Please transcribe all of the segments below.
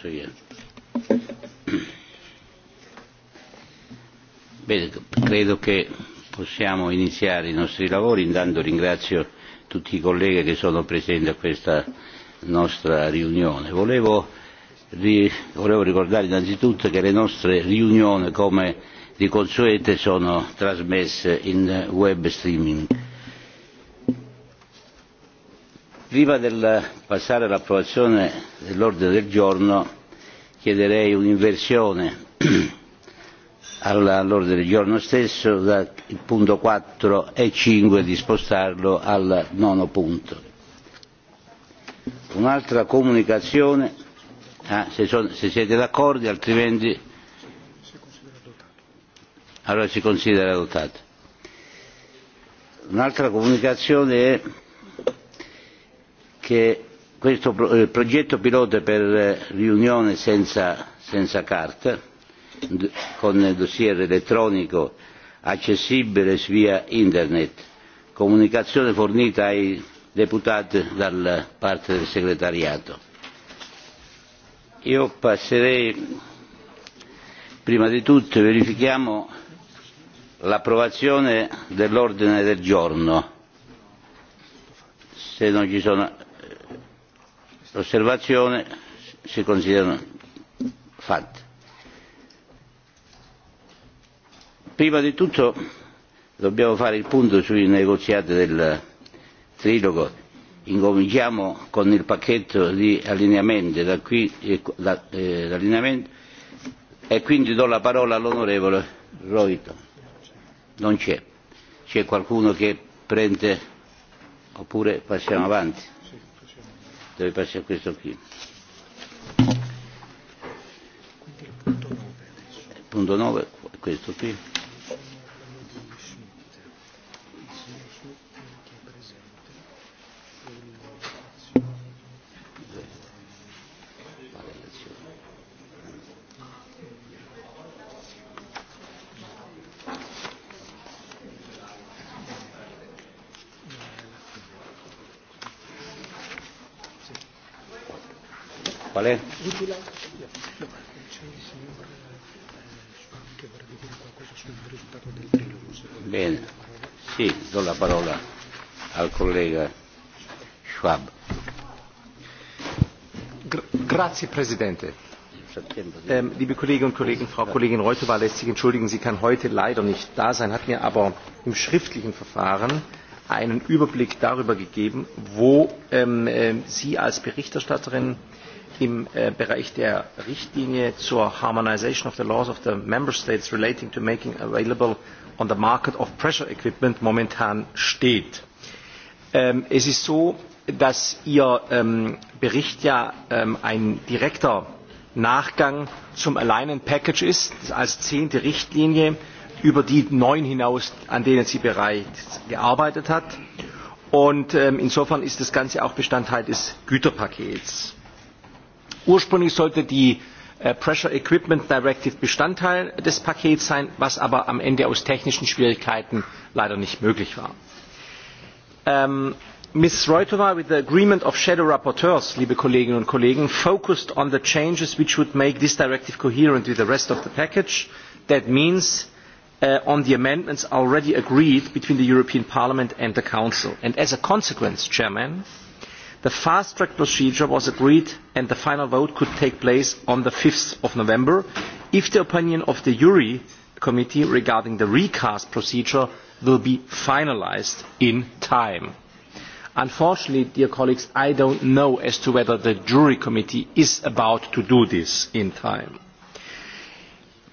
Soia. Bene, credo che possiamo iniziare i nostri lavori. Intanto ringrazio tutti i colleghi che sono presenti a questa nostra riunione. Volevo, ri, volevo ricordare innanzitutto che le nostre riunioni, come di consuete, sono trasmesse in web streaming Prima di passare all'approvazione dell'ordine del giorno chiederei un'inversione all'ordine del giorno stesso dal punto 4 e 5 di spostarlo al nono punto. Un'altra comunicazione, ah, se, sono, se siete d'accordo, altrimenti allora si considera adottato. Un'altra comunicazione è che questo eh, progetto pilota per eh, riunione senza, senza carta, con il dossier elettronico accessibile via internet, comunicazione fornita ai deputati da parte del segretariato. Io passerei, prima di tutto verifichiamo l'approvazione dell'ordine del giorno. Se non ci sono Osservazione si considerano fatte. Prima di tutto dobbiamo fare il punto sui negoziati del trilogo. Incominciamo con il pacchetto di allineamento, da qui, eh, da, eh, allineamento e quindi do la parola all'onorevole Roito. Non c'è. C'è qualcuno che prende oppure passiamo avanti deve passare a questo qui. Punto 9, questo qui. Butila. No, che vorrebbe dire qualcosa sul risultato del trilogo. Bene, sì, do la parola al collega Schwab. Grazie Presidente. Ähm, liebe Kolleginnen und Kollegen, Frau Kollegin Reutowa lässt sich entschuldigen, sie kann heute leider nicht da sein, hat mir aber im schriftlichen Verfahren einen Überblick darüber gegeben, wo ähm, äh, Sie als Berichterstatterin äh, im äh, Bereich der Richtlinie zur Harmonization of the Laws of the Member States relating to making available on the market of pressure equipment momentan steht. Ähm, es ist so, dass Ihr ähm, Bericht ja ähm, ein direkter Nachgang zum Alignment Package ist, als zehnte Richtlinie über die neun hinaus, an denen sie bereits gearbeitet hat. Und ähm, insofern ist das Ganze auch Bestandteil des Güterpakets. Ursprünglich sollte die äh, Pressure Equipment Directive Bestandteil des Pakets sein, was aber am Ende aus technischen Schwierigkeiten leider nicht möglich war. Ms. Ähm, roithov with the agreement of shadow rapporteurs, liebe Kolleginnen und Kollegen, focused on the changes which would make this directive coherent with the rest of the package. That means uh, on the amendments already agreed between the European Parliament and the Council. And as a consequence, The fast track procedure was agreed and the final vote could take place on the 5th of November if the opinion of the jury committee regarding the recast procedure will be finalised in time. Unfortunately, dear colleagues, I don't know as to whether the jury committee is about to do this in time.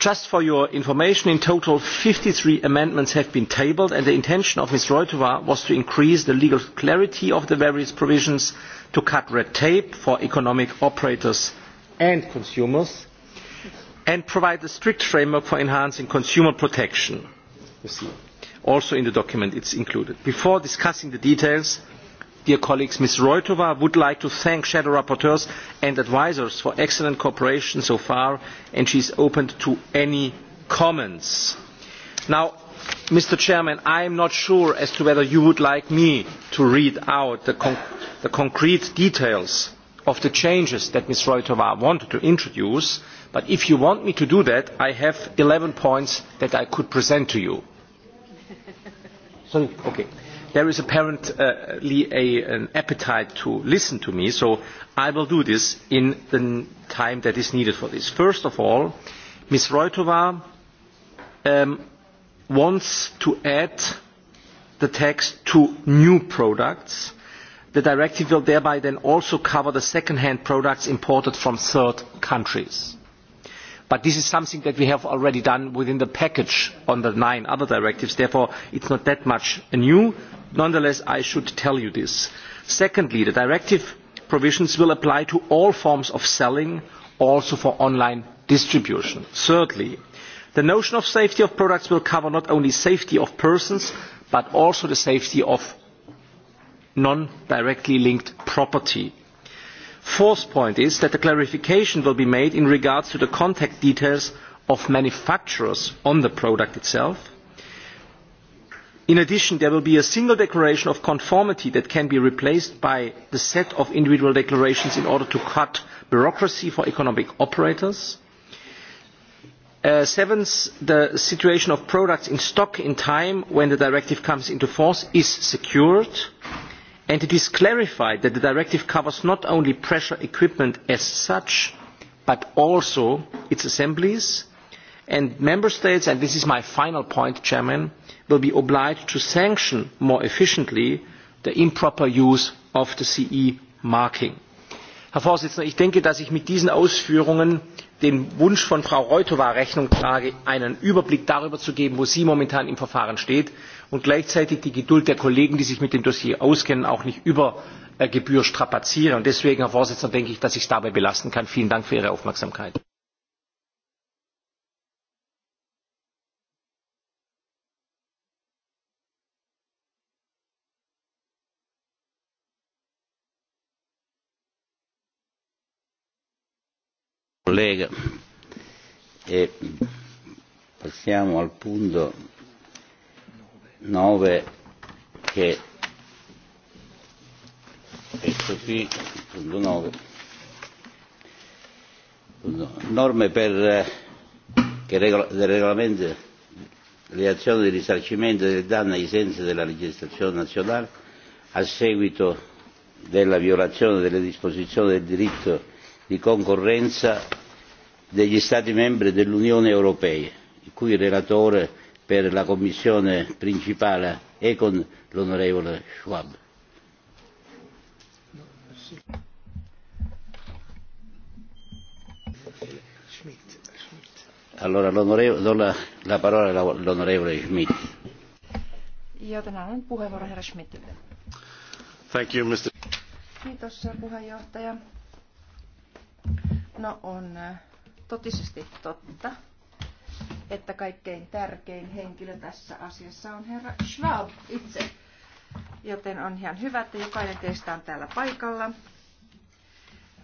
Just for your information, in total, 53 amendments have been tabled, and the intention of Ms. Roitova was to increase the legal clarity of the various provisions to cut red tape for economic operators and consumers, and provide a strict framework for enhancing consumer protection. You see, also in the document it's included. Before discussing the details, dear colleagues ms roithov would like to thank shadow rapporteurs and advisers for excellent cooperation so far and she is open to any comments. now mr chairman i am not sure as to whether you would like me to read out the, concrete details of the changes that ms roithov wanted to introduce but if you want me to do that i have eleven points that i could present to you there is apparently a, an appetite to listen to me, so I will do this in the time that is needed for this. First of all, Ms. Roitova um, wants to add the text to new products. The directive will thereby then also cover the second-hand products imported from third countries. But this is something that we have already done within the package on the nine other directives. Therefore, it's not that much new nonetheless i should tell you this. secondly the directive provisions will apply to all forms of selling also for online distribution. thirdly the notion of safety of products will cover not only safety of persons but also the safety of non directly linked property. fourth point is that the clarification will be made in regard to the contact details of manufacturers on the product itself in addition there will be a single declaration of conformity that can be replaced by the set of individual declarations in order to cut bureaucracy for economic operators. Uh, seventh the situation of products in stock in time when the directive comes into force is secured and it is clarified that the directive covers not only pressure equipment as such but also its assemblies and member states and this is my final point will be obliged to sanction more efficiently the improper use of the CE marking. Herr Vorsitzender, ich denke, dass ich mit diesen Ausführungen dem Wunsch von Frau roithov Rechnung trage, einen Überblick darüber zu geben, wo sie momentan im Verfahren steht und gleichzeitig die Geduld der Kollegen, die sich mit dem Dossier auskennen, auch nicht über äh, Gebühr strapaziere. deswegen, Herr Vorsitzender, denke ich, dass ich es dabei belassen kann. Vielen Dank für Ihre Aufmerksamkeit. collega e passiamo al punto 9 che questo qui, punto 9, norme per, che regola, regolamento le azioni di risarcimento del danno ai sensi della legislazione nazionale a seguito della violazione delle disposizioni del diritto di concorrenza degli Stati membri dell'Unione Europea, il cui relatore per la Commissione principale è con l'onorevole Schwab. Allora do la, la parola all'onorevole Schmidt. herra Schmidtille. Thank you, Mr. Kiitos puheenjohtaja. No on äh, totisesti totta, että kaikkein tärkein henkilö tässä asiassa on herra Schwab itse. Joten on ihan hyvä, että jokainen teistä on täällä paikalla.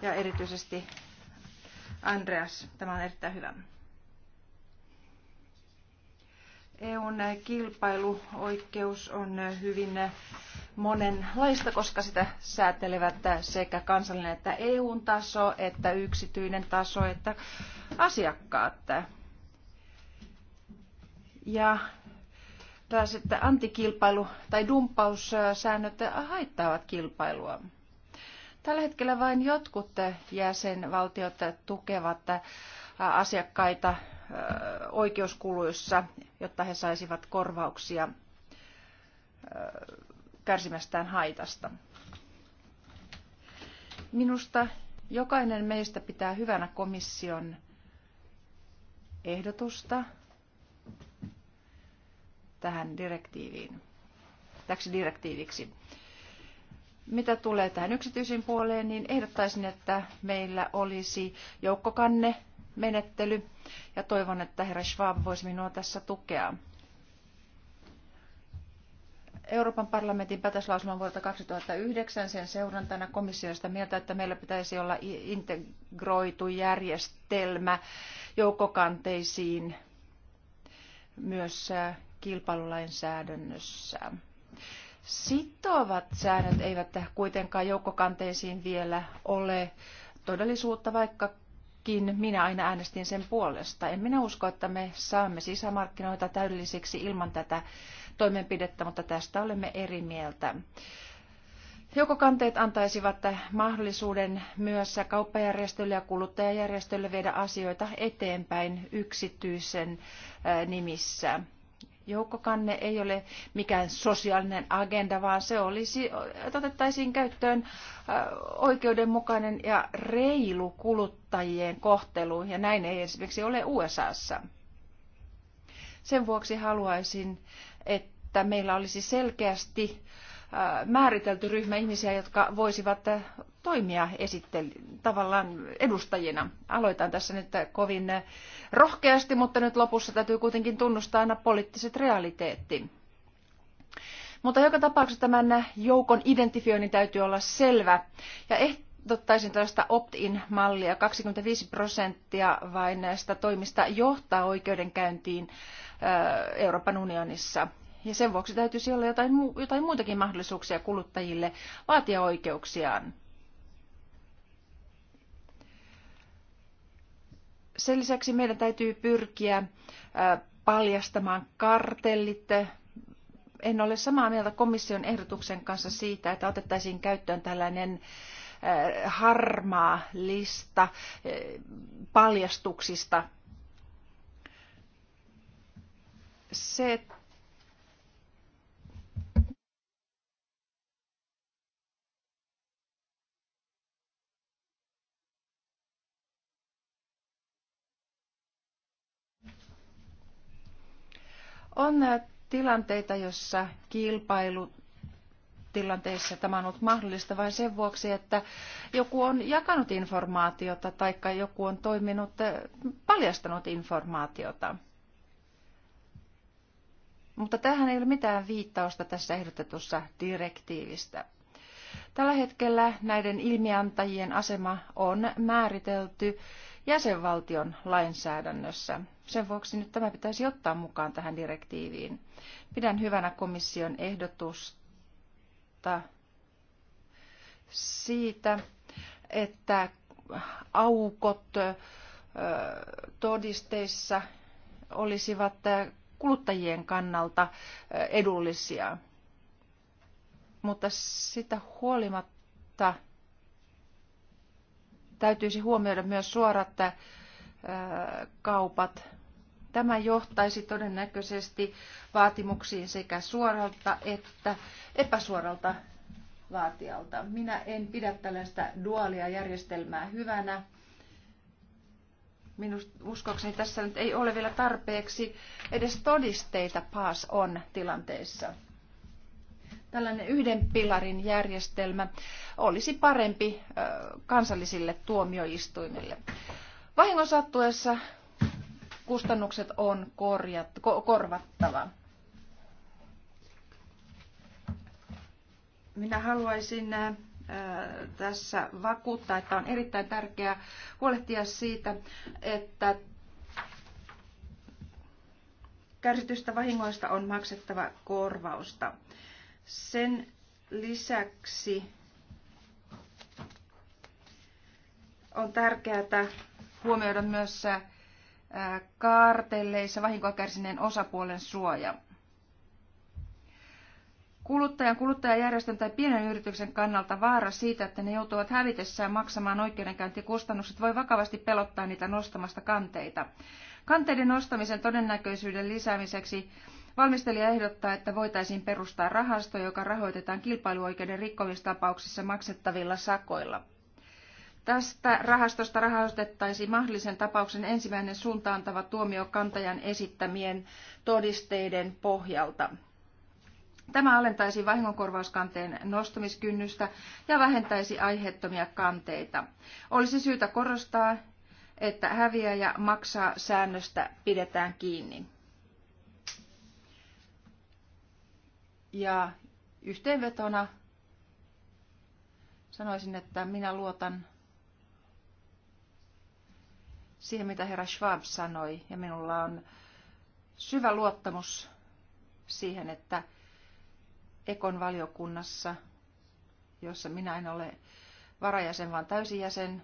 Ja erityisesti Andreas, tämä on erittäin hyvä. EUn kilpailuoikeus on hyvin monenlaista, koska sitä säätelevät sekä kansallinen että EUn taso, että yksityinen taso, että asiakkaat. Ja sitten antikilpailu- tai dumppaussäännöt haittaavat kilpailua. Tällä hetkellä vain jotkut jäsenvaltiot tukevat asiakkaita oikeuskuluissa, jotta he saisivat korvauksia kärsimästään haitasta. Minusta jokainen meistä pitää hyvänä komission ehdotusta tähän direktiiviin, täksi direktiiviksi. Mitä tulee tähän yksityisiin puoleen, niin ehdottaisin, että meillä olisi joukkokanne menettely ja toivon, että herra Schwab voisi minua tässä tukea. Euroopan parlamentin päätöslauselman vuodelta 2009 sen seurantana komissio sitä mieltä, että meillä pitäisi olla integroitu järjestelmä joukkokanteisiin myös äh, kilpailulainsäädännössä. Sitovat säännöt eivät kuitenkaan joukkokanteisiin vielä ole todellisuutta, vaikka minä aina äänestin sen puolesta. En minä usko, että me saamme sisämarkkinoita täydellisiksi ilman tätä toimenpidettä, mutta tästä olemme eri mieltä. Joukokanteet antaisivat mahdollisuuden myös kauppajärjestöille ja kuluttajajärjestöille viedä asioita eteenpäin yksityisen nimissä. Joukkokanne ei ole mikään sosiaalinen agenda, vaan se olisi, otettaisiin käyttöön oikeudenmukainen ja reilu kuluttajien kohtelu, ja näin ei esimerkiksi ole USAssa. Sen vuoksi haluaisin että meillä olisi selkeästi määritelty ryhmä ihmisiä, jotka voisivat toimia esittely, tavallaan edustajina. Aloitan tässä nyt kovin rohkeasti, mutta nyt lopussa täytyy kuitenkin tunnustaa aina poliittiset realiteetti. Mutta joka tapauksessa tämän joukon identifioinnin täytyy olla selvä ja ottaisin tällaista opt-in-mallia. 25 prosenttia vain näistä toimista johtaa oikeudenkäyntiin äh, Euroopan unionissa. Ja sen vuoksi täytyisi olla jotain, jotain muitakin mahdollisuuksia kuluttajille vaatia oikeuksiaan. Sen lisäksi meidän täytyy pyrkiä äh, paljastamaan kartellit. En ole samaa mieltä komission ehdotuksen kanssa siitä, että otettaisiin käyttöön tällainen äh, harmaa lista paljastuksista. Se, on tilanteita, jossa kilpailu tilanteissa tämä on ollut mahdollista vain sen vuoksi, että joku on jakanut informaatiota tai joku on toiminut, eh, paljastanut informaatiota. Mutta tähän ei ole mitään viittausta tässä ehdotetussa direktiivistä. Tällä hetkellä näiden ilmiantajien asema on määritelty jäsenvaltion lainsäädännössä. Sen vuoksi nyt tämä pitäisi ottaa mukaan tähän direktiiviin. Pidän hyvänä komission ehdotusta huolta siitä, että aukot todisteissa olisivat kuluttajien kannalta edullisia. Mutta sitä huolimatta täytyisi huomioida myös suorat kaupat Tämä johtaisi todennäköisesti vaatimuksiin sekä suoralta että epäsuoralta vaatijalta. Minä en pidä tällaista duaalia järjestelmää hyvänä. Minusta uskokseni tässä nyt ei ole vielä tarpeeksi edes todisteita paas on tilanteessa. Tällainen yhden pilarin järjestelmä olisi parempi kansallisille tuomioistuimille. Vahingon sattuessa kustannukset on korjat, ko, korvattava. Minä haluaisin äh, tässä vakuuttaa, että on erittäin tärkeää huolehtia siitä, että kärsitystä vahingoista on maksettava korvausta. Sen lisäksi on tärkeää huomioida myös äh, kartelleissa vahinkoa kärsineen osapuolen suoja. Kuluttajan, kuluttajajärjestön tai pienen yrityksen kannalta vaara siitä, että ne joutuvat hävitessään maksamaan oikeudenkäyntikustannukset, voi vakavasti pelottaa niitä nostamasta kanteita. Kanteiden nostamisen todennäköisyyden lisäämiseksi valmistelija ehdottaa, että voitaisiin perustaa rahasto, joka rahoitetaan kilpailuoikeuden rikkomistapauksissa maksettavilla sakoilla. Tästä rahastosta rahoitettaisiin mahdollisen tapauksen ensimmäinen suuntaantava tuomio kantajan esittämien todisteiden pohjalta. Tämä alentaisi vahingonkorvauskanteen nostamiskynnystä ja vähentäisi aiheettomia kanteita. Olisi syytä korostaa, että häviäjä maksaa säännöstä pidetään kiinni. Ja yhteenvetona sanoisin, että minä luotan siihen, mitä herra Schwab sanoi, ja minulla on syvä luottamus siihen, että Ekon valiokunnassa, jossa minä en ole varajäsen, vaan täysijäsen,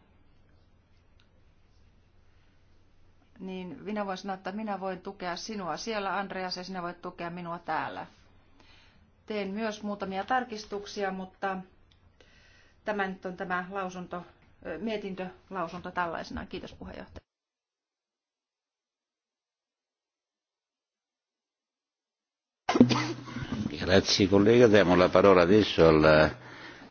niin minä voin sanoa, että minä voin tukea sinua siellä, Andreas, ja sinä voit tukea minua täällä. Teen myös muutamia tarkistuksia, mutta tämä nyt on tämä lausunto, mietintö, lausunto tällaisena. Kiitos puheenjohtaja. Grazie collega, diamo la parola adesso al...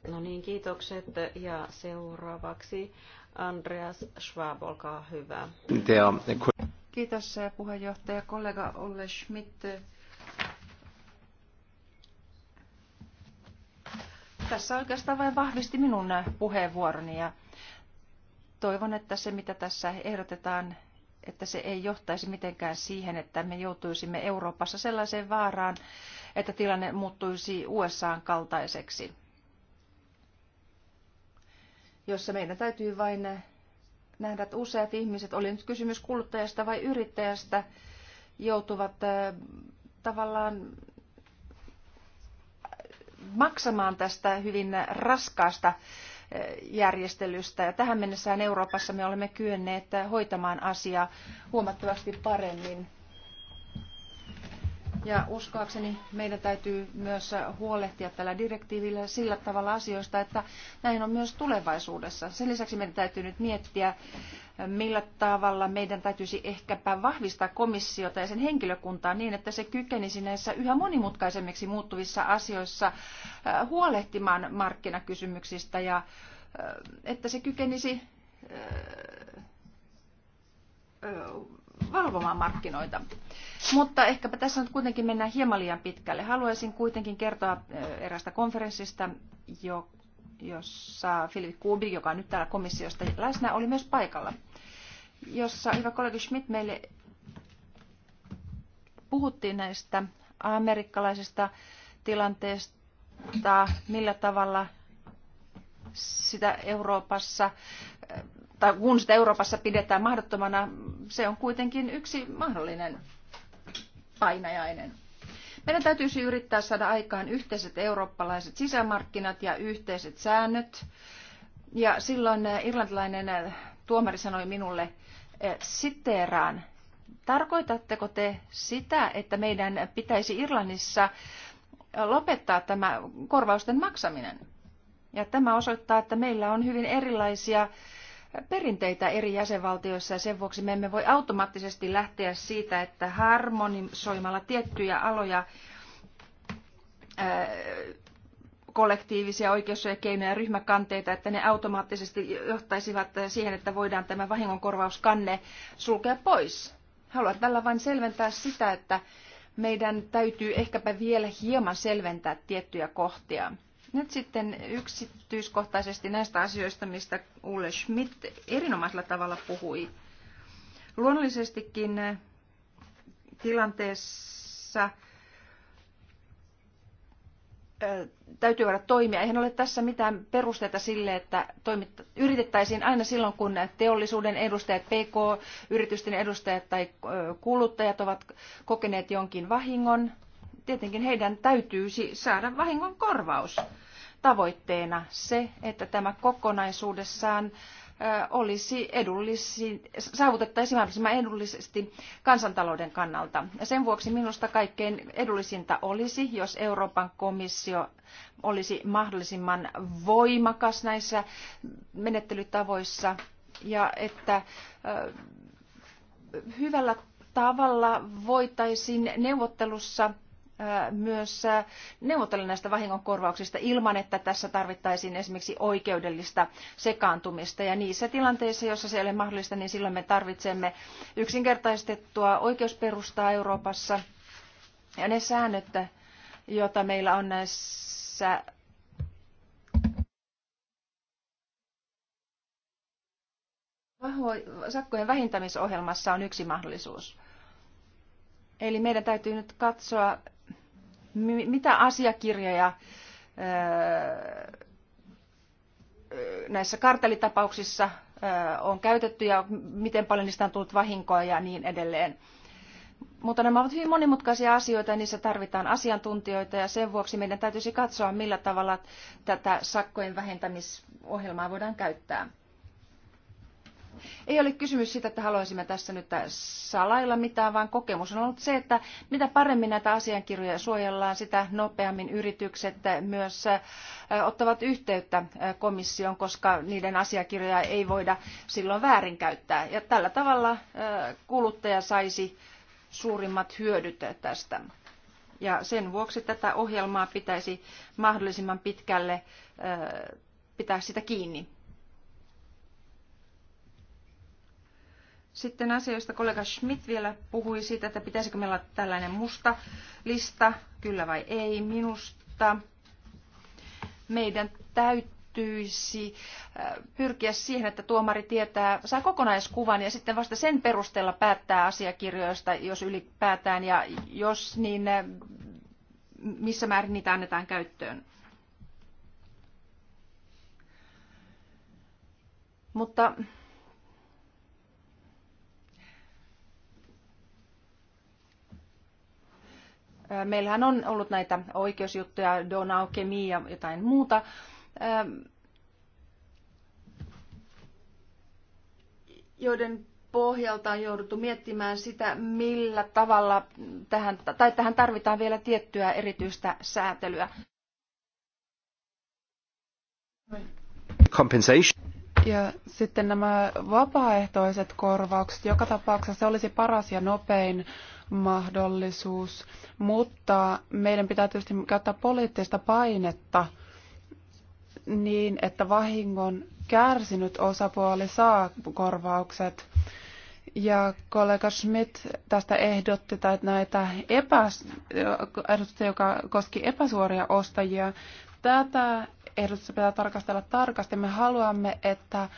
No niin, kiitokset. Ja seuraavaksi Andreas Schwab, olkaa hyvä. Kiitos eh, puheenjohtaja kollega Olle Schmidt. Tässä oikeastaan vain vahvisti minun eh, puheenvuoroni ja toivon, että se mitä tässä ehdotetaan että se ei johtaisi mitenkään siihen, että me joutuisimme Euroopassa sellaiseen vaaraan, että tilanne muuttuisi USAn kaltaiseksi, jossa meidän täytyy vain nähdä, että useat ihmiset, oli nyt kysymys kuluttajasta vai yrittäjästä, joutuvat tavallaan maksamaan tästä hyvin raskaasta järjestelystä. Ja tähän mennessään Euroopassa me olemme kyenneet hoitamaan asiaa huomattavasti paremmin ja uskoakseni meidän täytyy myös huolehtia tällä direktiivillä sillä tavalla asioista, että näin on myös tulevaisuudessa. Sen lisäksi meidän täytyy nyt miettiä, millä tavalla meidän täytyisi ehkäpä vahvistaa komissiota ja sen henkilökuntaa niin, että se kykenisi näissä yhä monimutkaisemmiksi muuttuvissa asioissa äh, huolehtimaan markkinakysymyksistä ja äh, että se kykenisi äh, valvomaan markkinoita. Mutta ehkäpä tässä nyt kuitenkin mennään hieman liian pitkälle. Haluaisin kuitenkin kertoa äh, erästä konferenssista, jossa Philip Kubi, joka on nyt täällä komissiosta läsnä, oli myös paikalla, jossa hyvä kollega Schmidt meille puhuttiin näistä amerikkalaisista tilanteesta, millä tavalla sitä Euroopassa äh, mutta kun sitä Euroopassa pidetään mahdottomana, se on kuitenkin yksi mahdollinen painajainen. Meidän täytyisi yrittää saada aikaan yhteiset eurooppalaiset sisämarkkinat ja yhteiset säännöt. Ja silloin eh, irlantilainen eh, tuomari sanoi minulle, eh, siteeraan, tarkoitatteko te sitä, että meidän pitäisi Irlannissa lopettaa tämä korvausten maksaminen? Ja tämä osoittaa, että meillä on hyvin erilaisia perinteitä eri jäsenvaltioissa ja sen vuoksi me emme voi automaattisesti lähteä siitä, että harmonisoimalla tiettyjä aloja kollektiivisia oikeussuojakeinoja ja ryhmäkanteita, että ne automaattisesti johtaisivat siihen, että voidaan tämä vahingonkorvauskanne sulkea pois. Haluan tällä vain selventää sitä, että meidän täytyy ehkäpä vielä hieman selventää tiettyjä kohtia. Nyt sitten yksityiskohtaisesti näistä asioista, mistä Ulle Schmidt erinomaisella tavalla puhui. Luonnollisestikin eh, tilanteessa eh, täytyy voida toimia. Eihän ole tässä mitään perusteita sille, että toimitt yritettäisiin aina silloin, kun teollisuuden edustajat, PK-yritysten edustajat tai eh, kuluttajat ovat kokeneet jonkin vahingon. Tietenkin heidän täytyy saada vahingon korvaus tavoitteena se, että tämä kokonaisuudessaan olisi edullisi, saavutettaisiin mahdollisimman edullisesti kansantalouden kannalta. Ja sen vuoksi minusta kaikkein edullisinta olisi, jos Euroopan komissio olisi mahdollisimman voimakas näissä menettelytavoissa ja että hyvällä tavalla voitaisiin neuvottelussa myös neuvotella näistä vahingonkorvauksista ilman, että tässä tarvittaisiin esimerkiksi oikeudellista sekaantumista. Ja niissä tilanteissa, joissa se ei ole mahdollista, niin silloin me tarvitsemme yksinkertaistettua oikeusperustaa Euroopassa. Ja ne säännöt, joita meillä on näissä sakkojen vähintämisohjelmassa on yksi mahdollisuus. Eli meidän täytyy nyt katsoa, mitä asiakirjoja näissä kartelitapauksissa on käytetty ja miten paljon niistä on tullut vahinkoa ja niin edelleen. Mutta nämä ovat hyvin monimutkaisia asioita ja niissä tarvitaan asiantuntijoita ja sen vuoksi meidän täytyisi katsoa, millä tavalla tätä sakkojen vähentämisohjelmaa voidaan käyttää. Ei ole kysymys siitä, että haluaisimme tässä nyt salailla mitään, vaan kokemus on ollut se, että mitä paremmin näitä asiankirjoja suojellaan, sitä nopeammin yritykset myös ottavat yhteyttä komissioon, koska niiden asiakirjoja ei voida silloin väärinkäyttää. Ja tällä tavalla kuluttaja saisi suurimmat hyödyt tästä. Ja sen vuoksi tätä ohjelmaa pitäisi mahdollisimman pitkälle pitää sitä kiinni. Sitten asia, josta kollega Schmidt vielä puhui siitä, että pitäisikö meillä olla tällainen musta lista, kyllä vai ei, minusta. Meidän täytyisi äh, pyrkiä siihen, että tuomari tietää, saa kokonaiskuvan ja sitten vasta sen perusteella päättää asiakirjoista, jos ylipäätään ja jos niin äh, missä määrin niitä annetaan käyttöön. Mutta Meillähän on ollut näitä oikeusjuttuja, Donau, kemia ja jotain muuta. joiden pohjalta on jouduttu miettimään sitä, millä tavalla tähän, tai tähän tarvitaan vielä tiettyä erityistä säätelyä. Compensation. Ja sitten nämä vapaaehtoiset korvaukset, joka tapauksessa se olisi paras ja nopein mahdollisuus, mutta meidän pitää tietysti käyttää poliittista painetta niin, että vahingon kärsinyt osapuoli saa korvaukset. Ja kollega Schmidt tästä ehdotti tai näitä epäs, ehdotusta, joka koski epäsuoria ostajia. Tätä ehdotusta pitää tarkastella tarkasti. Me haluamme, että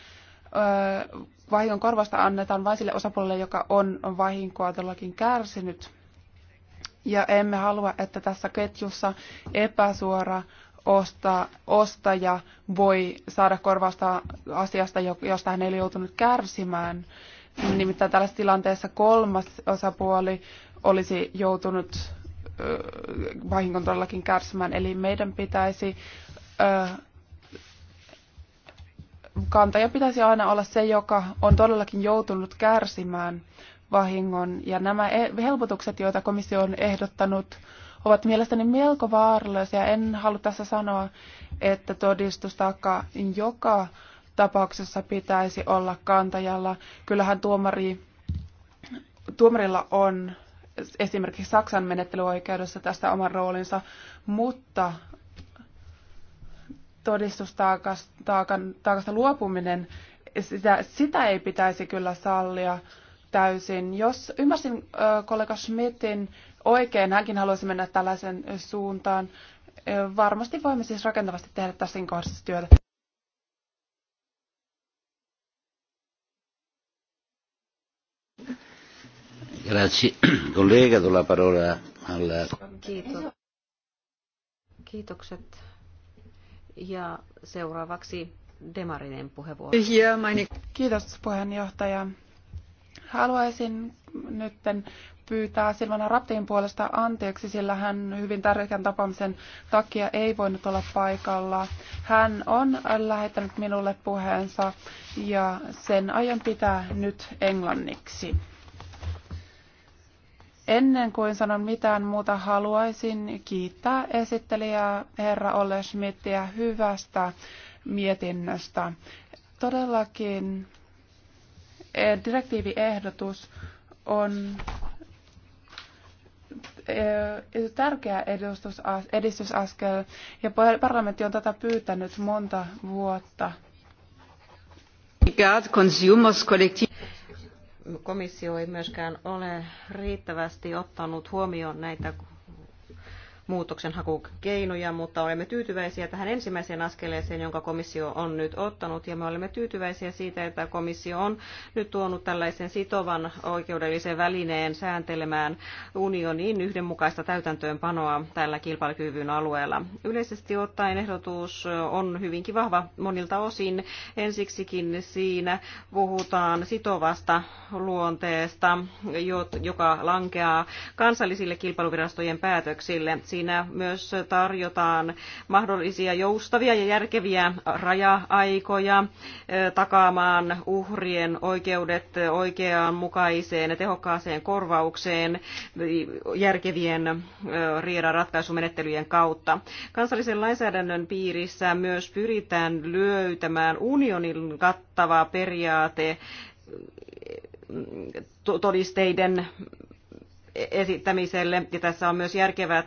vahingon korvasta annetaan vain sille osapuolelle, joka on vahinkoa todellakin kärsinyt. Ja emme halua, että tässä ketjussa epäsuora osta, ostaja voi saada korvasta asiasta, josta hän ei ole joutunut kärsimään. Nimittäin tällaisessa tilanteessa kolmas osapuoli olisi joutunut vahingon todellakin kärsimään. Eli meidän pitäisi kantaja pitäisi aina olla se, joka on todellakin joutunut kärsimään vahingon. Ja nämä e- helpotukset, joita komissio on ehdottanut, ovat mielestäni melko vaarallisia. En halua tässä sanoa, että todistustaakka joka tapauksessa pitäisi olla kantajalla. Kyllähän tuomari, tuomarilla on esimerkiksi Saksan menettelyoikeudessa tästä oman roolinsa, mutta todistustaakasta luopuminen, sitä, sitä ei pitäisi kyllä sallia täysin. Jos ymmärsin kollega Schmidtin oikein, hänkin haluaisi mennä tällaisen suuntaan. Varmasti voimme siis rakentavasti tehdä tässä kohdassa työtä. Grazie. Collega, do la parola Kiitos. Kiitokset ja seuraavaksi Demarinen puheenvuoro. Kiitos puheenjohtaja. Haluaisin nyt pyytää Silvana Raptin puolesta anteeksi, sillä hän hyvin tärkeän tapaamisen takia ei voinut olla paikalla. Hän on lähettänyt minulle puheensa ja sen aion pitää nyt englanniksi. Ennen kuin sanon mitään muuta, haluaisin kiittää esittelijää herra Olle Schmidtiä hyvästä mietinnöstä. Todellakin eh, direktiiviehdotus on eh, tärkeä edustus, edistysaskel ja parlamentti on tätä pyytänyt monta vuotta komissio ei myöskään ole riittävästi ottanut huomioon näitä muutoksenhakukeinoja, mutta olemme tyytyväisiä tähän ensimmäiseen askeleeseen, jonka komissio on nyt ottanut, ja me olemme tyytyväisiä siitä, että komissio on nyt tuonut tällaisen sitovan oikeudellisen välineen sääntelemään unionin yhdenmukaista täytäntöönpanoa tällä kilpailukyvyn alueella. Yleisesti ottaen ehdotus on hyvinkin vahva monilta osin. Ensiksikin siinä puhutaan sitovasta luonteesta, joka lankeaa kansallisille kilpailuvirastojen päätöksille siinä myös tarjotaan mahdollisia joustavia ja järkeviä raja-aikoja takaamaan uhrien oikeudet oikeaan mukaiseen ja tehokkaaseen korvaukseen järkevien riidan ratkaisumenettelyjen kautta. Kansallisen lainsäädännön piirissä myös pyritään löytämään unionin kattava periaate todisteiden esittämiselle. Ja tässä on myös järkevät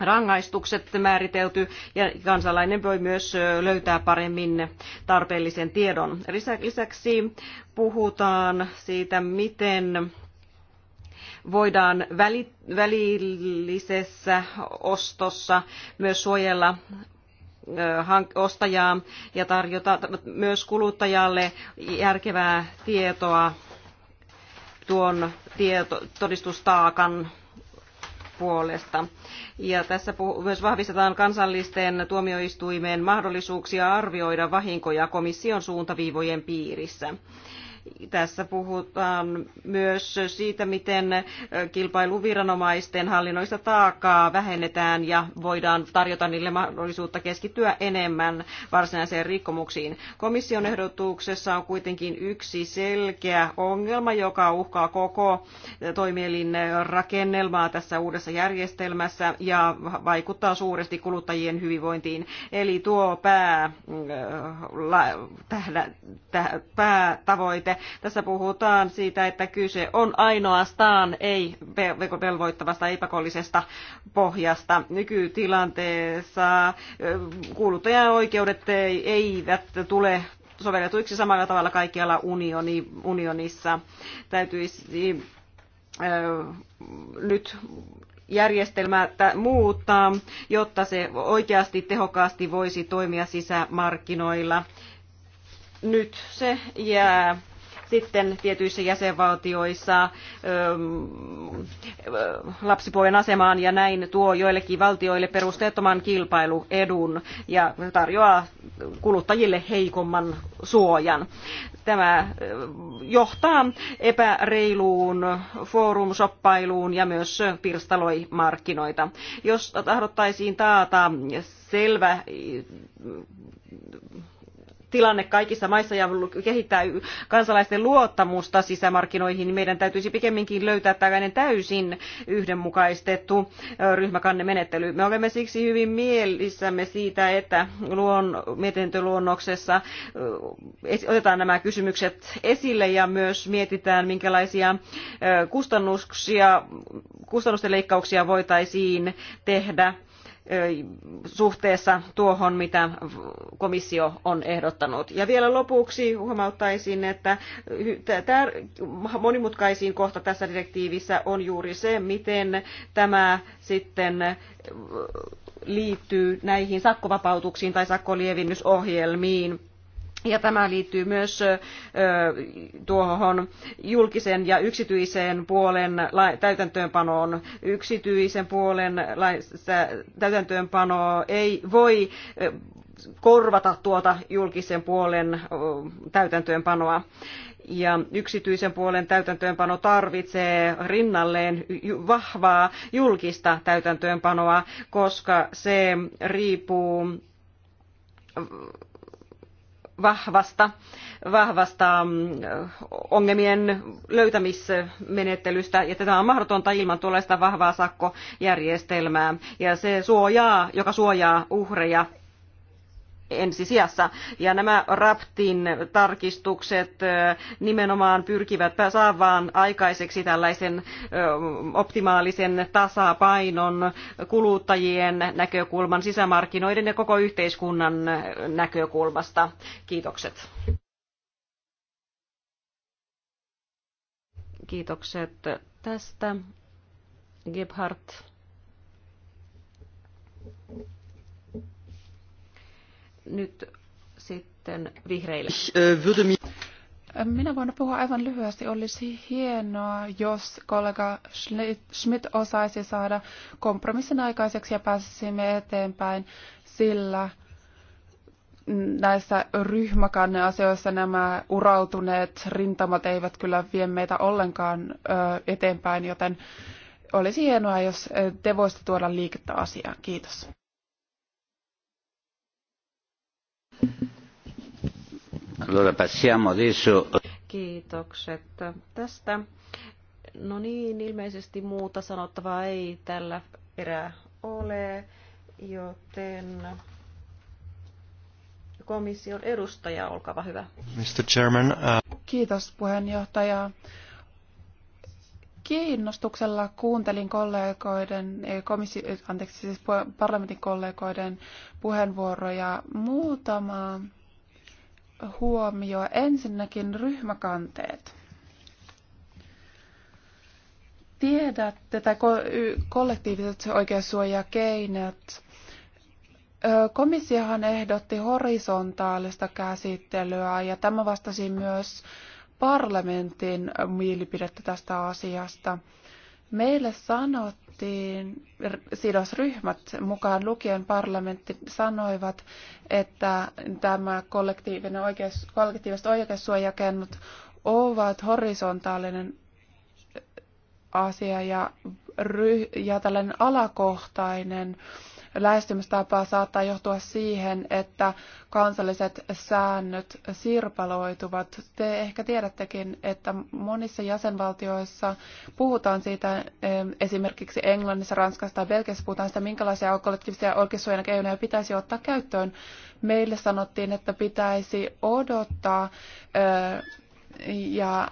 rangaistukset määritelty ja kansalainen voi myös löytää paremmin tarpeellisen tiedon. Lisäksi puhutaan siitä, miten voidaan välillisessä ostossa myös suojella ostajaa ja tarjota myös kuluttajalle järkevää tietoa tuon tieto, todistustaakan puolesta. Ja tässä myös vahvistetaan kansallisten tuomioistuimeen mahdollisuuksia arvioida vahinkoja komission suuntaviivojen piirissä tässä puhutaan myös siitä, miten kilpailuviranomaisten hallinnoista taakkaa vähennetään ja voidaan tarjota niille mahdollisuutta keskittyä enemmän varsinaiseen rikkomuksiin. Komission ehdotuksessa on kuitenkin yksi selkeä ongelma, joka uhkaa koko toimielin rakennelmaa tässä uudessa järjestelmässä ja vaikuttaa suuresti kuluttajien hyvinvointiin. Eli tuo pää, la, tähdä, täh, päätavoite sitten Tässä puhutaan siitä, että kyse on ainoastaan ei velvoittavasta, ei pakollisesta pohjasta. Nykytilanteessa kuuluttajan oikeudet eivät tule sovelletuiksi samalla tavalla kaikkialla unioni, unionissa. Täytyisi nyt järjestelmää muuttaa, jotta se oikeasti tehokkaasti voisi toimia sisämarkkinoilla. Nyt se jää sitten tietyissä jäsenvaltioissa ähm, äh, lapsipuolen asemaan ja näin tuo joillekin valtioille perusteettoman kilpailuedun ja tarjoaa kuluttajille heikomman suojan. Tämä äh, johtaa epäreiluun foorumshoppailuun ja myös pirstaloi markkinoita. Jos tahdottaisiin taata selvä äh, tilanne kaikissa maissa ja kehittää kansalaisten luottamusta sisämarkkinoihin, niin meidän täytyisi pikemminkin löytää tällainen täysin yhdenmukaistettu ryhmäkannemenettely. Me olemme siksi hyvin mielissämme siitä, että luon, mietintöluonnoksessa otetaan nämä kysymykset esille ja myös mietitään, minkälaisia kustannuksia, kustannusten leikkauksia voitaisiin tehdä suhteessa tuohon, mitä komissio on ehdottanut. Ja vielä lopuksi huomauttaisin, että monimutkaisin kohta tässä direktiivissä on juuri se, miten tämä sitten liittyy näihin sakkovapautuksiin tai sakkolievinnysohjelmiin ja tämä liittyy myös tuohon julkisen ja yksityisen puolen täytäntöönpanoon. Yksityisen puolen täytäntöönpano ei voi korvata tuota julkisen puolen täytäntöönpanoa ja yksityisen puolen täytäntöönpano tarvitsee rinnalleen vahvaa julkista täytäntöönpanoa, koska se riippuu vahvasta, vahvasta mm, ongelmien löytämismenettelystä, ja tätä on mahdotonta ilman tuollaista vahvaa sakkojärjestelmää, ja se suojaa, joka suojaa uhreja ensisijassa. Ja nämä RAPTin tarkistukset nimenomaan pyrkivät saamaan aikaiseksi tällaisen optimaalisen tasapainon kuluttajien näkökulman, sisämarkkinoiden ja koko yhteiskunnan näkökulmasta. Kiitokset. Kiitokset tästä. Gebhardt nyt sitten vihreille. Äh, Minä voin puhua aivan lyhyesti. Olisi hienoa, jos kollega Schmidt osaisi saada kompromissin aikaiseksi ja pääsisimme eteenpäin, sillä näissä ryhmäkanneasioissa nämä urautuneet rintamat eivät kyllä vie meitä ollenkaan eteenpäin, joten olisi hienoa, jos te voisitte tuoda liikettä asiaan. Kiitos. Allora passiamo adesso... Kiitokset tästä. No niin, ilmeisesti muuta sanottavaa ei tällä erää ole, joten komission edustaja, olkaa hyvä. Mr. Chairman, uh... Kiitos puheenjohtaja kiinnostuksella kuuntelin kollegoiden, eh, komissi, eh, anteeksi, siis parlamentin kollegoiden puheenvuoroja. Muutama huomio. Ensinnäkin ryhmäkanteet. Tiedätte, tai kollektiiviset oikeussuojakeinot. Komissiohan ehdotti horisontaalista käsittelyä ja tämä vastasi myös parlamentin mielipidettä tästä asiasta. Meille sanottiin, sidosryhmät mukaan lukien parlamentti sanoivat, että tämä kollektiivinen oikeus, kollektiiviset oikeussuojakennut ovat horisontaalinen asia ja, ry, ja tällainen alakohtainen äh, lähestymistapa saattaa johtua siihen, että kansalliset säännöt sirpaloituvat. Te ehkä tiedättekin, että monissa jäsenvaltioissa puhutaan siitä, esimerkiksi Englannissa, Ranskassa tai Belgiassa puhutaan sitä, minkälaisia kollektiivisia oikeussuojan keinoja pitäisi ottaa käyttöön. Meille sanottiin, että pitäisi odottaa ja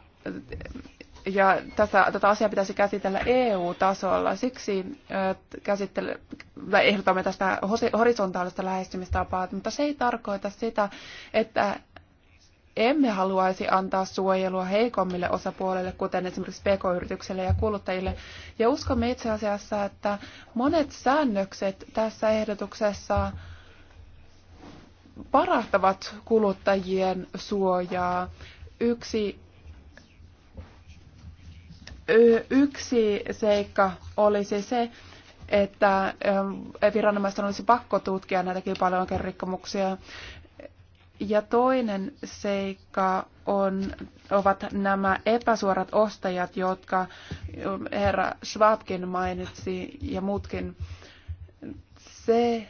ja tätä, tätä asiaa pitäisi käsitellä EU-tasolla. Siksi käsittele, ehdotamme tästä horisontaalista lähestymistapaa, mutta se ei tarkoita sitä, että emme haluaisi antaa suojelua heikommille osapuolille, kuten esimerkiksi pk yritykselle ja kuluttajille. Ja uskomme itse asiassa, että monet säännökset tässä ehdotuksessa parantavat kuluttajien suojaa. Yksi Yksi seikka olisi se, että viranomaisten olisi pakko tutkia näitä kilpailuoikeusrikkomuksia. Ja toinen seikka on, ovat nämä epäsuorat ostajat, jotka herra Schwabkin mainitsi ja muutkin. Se,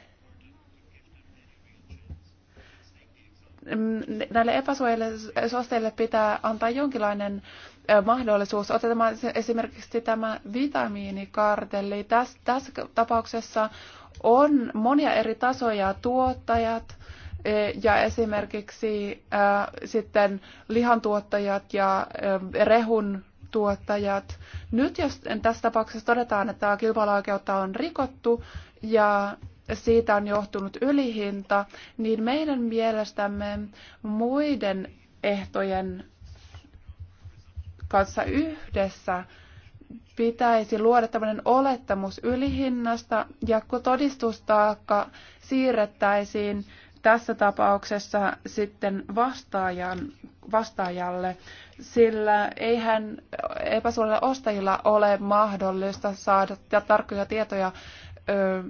näille epäsuojille ostajille pitää antaa jonkinlainen mahdollisuus. Otetaan esimerkiksi tämä vitamiinikartelli. Tässä, tässä tapauksessa on monia eri tasoja tuottajat ja esimerkiksi äh, sitten lihantuottajat ja äh, rehun tuottajat. Nyt jos tässä tapauksessa todetaan, että kilpailuoikeutta on rikottu ja siitä on johtunut ylihinta, niin meidän mielestämme muiden ehtojen kanssa yhdessä pitäisi luoda tämmöinen olettamus ylihinnasta ja kun todistustaakka siirrettäisiin tässä tapauksessa sitten vastaajan, vastaajalle, sillä eihän epäsuorilla ostajilla ole mahdollista saada tarkkoja tietoja ö,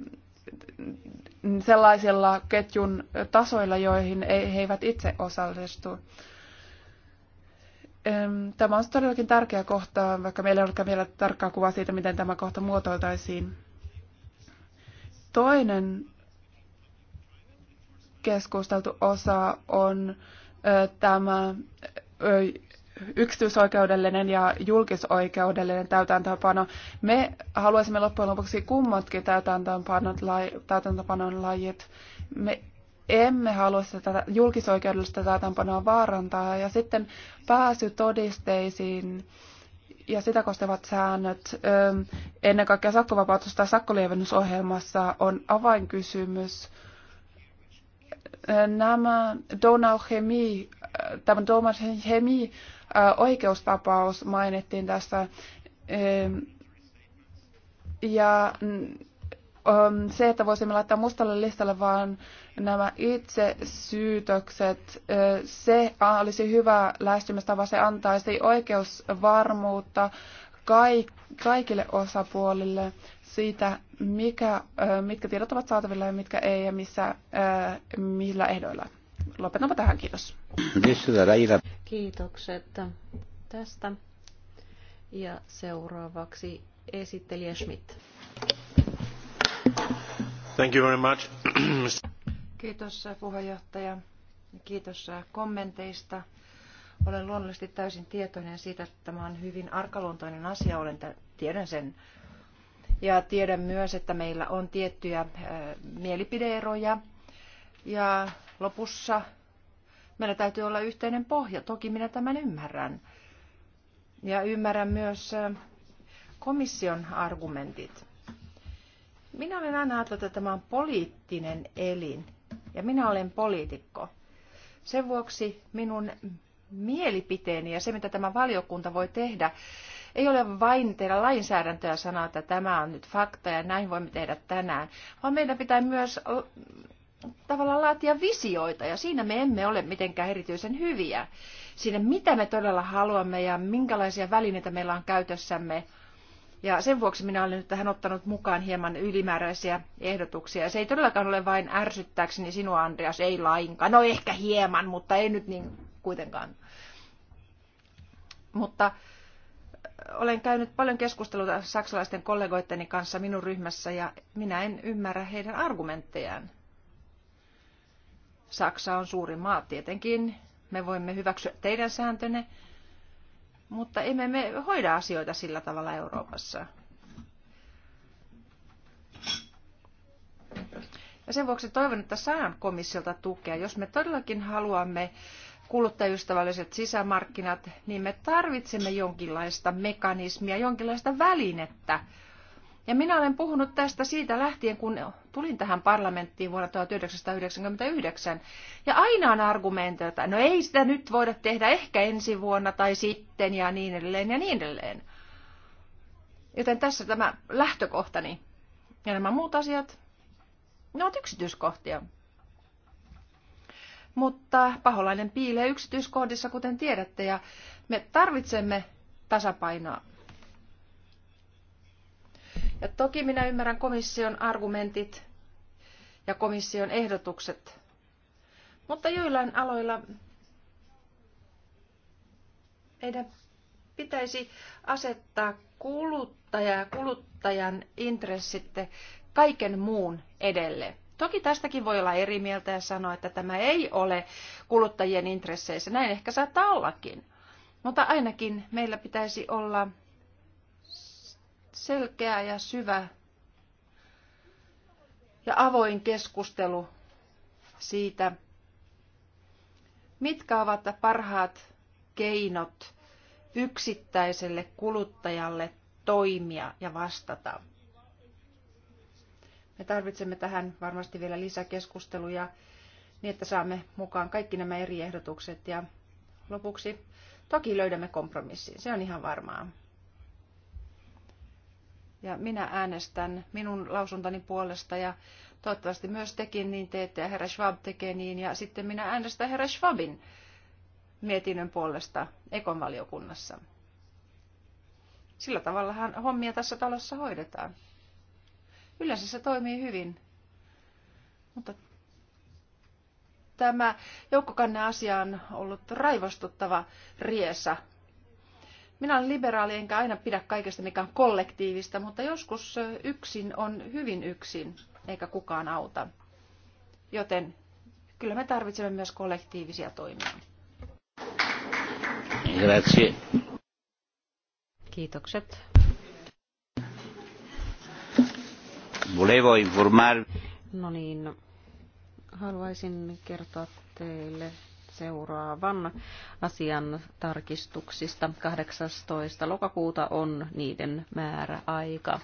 sellaisilla ketjun tasoilla, joihin he eivät itse osallistu. Tämä on todellakin tärkeä kohta, vaikka meillä ei olekaan vielä tarkkaa kuvaa siitä, miten tämä kohta muotoiltaisiin. Toinen keskusteltu osa on tämä yksityisoikeudellinen ja julkisoikeudellinen täytäntöönpano. Me haluaisimme loppujen lopuksi kummatkin täytäntöönpanon lajit. Me emme halua sitä julkisoikeudellista täytäntöpanoa vaarantaa. Ja sitten pääsy todisteisiin ja sitä koskevat säännöt ennen kaikkea sakkovapautus- tai sakkolievennysohjelmassa on avainkysymys. Nämä Donau Hemi, tämä Donau oikeustapaus mainittiin tässä ja Ähm, se, että voisimme laittaa mustalle listalle vaan nämä itse syytökset, se olisi hyvä lähestymistapa, se antaisi oikeusvarmuutta kaikille osapuolille siitä, mikä, mitkä tiedot ovat saatavilla ja mitkä ei ja missä, millä ehdoilla. Lopetanpa tähän, kiitos. Kiitokset tästä. Ja seuraavaksi esittelijä Schmidt arvoisa puhemies Kiitos Kiitos kommenteista. Olen luonnollisesti täysin tietoinen siitä, että tämä on hyvin arkaluontoinen asia. Olen tiedän sen. Ja tiedän myös, että meillä on tiettyjä mielipideeroja. Ja lopussa meillä täytyy olla yhteinen pohja. Toki minä tämän ymmärrän. Ja ymmärrän myös komission argumentit. Minä olen aina ajatellut, että tämä on poliittinen elin ja minä olen poliitikko. Sen vuoksi minun mielipiteeni ja se, mitä tämä valiokunta voi tehdä, ei ole vain tehdä lainsäädäntöä sanoa, että tämä on nyt fakta ja näin voimme tehdä tänään, vaan meidän pitää myös tavallaan laatia visioita ja siinä me emme ole mitenkään erityisen hyviä. Siinä mitä me todella haluamme ja minkälaisia välineitä meillä on käytössämme ja sen vuoksi minä olen nyt tähän ottanut mukaan hieman ylimääräisiä ehdotuksia. Se ei todellakaan ole vain ärsyttääkseni sinua, Andreas, ei lainkaan. No ehkä hieman, mutta ei nyt niin kuitenkaan. Mutta äh, olen käynyt paljon keskustelua saksalaisten kollegoitteni kanssa minun ryhmässä ja minä en ymmärrä heidän argumenttejaan. Saksa on suuri maa tietenkin. Me voimme hyväksyä teidän sääntönne, mutta emme me hoida asioita sillä tavalla Euroopassa. Ja sen vuoksi toivon, että saan komissiolta tukea. Jos me todellakin haluamme kuluttajystävälliset sisämarkkinat, niin me tarvitsemme jonkinlaista mekanismia, jonkinlaista välinettä, ja minä olen puhunut tästä siitä lähtien, kun tulin tähän parlamenttiin vuonna 1999. Ja aina on argumentoita, että no ei sitä nyt voida tehdä ehkä ensi vuonna tai sitten ja niin edelleen ja niin edelleen. Joten tässä tämä lähtökohtani ja nämä muut asiat, ne ovat yksityiskohtia. Mutta paholainen piilee yksityiskohdissa, kuten tiedätte, ja me tarvitsemme tasapainoa ja toki minä ymmärrän komission argumentit ja komission ehdotukset, mutta joillain aloilla meidän pitäisi asettaa kuluttaja ja kuluttajan intressit kaiken muun edelle. Toki tästäkin voi olla eri mieltä ja sanoa, että tämä ei ole kuluttajien intresseissä. Näin ehkä saattaa ollakin. Mutta ainakin meillä pitäisi olla selkeä ja syvä ja avoin keskustelu siitä, mitkä ovat parhaat keinot yksittäiselle kuluttajalle toimia ja vastata. Me tarvitsemme tähän varmasti vielä lisäkeskusteluja niin, että saamme mukaan kaikki nämä eri ehdotukset ja lopuksi toki löydämme kompromissin. Se on ihan varmaa. Ja minä äänestän minun lausuntani puolesta ja toivottavasti myös tekin niin teette ja herra Schwab tekee niin. Ja sitten minä äänestän herra Schwabin mietinnön puolesta Ekon valiokunnassa. Sillä tavallahan hommia tässä talossa hoidetaan. Yleensä se toimii hyvin. Mutta tämä joukkokanne asia on ollut raivostuttava riesa minä olen liberaali enkä aina pidä kaikesta, mikä on kollektiivista, mutta joskus yksin on hyvin yksin, eikä kukaan auta. Joten kyllä me tarvitsemme myös kollektiivisia toimia. Grazie. Kiitokset. Volevo informar... No niin, haluaisin kertoa teille Seuraavan asian tarkistuksista 18. lokakuuta on niiden määräaika.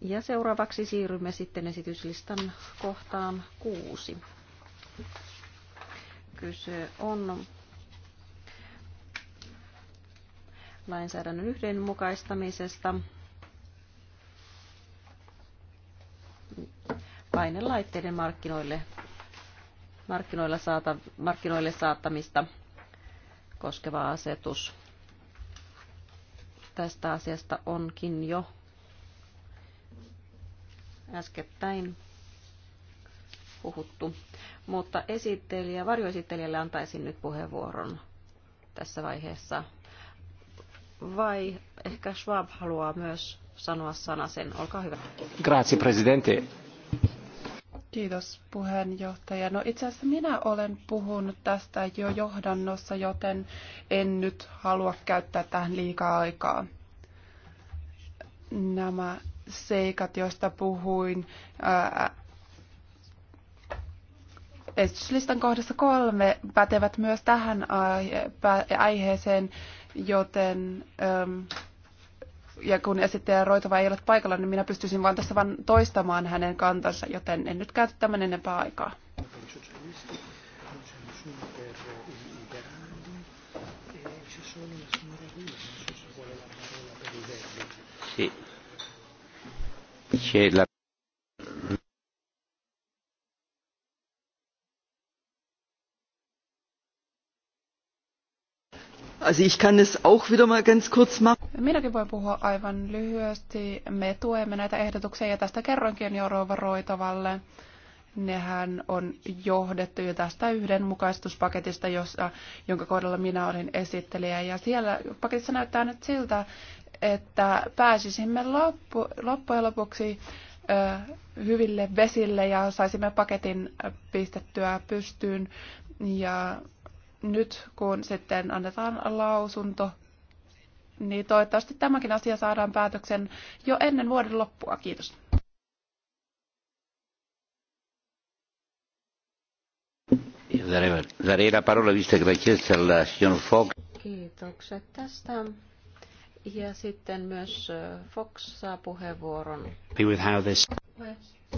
Ja seuraavaksi siirrymme sitten esityslistan kohtaan kuusi. Kyse on lainsäädännön yhdenmukaistamisesta painelaitteiden markkinoille markkinoilla saata, markkinoille saattamista koskeva asetus. Tästä asiasta onkin jo äskettäin puhuttu. Mutta esittelijä, varjoesittelijälle antaisin nyt puheenvuoron tässä vaiheessa. Vai ehkä Schwab haluaa myös sanoa sanasen. Olkaa hyvä. Grazie, presidente. Kiitos puheenjohtaja. No itse asiassa minä olen puhunut tästä jo johdannossa, joten en nyt halua käyttää tähän liikaa aikaa. Nämä seikat, joista puhuin ää, esityslistan kohdassa kolme, pätevät myös tähän aiheeseen, joten äm, ja kun esittäjä Roitova ei ole paikalla, niin minä pystyisin vain tässä vain toistamaan hänen kantansa, joten en nyt käytä tämän enempää aikaa. ich kann es auch wieder mal ganz kurz machen. Minäkin voin puhua aivan lyhyesti. Me tuemme näitä ehdotuksia ja tästä kerroinkin jo Rova Roitovalle. Nehän on johdettu jo tästä yhdenmukaistuspaketista, jossa, jonka kohdalla minä olin esittelijä. Ja siellä paketissa näyttää nyt siltä, että pääsisimme loppu, loppujen lopuksi ö, hyville vesille ja saisimme paketin pistettyä pystyyn. Ja nyt kun sitten annetaan lausunto, niin toivottavasti tämäkin asia saadaan päätöksen jo ennen vuoden loppua. Kiitos. Fox. Kiitokset tästä. Ja sitten myös eh, Fox saa puheenvuoron.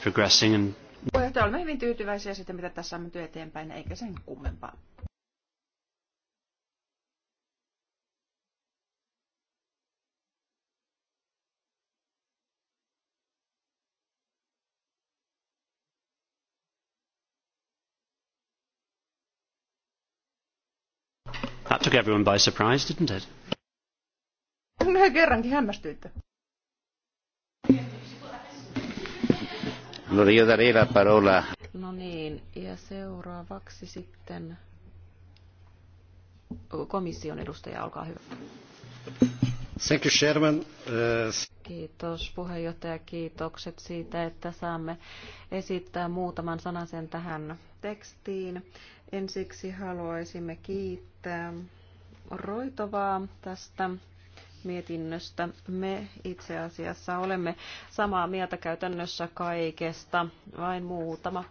progressing and... Puheenjohtaja, olemme hyvin tyytyväisiä siitä, mitä tässä on menty eteenpäin, eikä sen kummempaa. took everyone by surprise, didn't it? Kerrankin hämmästyitte. No io darei la parola. No niin, ja seuraavaksi sitten komission edustaja, olkaa hyvä. Thank you, Chairman. Uh, Kiitos puheenjohtaja, kiitokset siitä, että saamme esittää muutaman sanasen tähän tekstiin. Ensiksi haluaisimme kiittää Roitovaa tästä mietinnöstä. Me itse asiassa olemme samaa mieltä käytännössä kaikesta, vain muutama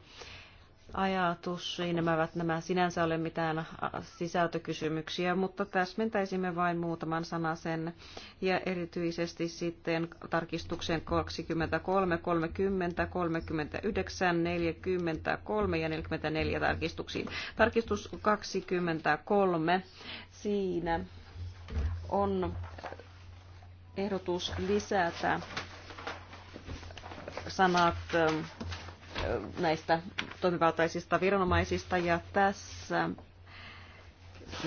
ajatus. Ei nämä ovat nämä sinänsä ole mitään sisältökysymyksiä, mutta täsmentäisimme vain muutaman sana sen ja erityisesti sitten tarkistuksen 23, 30, 39, 43 ja 44 tarkistuksiin. Tarkistus 23. Siinä on ehdotus lisätä sanat ähm, näistä toimivaltaisista viranomaisista ja tässä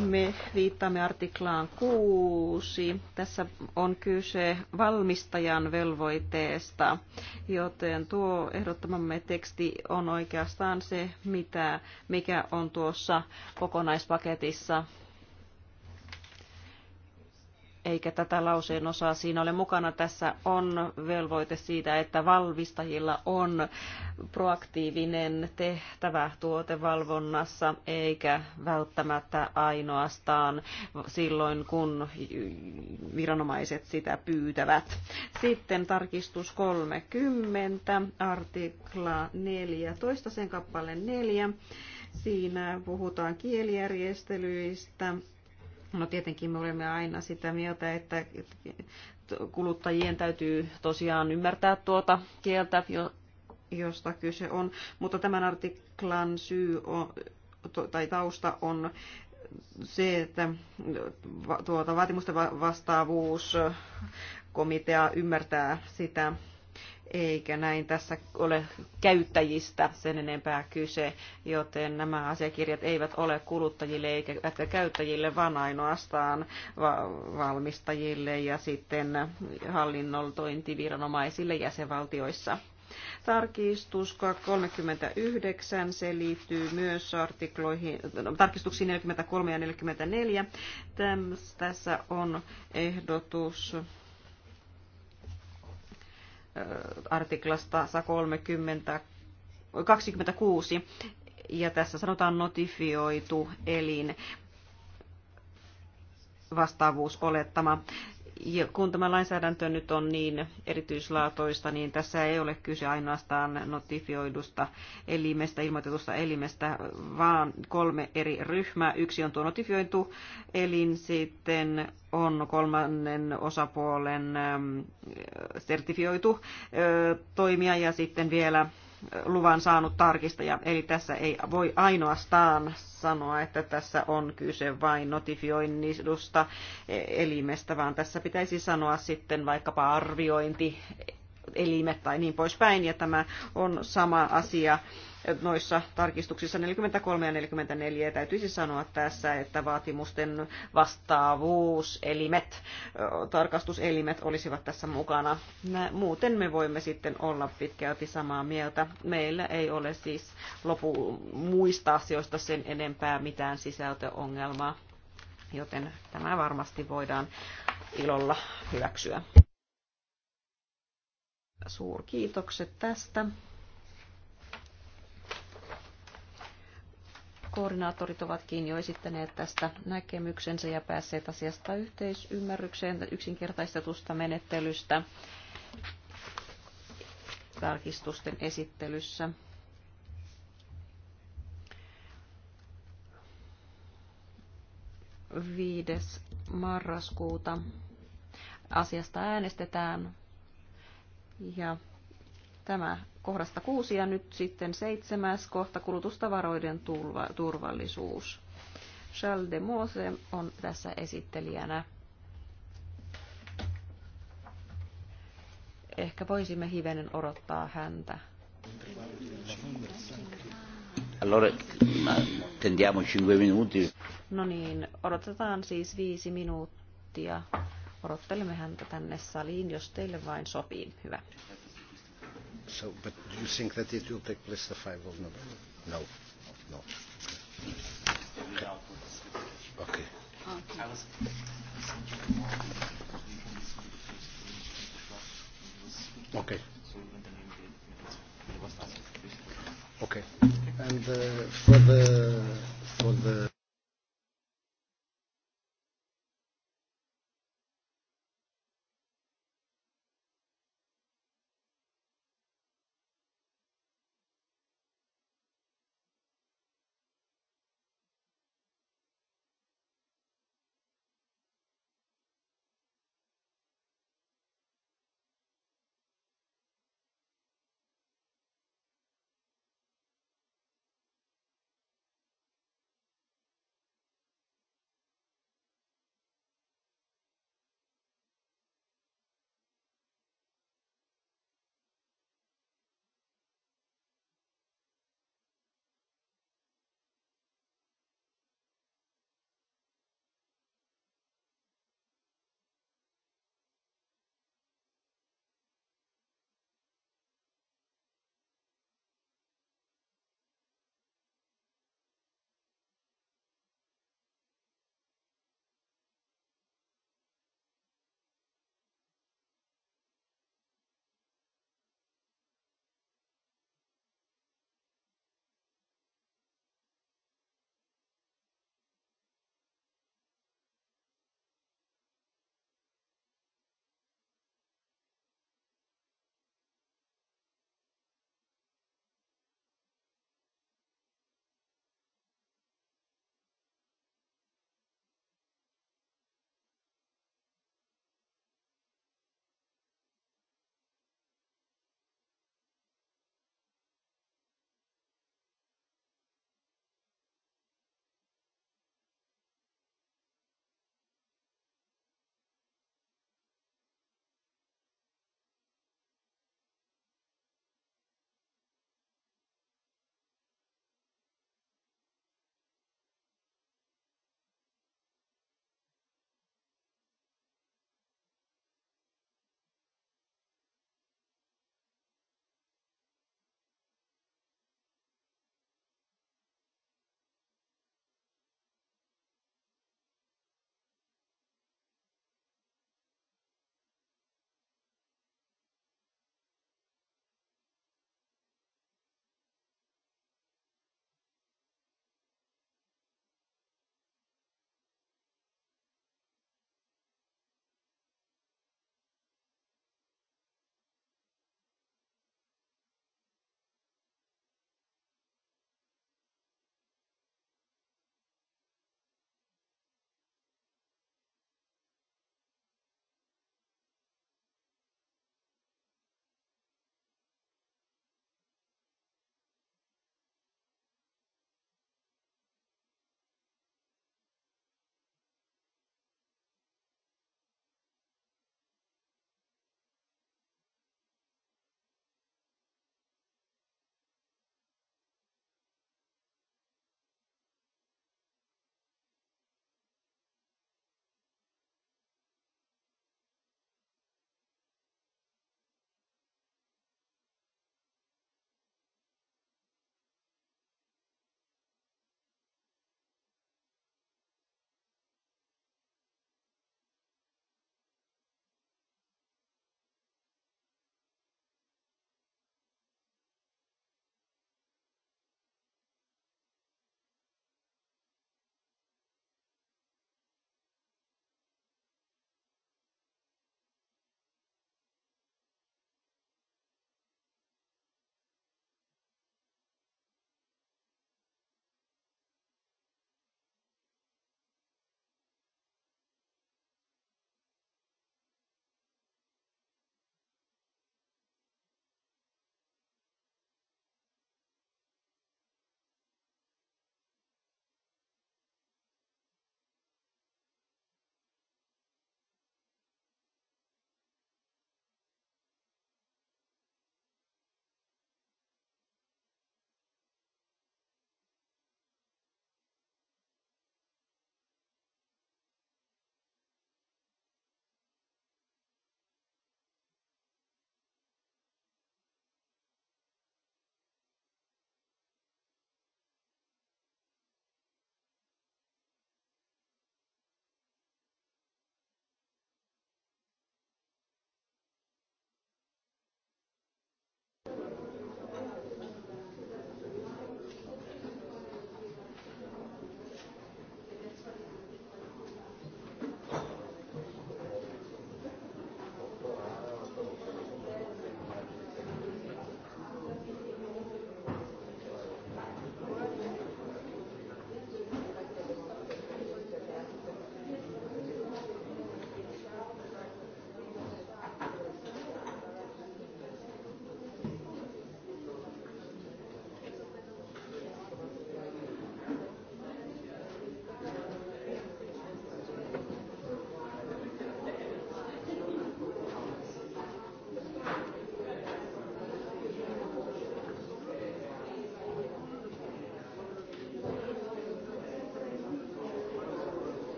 me viittaamme artiklaan 6. Tässä on kyse valmistajan velvoitteesta, joten tuo ehdottamamme teksti on oikeastaan se, mitä, mikä on tuossa kokonaispaketissa eikä tätä lauseen osaa siinä ole mukana. Tässä on velvoite siitä, että valmistajilla on proaktiivinen tehtävä tuotevalvonnassa, eikä välttämättä ainoastaan silloin, kun viranomaiset sitä pyytävät. Sitten tarkistus 30, artikla 14, sen kappale 4. Siinä puhutaan kielijärjestelyistä No tietenkin me olemme aina sitä mieltä, että kuluttajien täytyy tosiaan ymmärtää tuota kieltä, josta kyse on, mutta tämän artiklan syy on, tai tausta on se, että tuota vaatimusten vastaavuus komitea ymmärtää sitä eikä näin tässä ole käyttäjistä sen enempää kyse, joten nämä asiakirjat eivät ole kuluttajille eikä käyttäjille, vaan ainoastaan valmistajille ja sitten hallinnoltointiviranomaisille jäsenvaltioissa. Tarkistus 39, se liittyy myös artikloihin, no, tarkistuksiin 43 ja 44. Tässä on ehdotus artiklasta 130, 26 ja tässä sanotaan notifioitu elin vastaavuusolettama. Ja kun tämä lainsäädäntö nyt on niin erityislaatoista, niin tässä ei ole kyse ainoastaan notifioidusta elimestä, ilmoitetusta elimestä, vaan kolme eri ryhmää. Yksi on tuo notifioitu elin, sitten on kolmannen osapuolen sertifioitu toimija ja sitten vielä luvan saanut tarkistaja. Eli tässä ei voi ainoastaan sanoa, että tässä on kyse vain notifioinnista elimestä, vaan tässä pitäisi sanoa sitten vaikkapa arviointi elimet tai niin poispäin. Ja tämä on sama asia noissa tarkistuksissa 43 ja 44. Ja täytyisi sanoa tässä, että vaatimusten vastaavuuselimet, tarkastuselimet olisivat tässä mukana. Muuten me voimme sitten olla pitkälti samaa mieltä. Meillä ei ole siis lopu muista asioista sen enempää mitään sisältöongelmaa, joten tämä varmasti voidaan ilolla hyväksyä. Suurkiitokset tästä. koordinaattorit ovatkin jo esittäneet tästä näkemyksensä ja päässeet asiasta yhteisymmärrykseen yksinkertaistetusta menettelystä tarkistusten esittelyssä. Viides marraskuuta asiasta äänestetään ja tämä kohdasta kuusi ja nyt sitten seitsemäs kohta kulutustavaroiden turvallisuus. Charles de Mose on tässä esittelijänä. Ehkä voisimme hivenen odottaa häntä. Allora, tendiamo minuti. No niin, odotetaan siis viisi minuuttia. Odottelemme häntä tänne saliin, jos teille vain sopii. Hyvä. So, but do you think that it will take place the five of November? No, no. Okay. okay. Okay. Okay. And uh, for the for the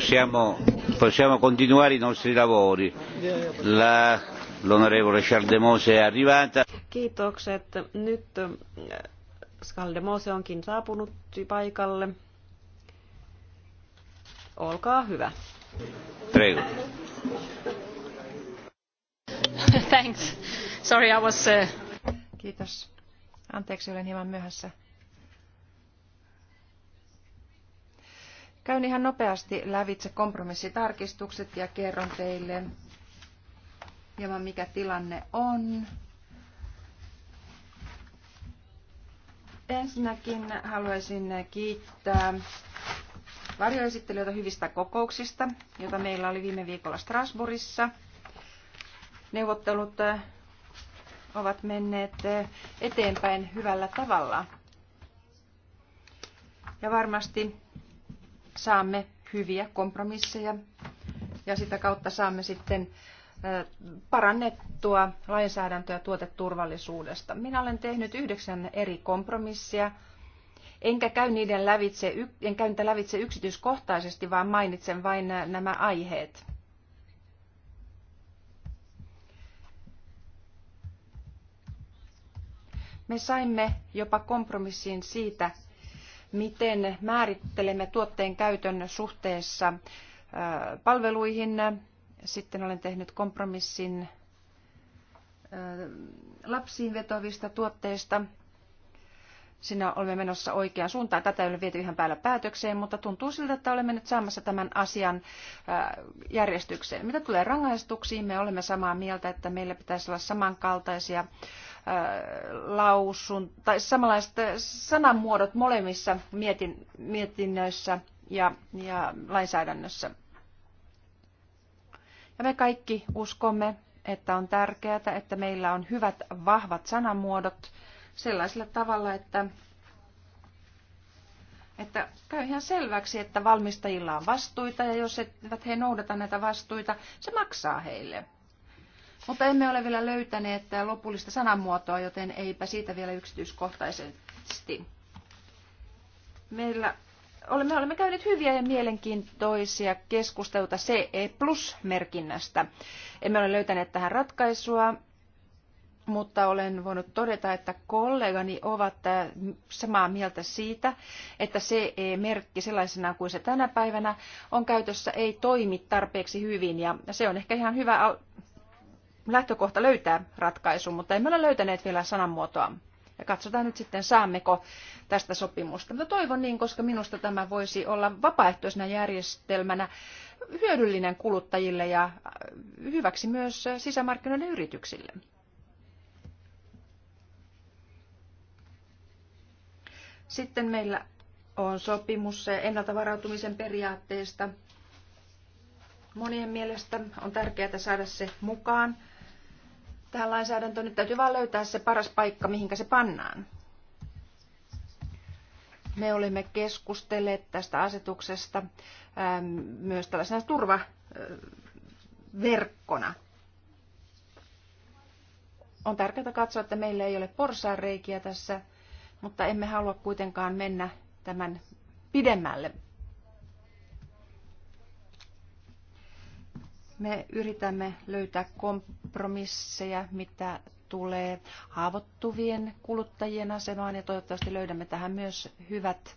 possiamo, possiamo continuare i nostri lavori. La, l'onorevole Chaldemose è arrivata. Kiitokset. Nyt äh, Skaldemose onkin saapunut paikalle. Olkaa hyvä. Prego. Thanks. Sorry, I was... Uh... Kiitos. Anteeksi, olen hieman myöhässä. Käyn ihan nopeasti lävitse kompromissitarkistukset ja kerron teille hieman mikä tilanne on. Ensinnäkin haluaisin kiittää varjoesittelijöitä hyvistä kokouksista, joita meillä oli viime viikolla Strasbourgissa. Neuvottelut ovat menneet eteenpäin hyvällä tavalla. Ja varmasti saamme hyviä kompromisseja ja sitä kautta saamme sitten parannettua lainsäädäntöä tuoteturvallisuudesta. Minä olen tehnyt yhdeksän eri kompromissia, enkä käy, niiden lävitse, en käy niitä lävitse yksityiskohtaisesti, vaan mainitsen vain nämä aiheet. Me saimme jopa kompromissiin siitä, miten määrittelemme tuotteen käytön suhteessa palveluihin. Sitten olen tehnyt kompromissin lapsiin vetovista tuotteista. Siinä olemme menossa oikeaan suuntaan. Tätä ei ole viety ihan päällä päätökseen, mutta tuntuu siltä, että olemme nyt saamassa tämän asian järjestykseen. Mitä tulee rangaistuksiin, me olemme samaa mieltä, että meillä pitäisi olla samankaltaisia lausun, tai samanlaiset sanamuodot molemmissa mietin, mietinnöissä ja, ja lainsäädännössä. Ja me kaikki uskomme, että on tärkeää, että meillä on hyvät, vahvat sanamuodot sellaisella tavalla, että, että käy ihan selväksi, että valmistajilla on vastuita ja jos eivät he noudata näitä vastuita, se maksaa heille. Mutta emme ole vielä löytäneet lopullista sanamuotoa, joten eipä siitä vielä yksityiskohtaisesti. Meillä olemme, olemme käyneet hyviä ja mielenkiintoisia keskusteluita CE Plus-merkinnästä. Emme ole löytäneet tähän ratkaisua, mutta olen voinut todeta, että kollegani ovat samaa mieltä siitä, että CE-merkki sellaisena kuin se tänä päivänä on käytössä ei toimi tarpeeksi hyvin ja se on ehkä ihan hyvä lähtökohta löytää ratkaisu, mutta emme ole löytäneet vielä sananmuotoa. Ja katsotaan nyt sitten, saammeko tästä sopimusta. Mutta toivon niin, koska minusta tämä voisi olla vapaaehtoisena järjestelmänä hyödyllinen kuluttajille ja hyväksi myös sisämarkkinoiden yrityksille. Sitten meillä on sopimus ennalta varautumisen periaatteesta. Monien mielestä on tärkeää saada se mukaan tähän lainsäädäntöön. Nyt täytyy vain löytää se paras paikka, mihinkä se pannaan. Me olemme keskustelleet tästä asetuksesta ähm, myös tällaisena turvaverkkona. On tärkeää katsoa, että meillä ei ole porsaanreikiä tässä, mutta emme halua kuitenkaan mennä tämän pidemmälle Me yritämme löytää kompromisseja, mitä tulee haavoittuvien kuluttajien asemaan ja toivottavasti löydämme tähän myös hyvät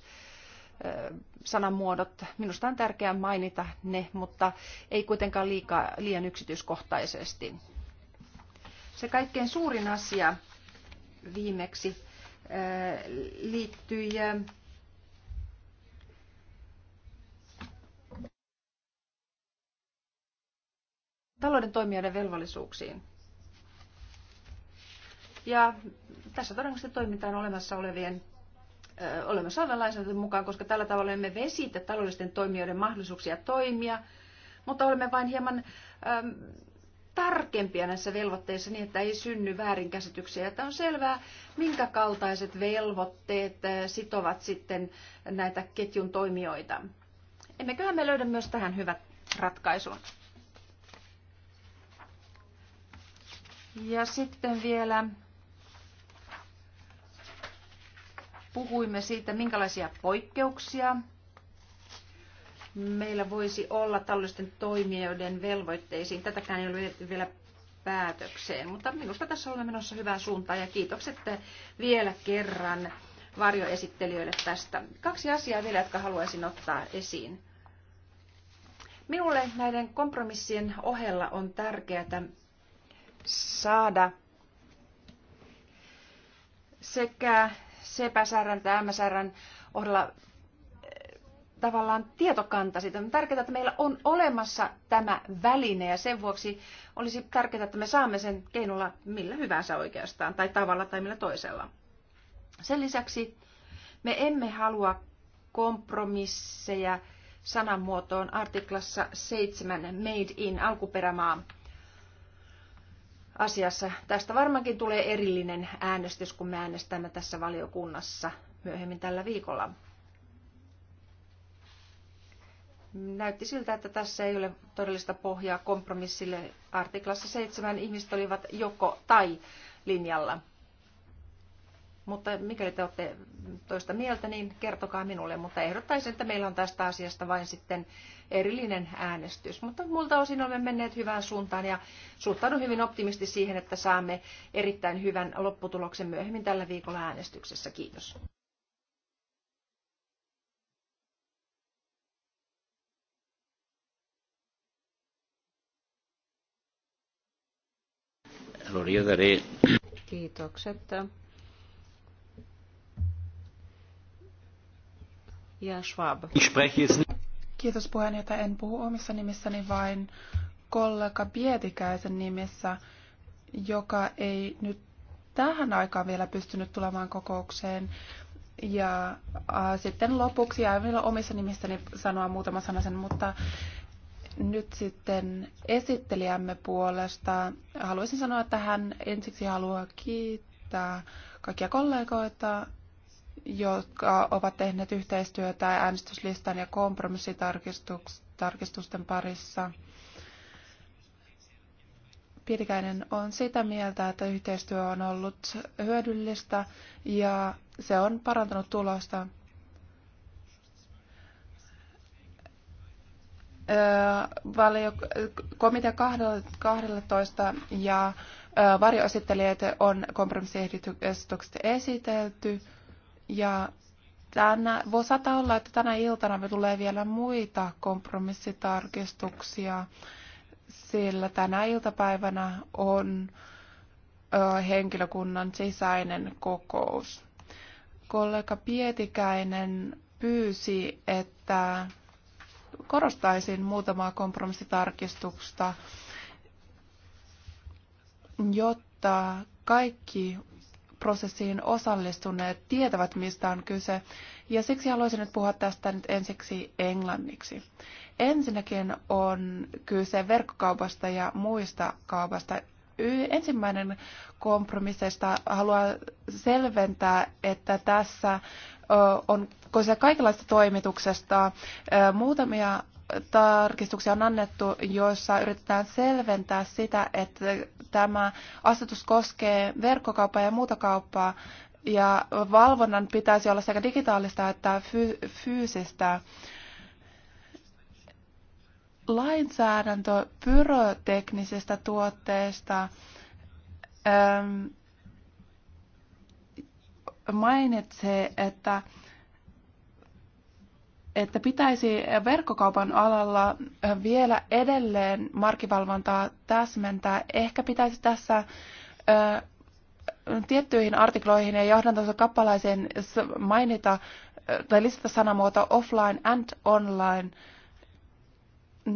sanamuodot. Minusta on tärkeää mainita ne, mutta ei kuitenkaan liikaa, liian yksityiskohtaisesti. Se kaikkein suurin asia viimeksi liittyi talouden toimijoiden velvollisuuksiin. Ja tässä todennäköisesti toimitaan olemassa olevien olemassa olevan lainsäädännön mukaan, koska tällä tavalla emme vesitä taloudellisten toimijoiden mahdollisuuksia toimia, mutta olemme vain hieman ö, tarkempia näissä velvoitteissa niin, että ei synny väärinkäsityksiä. Että on selvää, minkä kaltaiset velvoitteet sitovat sitten näitä ketjun toimijoita. Emmeköhän me löydä myös tähän hyvät ratkaisun. Ja sitten vielä puhuimme siitä, minkälaisia poikkeuksia meillä voisi olla tällaisten toimijoiden velvoitteisiin. Tätäkään ei ole vielä päätökseen, mutta minusta tässä olemme menossa hyvään suuntaan ja kiitokset vielä kerran varjoesittelijöille tästä. Kaksi asiaa vielä, jotka haluaisin ottaa esiin. Minulle näiden kompromissien ohella on tärkeää saada sekä sepäsärän että MSRn ohdolla eh, tavallaan tietokanta siitä. On tärkeää, että meillä on olemassa tämä väline ja sen vuoksi olisi tärkeää, että me saamme sen keinolla millä hyvänsä oikeastaan tai tavalla tai millä toisella. Sen lisäksi me emme halua kompromisseja sanamuotoon artiklassa 7 Made in alkuperämaa asiassa. Tästä varmaankin tulee erillinen äänestys, kun me äänestämme tässä valiokunnassa myöhemmin tällä viikolla. Näytti siltä, että tässä ei ole todellista pohjaa kompromissille. Artiklassa 7 ihmiset olivat joko tai linjalla. Mutta mikäli te olette toista mieltä, niin kertokaa minulle. Mutta ehdottaisin, että meillä on tästä asiasta vain sitten erillinen äänestys. Mutta multa osin olemme menneet hyvään suuntaan ja suhtaudun hyvin optimisti siihen, että saamme erittäin hyvän lopputuloksen myöhemmin tällä viikolla äänestyksessä. Kiitos. Kiitokset. ja Schwab. Kiitos puheenjohtaja. En puhu omissa nimissäni, vain kollega Pietikäisen nimissä, joka ei nyt tähän aikaan vielä pystynyt tulemaan kokoukseen. Ja äh, sitten lopuksi aivan vielä omissa nimissäni sanoa muutama sana sen, mutta nyt sitten esittelijämme puolesta haluaisin sanoa, että hän ensiksi haluaa kiittää kaikkia kollegoita jotka ovat tehneet yhteistyötä äänestyslistan ja kompromissitarkistusten parissa. Pirkäinen on sitä mieltä, että yhteistyö on ollut hyödyllistä ja se on parantanut tulosta. Komitea 12 ja varjoesittelijät on kompromissiehdotukset esitelty. Ja tänä, voi saattaa olla, että tänä iltana me tulee vielä muita kompromissitarkistuksia, sillä tänä iltapäivänä on ö, henkilökunnan sisäinen kokous. Kollega Pietikäinen pyysi, että korostaisin muutamaa kompromissitarkistusta, jotta kaikki prosessiin osallistuneet tietävät, mistä on kyse, ja siksi haluaisin nyt puhua tästä nyt ensiksi englanniksi. Ensinnäkin on kyse verkkokaupasta ja muista kaupasta. Ensimmäinen kompromisseista haluaa selventää, että tässä on kyse kaikenlaista toimituksesta. Muutamia tarkistuksia on annettu, joissa yritetään selventää sitä, että tämä asetus koskee verkkokauppaa ja muuta kauppaa, ja valvonnan pitäisi olla sekä digitaalista että fy- fyysistä. Lainsäädäntö pyroteknisistä tuotteista ähm, mainitsee, että että pitäisi verkkokaupan alalla vielä edelleen markkivalvontaa täsmentää. Ehkä pitäisi tässä ö, tiettyihin artikloihin ja johdantonsa kappalaiseen mainita tai lisätä sanamuoto offline and online.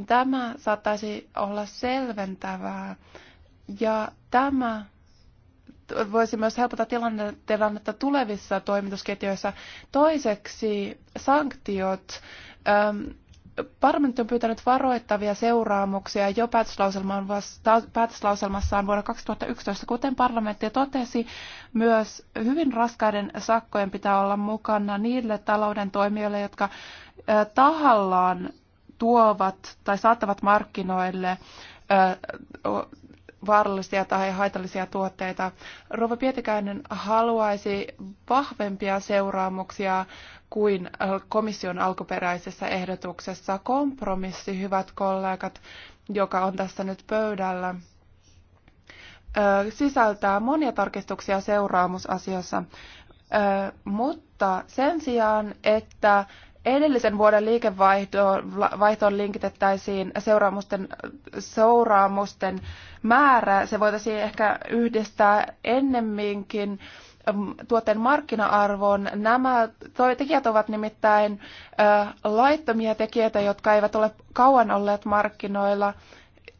Tämä saattaisi olla selventävää. Ja tämä voisi myös helpota tilannetta tulevissa toimitusketjoissa. Toiseksi sanktiot. Öm, parlamentti on pyytänyt varoittavia seuraamuksia jo päätöslauselmassaan vuonna 2011. Kuten parlamentti totesi, myös hyvin raskaiden sakkojen pitää olla mukana niille talouden toimijoille, jotka tahallaan tuovat tai saattavat markkinoille vaarallisia tai haitallisia tuotteita. Rova Pietikäinen haluaisi vahvempia seuraamuksia kuin komission alkuperäisessä ehdotuksessa. Kompromissi, hyvät kollegat, joka on tässä nyt pöydällä, sisältää monia tarkistuksia seuraamusasiassa. mutta sen sijaan, että edellisen vuoden liikevaihtoon linkitettäisiin seuraamusten, seuraamusten määrä. Se voitaisiin ehkä yhdistää ennemminkin mm, tuotteen markkina-arvoon. Nämä tekijät ovat nimittäin laittomia tekijöitä, jotka eivät ole kauan olleet markkinoilla.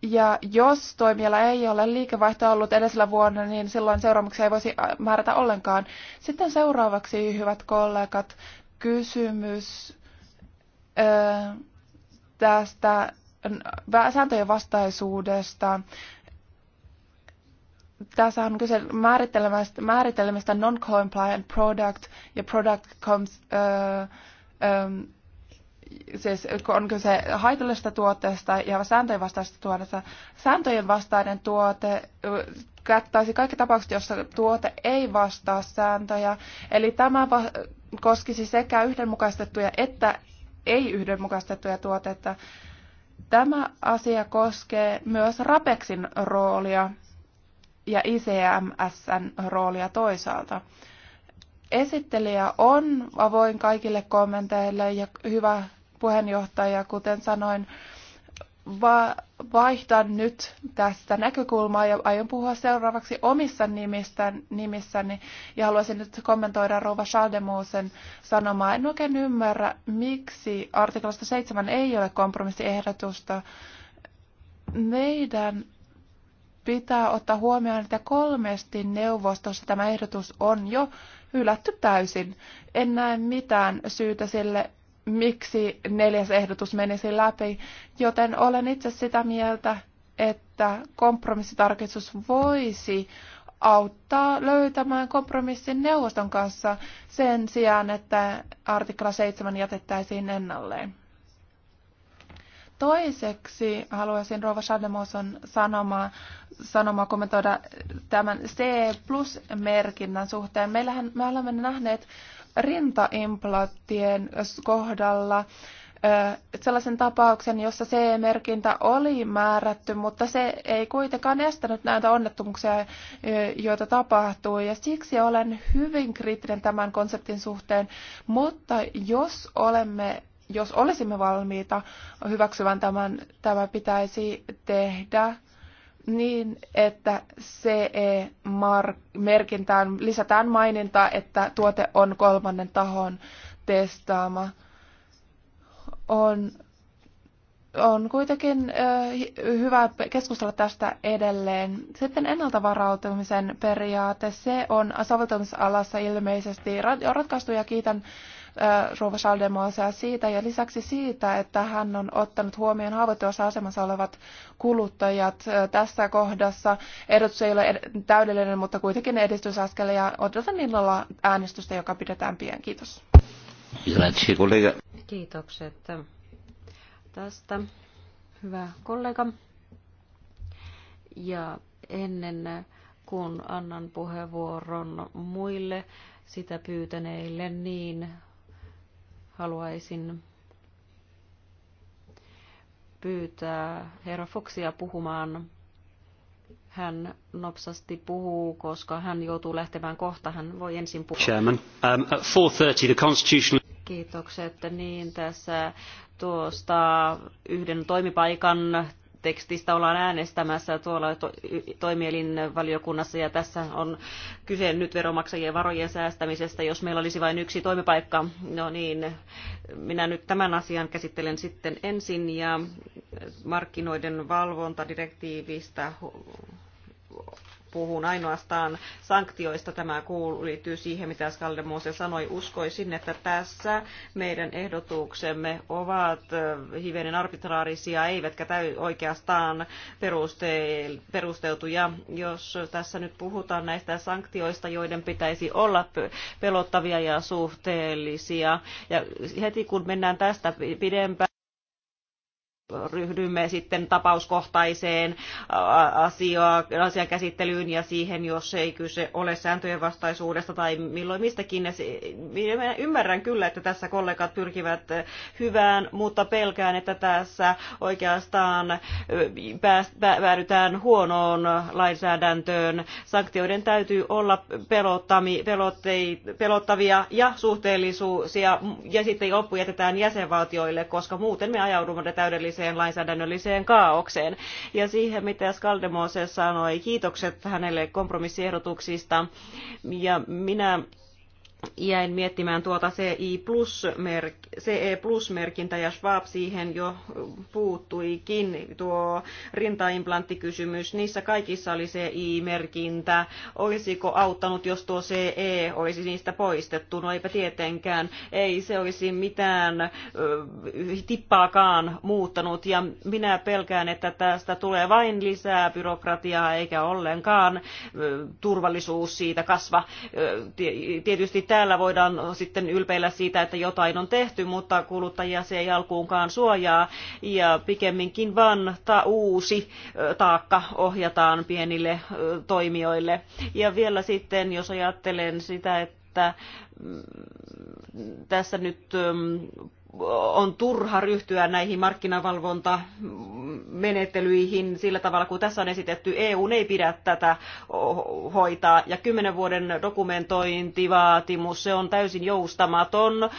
Ja jos toimijalla ei ole liikevaihtoa ollut edellisellä vuonna, niin silloin seuraamuksia ei voisi määrätä ollenkaan. Sitten seuraavaksi, hyvät kollegat, kysymys tästä sääntöjen vastaisuudesta. Tässä on kyse määritelmästä, määritelmästä non-compliant product ja product comes, äh, äh, siis on kyse haitallisesta tuotteesta ja sääntöjen vastaisesta tuotteesta. Sääntöjen vastainen tuote kattaisi kaikki tapaukset, joissa tuote ei vastaa sääntöjä. Eli tämä koskisi sekä yhdenmukaistettuja että ei yhdenmukaistettuja tuotetta. Tämä asia koskee myös RAPEXin roolia ja ICMSn roolia toisaalta. Esittelijä on avoin kaikille kommenteille ja hyvä puheenjohtaja, kuten sanoin, va- vaihdan nyt tästä näkökulmaa ja aion puhua seuraavaksi omissa nimistän, nimissäni. Ja haluaisin nyt kommentoida Rova Schaldemusen sanomaa. En oikein ymmärrä, miksi artiklasta 7 ei ole kompromissiehdotusta. Meidän pitää ottaa huomioon, että kolmesti neuvostossa tämä ehdotus on jo hylätty täysin. En näe mitään syytä sille, miksi neljäs ehdotus menisi läpi, joten olen itse sitä mieltä, että kompromissitarkistus voisi auttaa löytämään kompromissin neuvoston kanssa sen sijaan, että artikla 7 jätettäisiin ennalleen. Toiseksi haluaisin Rova Shademoson sanomaa, sanomaa kommentoida tämän C-plus-merkinnän suhteen. Meillähän me olemme nähneet rintaimplanttien kohdalla sellaisen tapauksen, jossa CE-merkintä oli määrätty, mutta se ei kuitenkaan estänyt näitä onnettomuuksia, joita tapahtuu. Ja siksi olen hyvin kriittinen tämän konseptin suhteen, mutta jos olemme jos olisimme valmiita hyväksyvän tämän, tämä pitäisi tehdä niin, että CE-merkintään lisätään maininta, että tuote on kolmannen tahon testaama. On, on kuitenkin hyvä keskustella tästä edelleen. Sitten ennalta varautumisen periaate, se on soveltamisalassa ilmeisesti ratkaistu ja kiitän Äh, Rouva Chaldemoisea siitä ja lisäksi siitä, että hän on ottanut huomioon haavoittuvassa asemassa olevat kuluttajat äh, tässä kohdassa. Ehdotus ei ole täydellinen, mutta kuitenkin edistysaskel ja odotan illalla äänestystä, joka pidetään pian. Kiitos. Kiitokset tästä, hyvä kollega. Ja ennen kuin annan puheenvuoron muille sitä pyytäneille, niin haluaisin pyytää herra Foxia puhumaan. Hän nopsasti puhuu, koska hän joutuu lähtemään kohta. Hän voi ensin puhua. Chairman, um, at 4.30 the constitutional... Kiitokset. Niin tässä tuosta yhden toimipaikan tekstistä ollaan äänestämässä tuolla toimielinvaliokunnassa toimielin valiokunnassa ja tässä on kyse nyt veronmaksajien varojen säästämisestä, jos meillä olisi vain yksi toimipaikka. No niin, minä nyt tämän asian käsittelen sitten ensin ja markkinoiden valvontadirektiivistä puhun ainoastaan sanktioista. Tämä kuuluu, liittyy siihen, mitä Skaldemose sanoi. Uskoisin, että tässä meidän ehdotuksemme ovat hivenen arbitraarisia, eivätkä täy oikeastaan peruste- perusteutuja. Jos tässä nyt puhutaan näistä sanktioista, joiden pitäisi olla pelottavia ja suhteellisia, ja heti kun mennään tästä pidempään, ryhdymme sitten tapauskohtaiseen asiaan, asian käsittelyyn ja siihen, jos ei kyse ole sääntöjen vastaisuudesta tai milloin mistäkin. Minä ymmärrän kyllä, että tässä kollegat pyrkivät hyvään, mutta pelkään, että tässä oikeastaan päädytään huonoon lainsäädäntöön. Sanktioiden täytyy olla pelottavia ja suhteellisuus ja sitten loppu jätetään jäsenvaltioille, koska muuten me ajaudumme täydellisesti poliittiseen lainsäädännölliseen kaaukseen. Ja siihen, mitä Skaldemose sanoi, kiitokset hänelle kompromissiehdotuksista. Ja minä jäin miettimään tuota CE plus-merkintä ja Schwab siihen jo puuttuikin. Tuo rintaimplanttikysymys, niissä kaikissa oli CI-merkintä. Olisiko auttanut, jos tuo CE olisi niistä poistettu? No eipä tietenkään. Ei se olisi mitään tippaakaan muuttanut ja minä pelkään, että tästä tulee vain lisää byrokratiaa eikä ollenkaan turvallisuus siitä kasva. Tietysti täällä voidaan sitten ylpeillä siitä, että jotain on tehty, mutta kuluttajia se ei alkuunkaan suojaa ja pikemminkin vaan ta- uusi taakka ohjataan pienille toimijoille. Ja vielä sitten, jos ajattelen sitä, että mm, tässä nyt mm, on turha ryhtyä näihin markkinavalvontamenettelyihin sillä tavalla kuin tässä on esitetty. EU ei pidä tätä hoitaa ja kymmenen vuoden dokumentointivaatimus, se on täysin joustamaton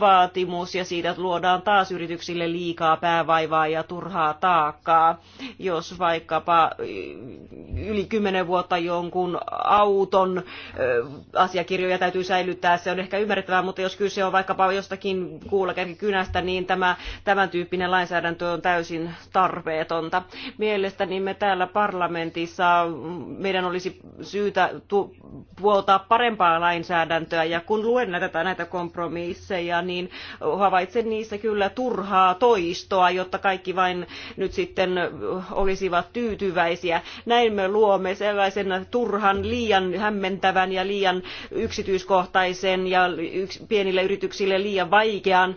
vaatimus ja siitä luodaan taas yrityksille liikaa päävaivaa ja turhaa taakkaa. Jos vaikkapa yli kymmenen vuotta jonkun auton asiakirjoja täytyy säilyttää, se on ehkä ymmärrettävää, mutta jos kyse on vaikkapa jostakin kuul- sivulla kävi kynästä, niin tämä, tämän tyyppinen lainsäädäntö on täysin tarpeetonta. Mielestäni me täällä parlamentissa meidän olisi syytä tu- puoltaa parempaa lainsäädäntöä ja kun luen näitä, näitä kompromisseja, niin havaitsen niissä kyllä turhaa toistoa, jotta kaikki vain nyt sitten olisivat tyytyväisiä. Näin me luomme sellaisen turhan, liian hämmentävän ja liian yksityiskohtaisen ja pienille yrityksille liian vaikean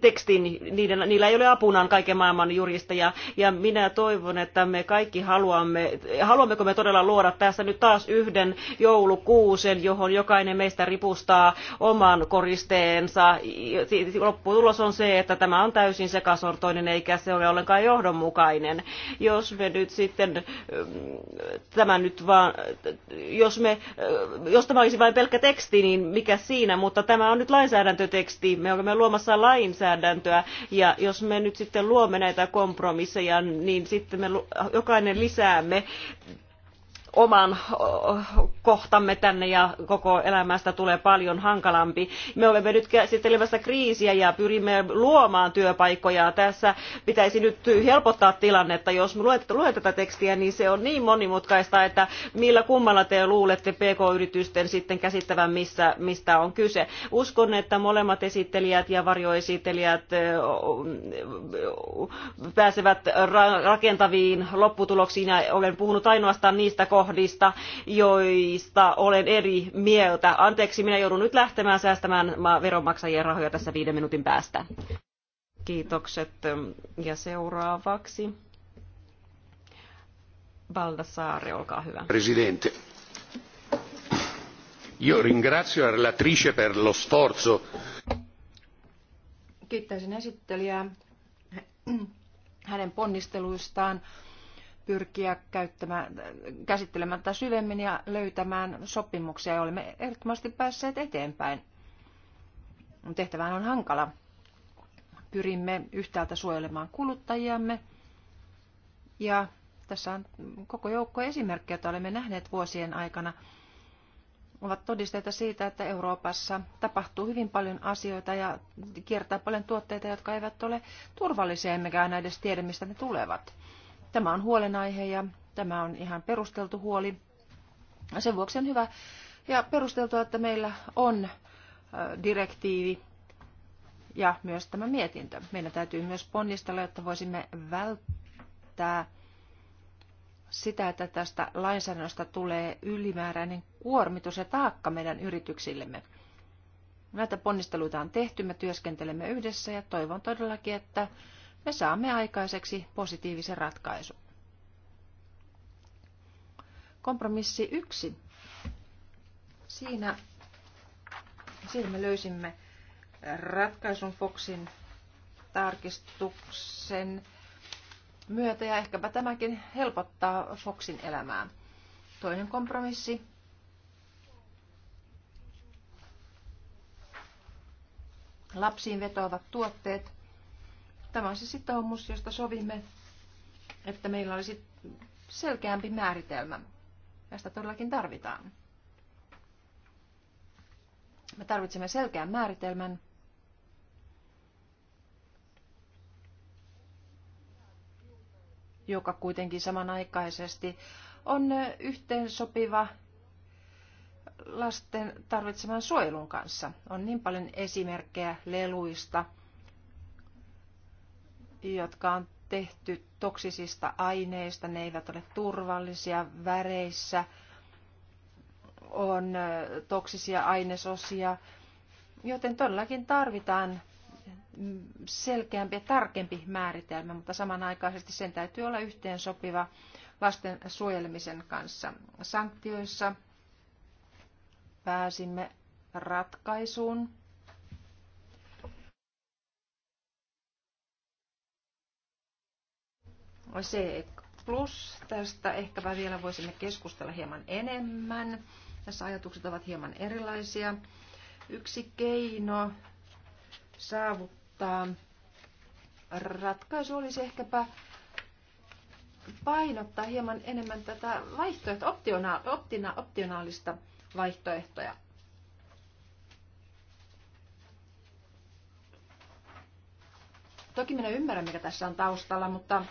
tekstiin, niiden, niillä ei ole apunaan kaiken maailman juristeja. Ja minä toivon, että me kaikki haluamme, haluammeko me todella luoda tässä nyt taas yhden joulukuusen, johon jokainen meistä ripustaa oman koristeensa. Lopputulos on se, että tämä on täysin sekasortoinen eikä se ole ollenkaan johdonmukainen. Jos me nyt sitten tämä nyt vaan, jos, me, jos tämä olisi vain pelkkä teksti, niin mikä siinä, mutta tämä on nyt lainsäädäntöteksti. Me me olemme luomassa lainsäädäntöä ja jos me nyt sitten luomme näitä kompromisseja, niin sitten me jokainen lisäämme oman kohtamme tänne ja koko elämästä tulee paljon hankalampi. Me olemme nyt käsittelemässä kriisiä ja pyrimme luomaan työpaikkoja. Tässä pitäisi nyt helpottaa tilannetta. Jos luen tätä tekstiä, niin se on niin monimutkaista, että millä kummalla te luulette PK-yritysten sitten käsittävän, missä, mistä on kyse. Uskon, että molemmat esittelijät ja varjoesittelijät pääsevät rakentaviin lopputuloksiin ja olen puhunut ainoastaan niistä kohdista, joista olen eri mieltä. Anteeksi, minä joudun nyt lähtemään säästämään veronmaksajien rahoja tässä viiden minuutin päästä. Kiitokset. Ja seuraavaksi. Baldassare, olkaa hyvä. Presidente. Io ringrazio la relatrice per lo sforzo. Kiittäisin esittelijää hänen ponnisteluistaan pyrkiä käyttämään, käsittelemään tätä syvemmin ja löytämään sopimuksia, ja olemme ehdottomasti päässeet eteenpäin. Tehtävään on hankala. Pyrimme yhtäältä suojelemaan kuluttajiamme, ja tässä on koko joukko esimerkkejä, joita olemme nähneet vuosien aikana, ovat todisteita siitä, että Euroopassa tapahtuu hyvin paljon asioita ja kiertää paljon tuotteita, jotka eivät ole turvallisia, emmekä aina edes tiedä, mistä ne tulevat. Tämä on huolenaihe ja tämä on ihan perusteltu huoli. Sen vuoksi on hyvä ja perusteltua, että meillä on direktiivi ja myös tämä mietintö. Meidän täytyy myös ponnistella, jotta voisimme välttää sitä, että tästä lainsäädännöstä tulee ylimääräinen kuormitus ja taakka meidän yrityksillemme. Näitä ponnisteluita on tehty, me työskentelemme yhdessä ja toivon todellakin, että me saamme aikaiseksi positiivisen ratkaisun. Kompromissi yksi. Siinä, siinä me löysimme ratkaisun Foxin tarkistuksen myötä ja ehkäpä tämäkin helpottaa Foxin elämää. Toinen kompromissi. Lapsiin vetoavat tuotteet Tämä on se sitoumus, josta sovimme, että meillä olisi selkeämpi määritelmä. Tästä todellakin tarvitaan. Me tarvitsemme selkeän määritelmän. joka kuitenkin samanaikaisesti on yhteensopiva lasten tarvitseman suojelun kanssa. On niin paljon esimerkkejä leluista – jotka on tehty toksisista aineista, ne eivät ole turvallisia väreissä, on toksisia ainesosia, joten todellakin tarvitaan selkeämpi ja tarkempi määritelmä, mutta samanaikaisesti sen täytyy olla yhteen sopiva lasten suojelemisen kanssa. Sanktioissa pääsimme ratkaisuun CE Plus. Tästä ehkäpä vielä voisimme keskustella hieman enemmän. Tässä ajatukset ovat hieman erilaisia. Yksi keino saavuttaa ratkaisu olisi ehkäpä painottaa hieman enemmän tätä vaihtoehtoa, optiona, optina, optionaalista vaihtoehtoja. Toki minä ymmärrän, mikä tässä on taustalla, mutta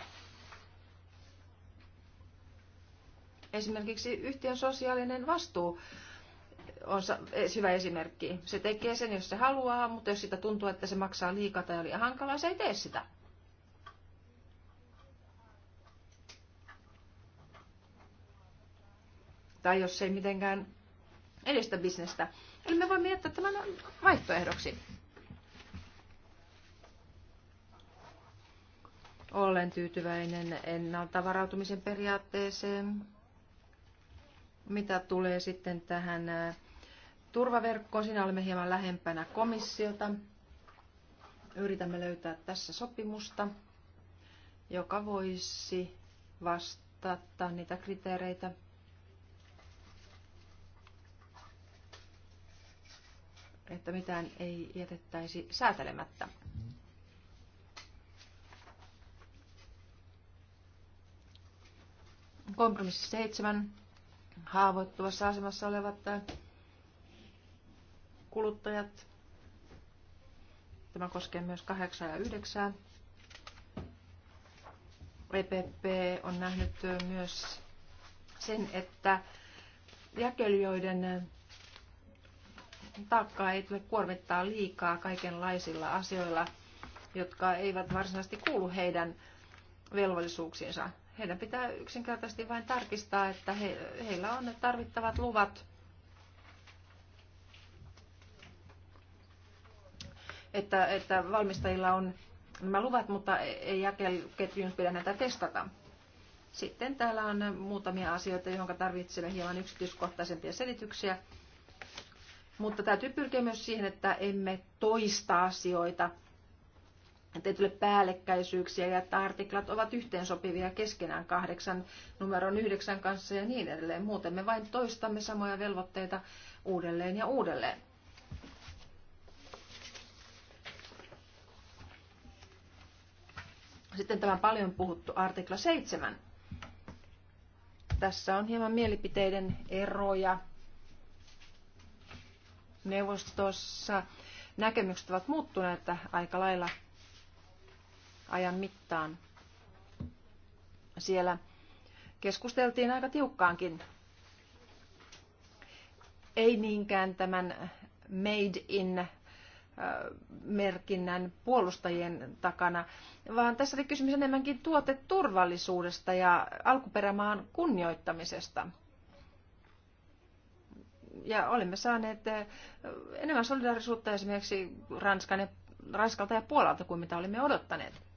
Esimerkiksi yhtiön sosiaalinen vastuu on e, hyvä esimerkki. Se tekee sen, jos se haluaa, mutta jos sitä tuntuu, että se maksaa liikaa tai oli hankalaa, se ei tee sitä. Tai jos se ei mitenkään edistä bisnestä. Eli me voimme jättää tämän vaihtoehdoksi. Olen tyytyväinen ennalta varautumisen periaatteeseen. Mitä tulee sitten tähän turvaverkkoon, siinä olemme hieman lähempänä komissiota. Yritämme löytää tässä sopimusta, joka voisi vastata niitä kriteereitä, että mitään ei jätettäisi säätelemättä. Kompromissi seitsemän haavoittuvassa asemassa olevat äh, kuluttajat. Tämä koskee myös 8 ja 9. EPP on nähnyt äh, myös sen, että jakelijoiden äh, taakkaa ei tule kuormittaa liikaa kaikenlaisilla asioilla, jotka eivät varsinaisesti kuulu heidän velvollisuuksiinsa. Heidän pitää yksinkertaisesti vain tarkistaa, että he, heillä on tarvittavat luvat, että, että valmistajilla on nämä luvat, mutta ei jakeluketjun pidä näitä testata. Sitten täällä on muutamia asioita, joihin tarvitsemme hieman yksityiskohtaisempia selityksiä. Mutta täytyy pyrkiä myös siihen, että emme toista asioita ettei tule päällekkäisyyksiä ja että artiklat ovat yhteensopivia keskenään kahdeksan numeron yhdeksän kanssa ja niin edelleen. Muuten me vain toistamme samoja velvoitteita uudelleen ja uudelleen. Sitten tämä paljon puhuttu artikla 7. Tässä on hieman mielipiteiden eroja. Neuvostossa näkemykset ovat muuttuneet aika lailla ajan mittaan. Siellä keskusteltiin aika tiukkaankin. Ei niinkään tämän Made in äh, merkinnän puolustajien takana, vaan tässä oli kysymys enemmänkin tuoteturvallisuudesta ja alkuperämaan kunnioittamisesta. Ja olemme saaneet äh, enemmän solidaarisuutta esimerkiksi Ranskan ja, Ranskalta ja Puolalta kuin mitä olimme odottaneet.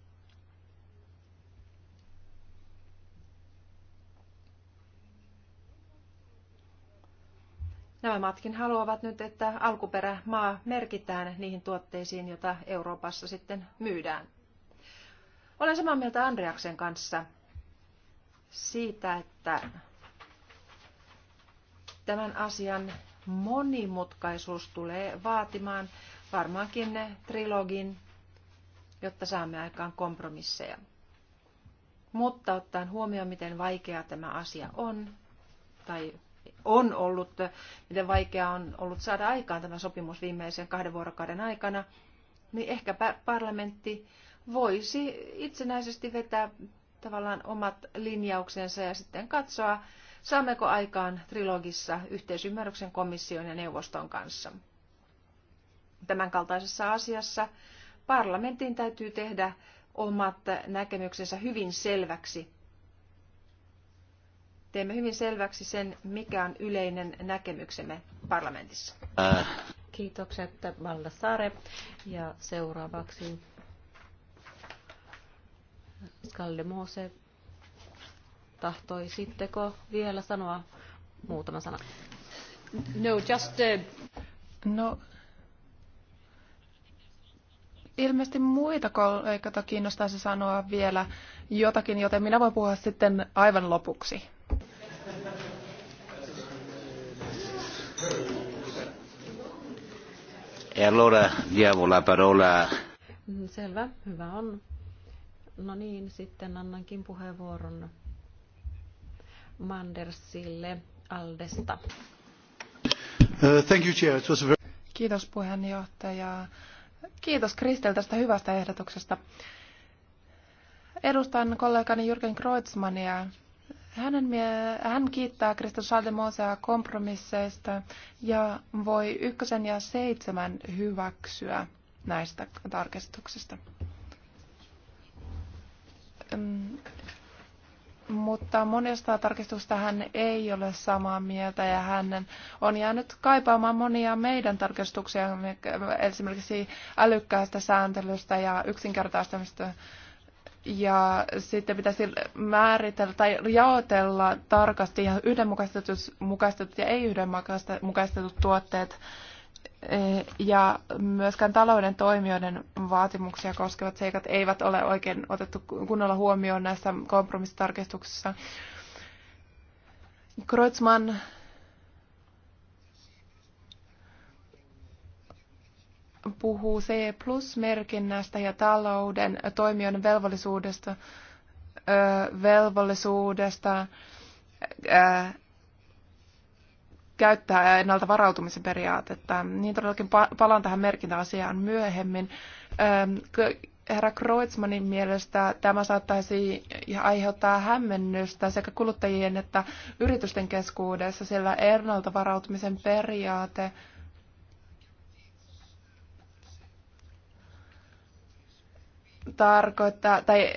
Nämä maatkin haluavat nyt, että alkuperämaa merkitään niihin tuotteisiin, joita Euroopassa sitten myydään. Olen samaa mieltä Andreaksen kanssa siitä, että tämän asian monimutkaisuus tulee vaatimaan varmaankin ne trilogin, jotta saamme aikaan kompromisseja. Mutta ottaen huomioon, miten vaikea tämä asia on, tai on ollut, miten vaikeaa on ollut saada aikaan tämä sopimus viimeisen kahden vuorokauden aikana, niin ehkä parlamentti voisi itsenäisesti vetää tavallaan omat linjauksensa ja sitten katsoa, saammeko aikaan trilogissa yhteisymmärryksen komission ja neuvoston kanssa. Tämän kaltaisessa asiassa parlamentin täytyy tehdä omat näkemyksensä hyvin selväksi teemme hyvin selväksi sen, mikä on yleinen näkemyksemme parlamentissa. Kiitokset, Valla Valdassare. Ja seuraavaksi Skalle Moose. Tahtoisitteko vielä sanoa muutama sana? No, just... Uh... No, ilmeisesti muita kollegoita kiinnostaisi sanoa vielä jotakin, joten minä voin puhua sitten aivan lopuksi. E allora diamo la parola. Selvä, hyvä on. No niin, sitten annankin puheenvuoron Mandersille Aldesta. Uh, thank you, Chair. It was a very... Kiitos puheenjohtaja. Kiitos Kristel tästä hyvästä ehdotuksesta. Edustan kollegani Jürgen Kreutzmania, hänen, hän kiittää Kristus Saldemosea kompromisseista ja voi ykkösen ja seitsemän hyväksyä näistä tarkistuksista. Mm, mutta monesta tarkistusta hän ei ole samaa mieltä ja hän on jäänyt kaipaamaan monia meidän tarkistuksia, esimerkiksi älykkäästä sääntelystä ja yksinkertaistamista ja sitten pitäisi määritellä tai jaotella tarkasti ihan yhdenmukaistetut ja ei-yhdenmukaistetut tuotteet eh, ja myöskään talouden toimijoiden vaatimuksia koskevat seikat eivät ole oikein otettu kunnolla huomioon näissä kompromissitarkistuksissa. Kreutzmann puhuu C-plus-merkinnästä ja talouden toimijoiden velvollisuudesta, velvollisuudesta käyttää ennalta varautumisen periaatetta. Niin todellakin palaan tähän merkintäasiaan myöhemmin. Herra Kreutzmanin mielestä tämä saattaisi aiheuttaa hämmennystä sekä kuluttajien että yritysten keskuudessa, sillä ennalta varautumisen periaate – tarkoittaa tai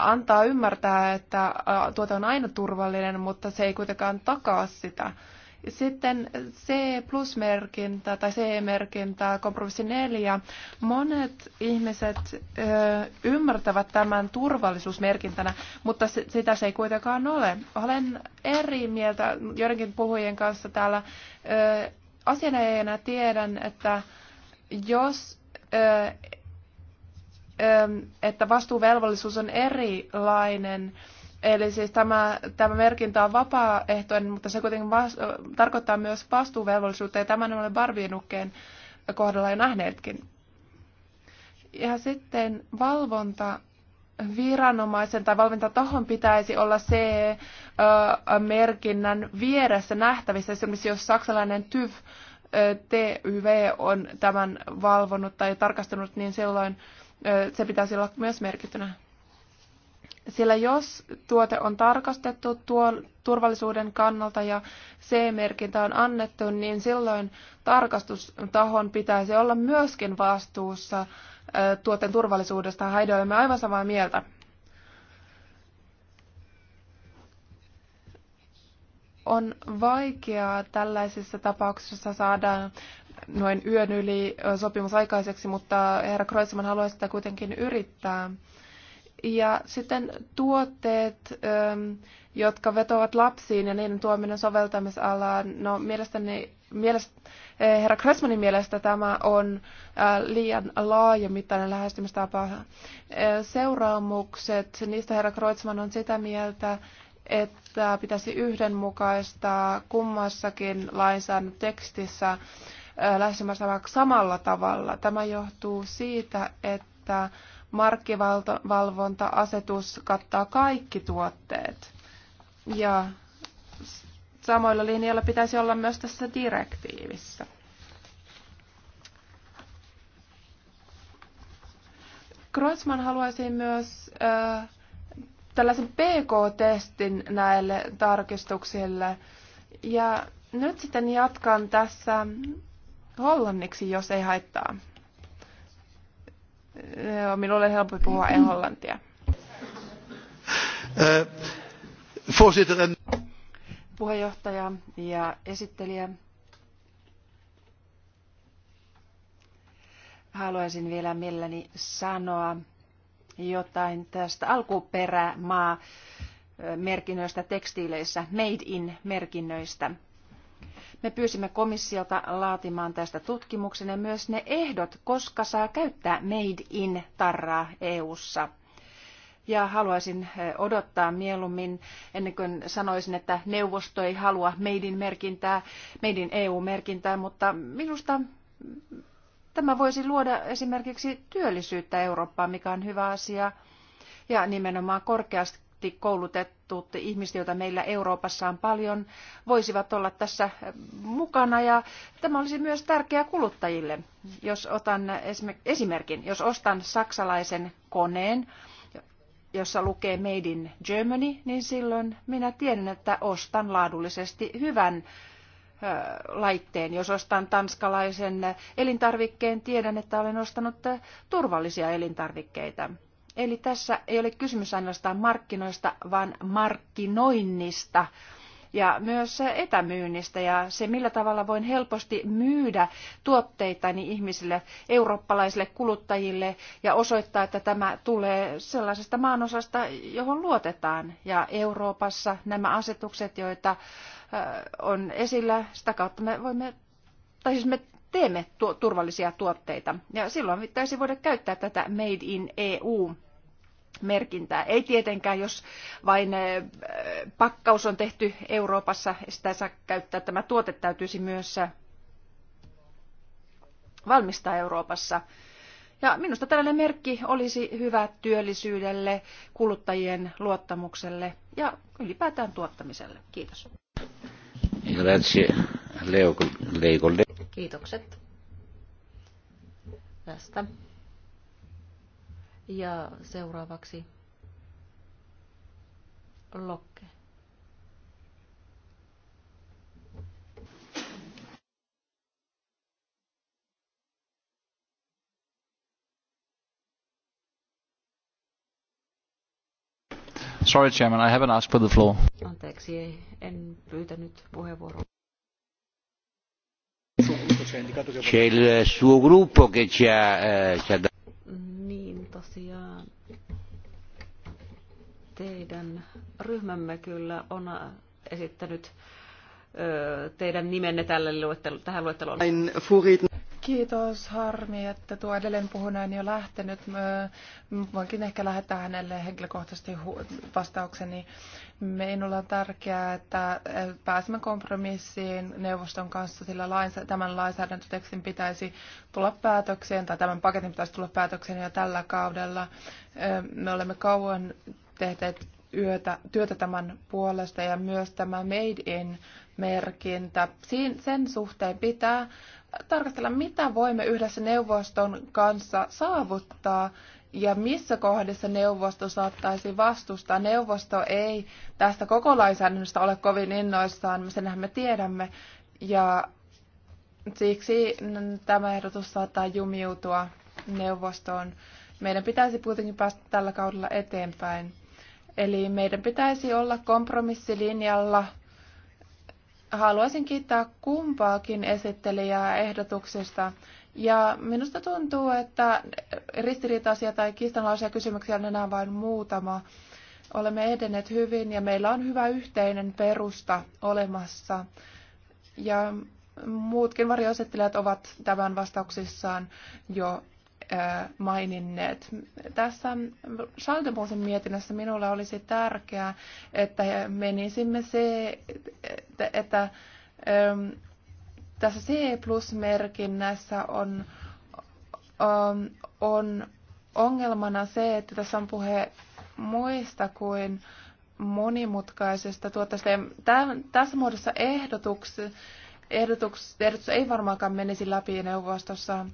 antaa ymmärtää, että tuote on aina turvallinen, mutta se ei kuitenkaan takaa sitä. Sitten C-plus-merkintä tai CE-merkintä, kompromissi 4. Monet ihmiset ö, ymmärtävät tämän turvallisuusmerkintänä, mutta sitä se ei kuitenkaan ole. Olen eri mieltä joidenkin puhujien kanssa täällä. asianajajana tiedän, että jos ö, että vastuuvelvollisuus on erilainen. Eli siis tämä, tämä merkintä on vapaaehtoinen, mutta se kuitenkin vas, tarkoittaa myös vastuuvelvollisuutta, ja tämän olemme Barbienukkeen kohdalla jo nähneetkin. Ja sitten valvonta viranomaisen tai valvontatahon pitäisi olla se merkinnän vieressä nähtävissä. Esimerkiksi jos saksalainen TYV, TYV on tämän valvonut tai tarkastanut, niin silloin se pitäisi olla myös merkittynä. Sillä jos tuote on tarkastettu tuo turvallisuuden kannalta ja C-merkintä on annettu, niin silloin tarkastustahon pitäisi olla myöskin vastuussa tuotteen turvallisuudesta. Haido, olemme aivan samaa mieltä. On vaikeaa tällaisissa tapauksissa saada noin yön yli sopimus aikaiseksi, mutta herra Kreutzmann haluaisi sitä kuitenkin yrittää. Ja sitten tuotteet, jotka vetovat lapsiin ja niiden tuominen soveltamisalaan, no mielestäni, mielestä, herra Kressmanin mielestä tämä on liian laajamittainen lähestymistapa. Seuraamukset, niistä herra Kreutzmann on sitä mieltä, että pitäisi yhdenmukaistaa kummassakin lainsäädäntötekstissä tekstissä lähes samalla tavalla. Tämä johtuu siitä, että markkivalvonta-asetus kattaa kaikki tuotteet. Ja samoilla linjoilla pitäisi olla myös tässä direktiivissä. Grossman haluaisi myös äh, tällaisen PK-testin näille tarkistuksille. Ja nyt sitten jatkan tässä hollanniksi, jos ei haittaa. Minulle on helpompi puhua mm-hmm. hollantia. Voorzitter. Puheenjohtaja ja esittelijä. Haluaisin vielä mielelläni sanoa jotain tästä alkuperämaa merkinnöistä tekstiileissä, made in merkinnöistä. Me pyysimme komissiota laatimaan tästä tutkimuksen ja myös ne ehdot, koska saa käyttää Made in tarraa EU:ssa. Ja haluaisin eh, odottaa mieluummin, ennen kuin sanoisin, että neuvosto ei halua meidin merkintää, meidin EU-merkintää, mutta minusta tämä voisi luoda esimerkiksi työllisyyttä Eurooppaan, mikä on hyvä asia ja nimenomaan korkeasti koulutetut ihmiset, joita meillä Euroopassa on paljon, voisivat olla tässä mukana. Ja tämä olisi myös tärkeää kuluttajille. Jos otan esimerkin, jos ostan saksalaisen koneen, jossa lukee Made in Germany, niin silloin minä tiedän, että ostan laadullisesti hyvän laitteen. Jos ostan tanskalaisen elintarvikkeen, tiedän, että olen ostanut turvallisia elintarvikkeita. Eli tässä ei ole kysymys ainoastaan markkinoista, vaan markkinoinnista ja myös etämyynnistä ja se, millä tavalla voin helposti myydä tuotteitani ihmisille, eurooppalaisille kuluttajille ja osoittaa, että tämä tulee sellaisesta maanosasta, johon luotetaan. Ja Euroopassa nämä asetukset, joita on esillä, sitä kautta me voimme, tai siis me teemme turvallisia tuotteita. Ja silloin pitäisi voida käyttää tätä Made in EU merkintää. Ei tietenkään, jos vain pakkaus on tehty Euroopassa, sitä saa käyttää. Tämä tuote täytyisi myös valmistaa Euroopassa. Ja minusta tällainen merkki olisi hyvä työllisyydelle, kuluttajien luottamukselle ja ylipäätään tuottamiselle. Kiitos. Grazie, Leo, Kiitokset tästä ja seuraavaksi Lokke. Sorry, Chairman, I haven't asked for the floor. Anteeksi, en pyytänyt puheenvuoroa. C'è il suo gruppo che ci ha, eh, ci ha dato tosiaan teidän ryhmämme kyllä on äh, esittänyt teidän nimenne tälle luettelu, tähän luetteloon. Kiitos, harmi, että tuo edelleen puhunainen on jo lähtenyt. Mä voinkin ehkä lähettää hänelle henkilökohtaisesti vastaukseni. Minulla on tärkeää, että pääsemme kompromissiin neuvoston kanssa, sillä lainsä, tämän lainsäädäntötekstin pitäisi tulla päätökseen, tai tämän paketin pitäisi tulla päätökseen jo tällä kaudella. Me olemme kauan tehneet yötä, työtä tämän puolesta ja myös tämä Made in merkintä. Siin, sen suhteen pitää tarkastella, mitä voimme yhdessä neuvoston kanssa saavuttaa ja missä kohdissa neuvosto saattaisi vastustaa. Neuvosto ei tästä koko lainsäädännöstä ole kovin innoissaan, senhän me tiedämme, ja siksi tämä ehdotus saattaa jumiutua neuvostoon. Meidän pitäisi kuitenkin päästä tällä kaudella eteenpäin. Eli meidän pitäisi olla kompromissilinjalla haluaisin kiittää kumpaakin esittelijää ehdotuksesta. Ja minusta tuntuu, että ristiriitaisia tai kiistanalaisia kysymyksiä on enää vain muutama. Olemme edenneet hyvin ja meillä on hyvä yhteinen perusta olemassa. Ja muutkin varjoesittelijät ovat tämän vastauksissaan jo maininneet. Tässä Schaldemusen mietinnössä minulle olisi tärkeää, että menisimme se, että, että tässä C-plus-merkinnässä on, on, on ongelmana se, että tässä on puhe muista kuin monimutkaisesta tuotteesta. tässä muodossa ehdotuks, ehdotuks, ehdotus ei varmaankaan menisi läpi neuvostossa.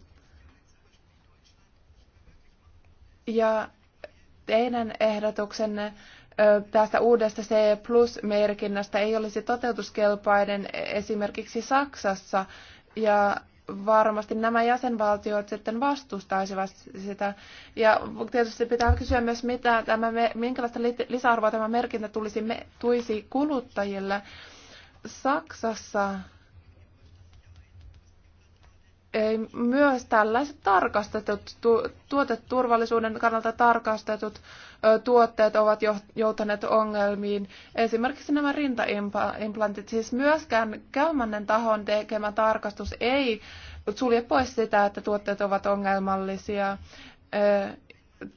Ja teidän ehdotuksenne tästä uudesta C+ Plus-merkinnästä ei olisi toteutuskelpainen esimerkiksi Saksassa, ja varmasti nämä jäsenvaltiot sitten vastustaisivat sitä. Ja tietysti pitää kysyä myös, mitä tämä, minkälaista lisäarvoa tämä merkintä tulisi, tuisi kuluttajille. Saksassa myös tällaiset tarkastetut, tuoteturvallisuuden kannalta tarkastetut tuotteet ovat joutuneet ongelmiin. Esimerkiksi nämä rintaimplantit, siis myöskään käymännen tahon tekemä tarkastus ei sulje pois sitä, että tuotteet ovat ongelmallisia.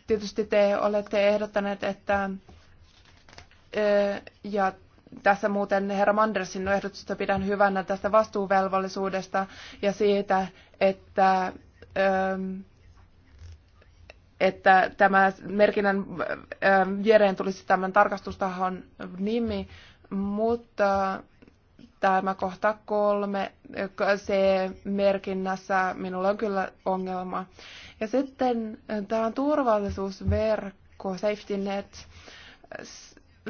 Tietysti te olette ehdottaneet, että ja tässä muuten herra Mandersin ehdotusta pidän hyvänä tästä vastuuvelvollisuudesta ja siitä, että, ähm, että tämä merkinnän ähm, viereen tulisi tämän tarkastustahon nimi, mutta tämä kohta kolme, se merkinnässä minulla on kyllä ongelma. Ja sitten äh, tämä on turvallisuusverkko, safety net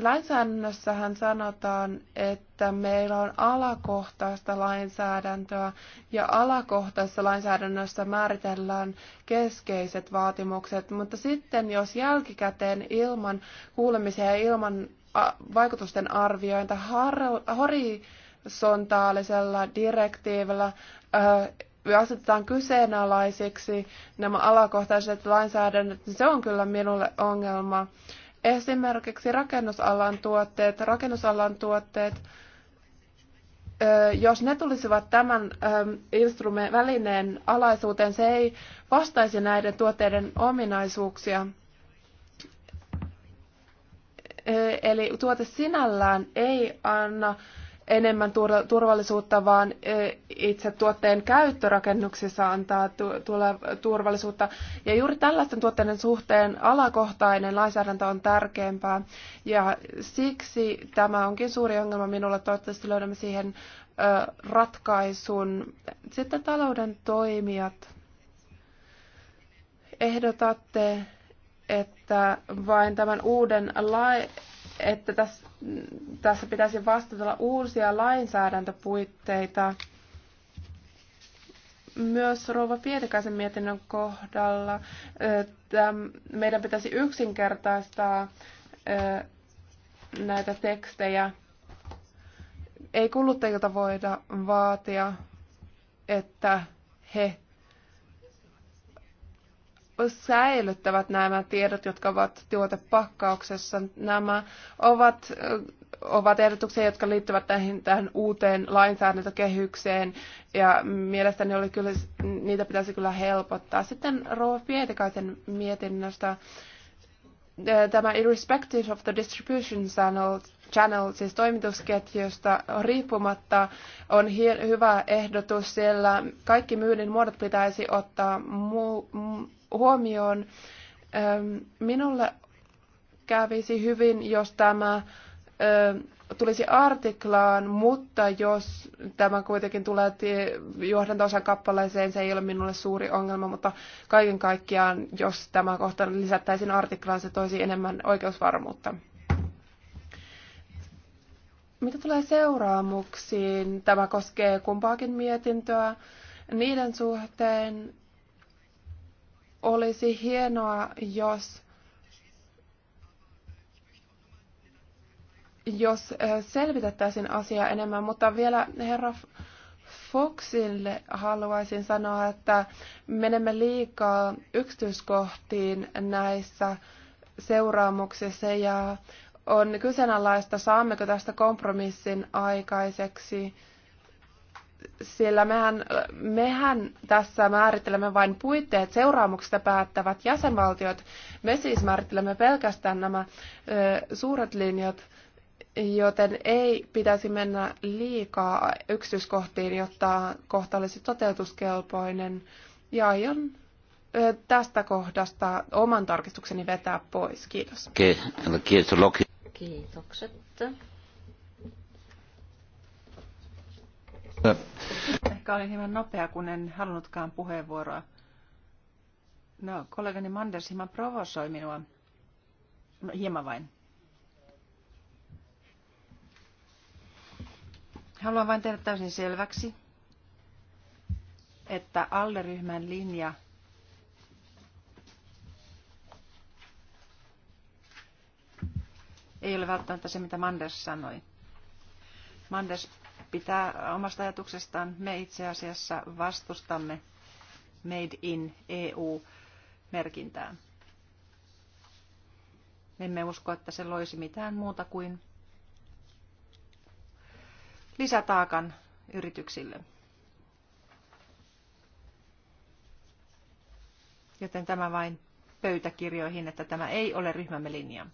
lainsäädännössähän sanotaan, että meillä on alakohtaista lainsäädäntöä ja alakohtaisessa lainsäädännössä määritellään keskeiset vaatimukset, mutta sitten jos jälkikäteen ilman kuulemisia ja ilman vaikutusten arviointa horisontaalisella direktiivillä asetetaan kyseenalaisiksi nämä alakohtaiset lainsäädännöt, niin se on kyllä minulle ongelma. Esimerkiksi rakennusalan tuotteet, rakennusalan tuotteet, jos ne tulisivat tämän instrumentin välineen alaisuuteen, se ei vastaisi näiden tuotteiden ominaisuuksia. Eli tuote sinällään ei anna enemmän turvallisuutta, vaan e, itse tuotteen käyttörakennuksissa antaa turvallisuutta. Ja juuri tällaisten tuotteiden suhteen alakohtainen lainsäädäntö on tärkeämpää. Ja siksi tämä onkin suuri ongelma minulle. Toivottavasti löydämme siihen ratkaisun. Sitten talouden toimijat. Ehdotatte, että vain tämän uuden lai että tässä, tässä pitäisi vastatella uusia lainsäädäntöpuitteita. Myös Rouva Pietikäisen mietinnön kohdalla että meidän pitäisi yksinkertaistaa näitä tekstejä. Ei kuluttajilta voida vaatia, että he säilyttävät nämä tiedot, jotka ovat tuotepakkauksessa. Nämä ovat, ovat ehdotuksia, jotka liittyvät tähän, tähän uuteen lainsäädäntökehykseen, ja mielestäni oli kyllä, niitä pitäisi kyllä helpottaa. Sitten Rouva Pietikaisen mietinnöstä tämä irrespective of the distribution channel, channel siis toimitusketjusta riippumatta on hyvä ehdotus, sillä kaikki myynnin muodot pitäisi ottaa mu- huomioon. Ähm, minulle kävisi hyvin, jos tämä ähm, tulisi artiklaan, mutta jos tämä kuitenkin tulee johdantosan kappaleeseen, se ei ole minulle suuri ongelma, mutta kaiken kaikkiaan, jos tämä kohta lisättäisiin artiklaan, se toisi enemmän oikeusvarmuutta. Mitä tulee seuraamuksiin, tämä koskee kumpaakin mietintöä. Niiden suhteen olisi hienoa, jos, jos eh, selvitettäisiin asiaa enemmän, mutta vielä herra Foxille haluaisin sanoa, että menemme liikaa yksityiskohtiin näissä seuraamuksissa ja on kyseenalaista, saammeko tästä kompromissin aikaiseksi sillä mehän, mehän tässä määrittelemme vain puitteet, seuraamuksista päättävät jäsenvaltiot. Me siis määrittelemme pelkästään nämä ö, suuret linjat, joten ei pitäisi mennä liikaa yksityiskohtiin, jotta kohta olisi toteutuskelpoinen. Ja aion ö, tästä kohdasta oman tarkistukseni vetää pois. Kiitos. Kiitos Kiitokset. Ehkä olin hieman nopea, kun en halunnutkaan puheenvuoroa. No, kollegani Manders hieman provosoi minua. No, hieman vain. Haluan vain tehdä täysin selväksi, että alleryhmän linja ei ole välttämättä se, mitä Manders sanoi. Manders pitää omasta ajatuksestaan. Me itse asiassa vastustamme Made in EU-merkintää. Emme usko, että se loisi mitään muuta kuin lisätaakan yrityksille. Joten tämä vain pöytäkirjoihin, että tämä ei ole ryhmämme linja.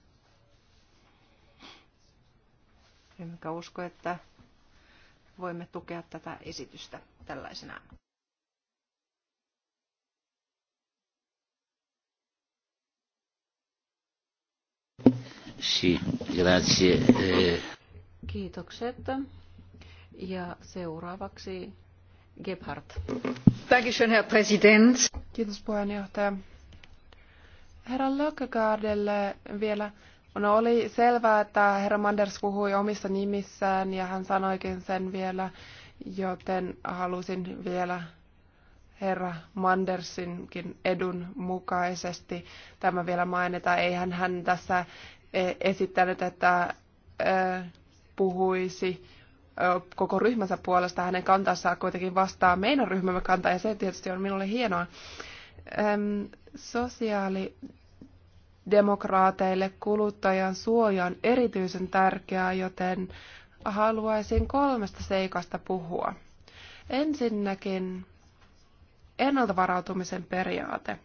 Enkä usko, että voimme tukea tätä esitystä tällaisena. Sì, grazie. Eh. Kiitokset. Ja seuraavaksi Gebhardt. Dankeschön, Herr Präsident. Kiitos puheenjohtaja. Herra Lökkögaardelle vielä No oli selvää, että herra Manders puhui omissa nimissään ja hän sanoikin sen vielä, joten halusin vielä herra Mandersinkin edun mukaisesti tämä vielä mainita. Eihän hän tässä e, esittänyt, että e, puhuisi e, koko ryhmänsä puolesta. Hänen kantansa kuitenkin vastaa meidän ryhmämme kantaa ja se tietysti on minulle hienoa. Sosiaali- demokraateille kuluttajan suoja on erityisen tärkeää, joten haluaisin kolmesta seikasta puhua. Ensinnäkin ennaltavarautumisen periaate.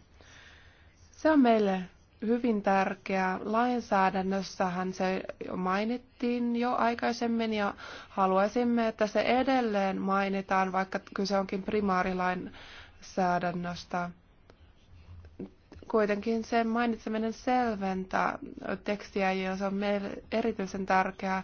Se on meille hyvin tärkeä. Lainsäädännössähän se mainittiin jo aikaisemmin ja haluaisimme, että se edelleen mainitaan, vaikka kyse onkin primaarilainsäädännöstä. säädännöstä kuitenkin sen mainitseminen selventää tekstiä, ja se on meille erityisen tärkeää.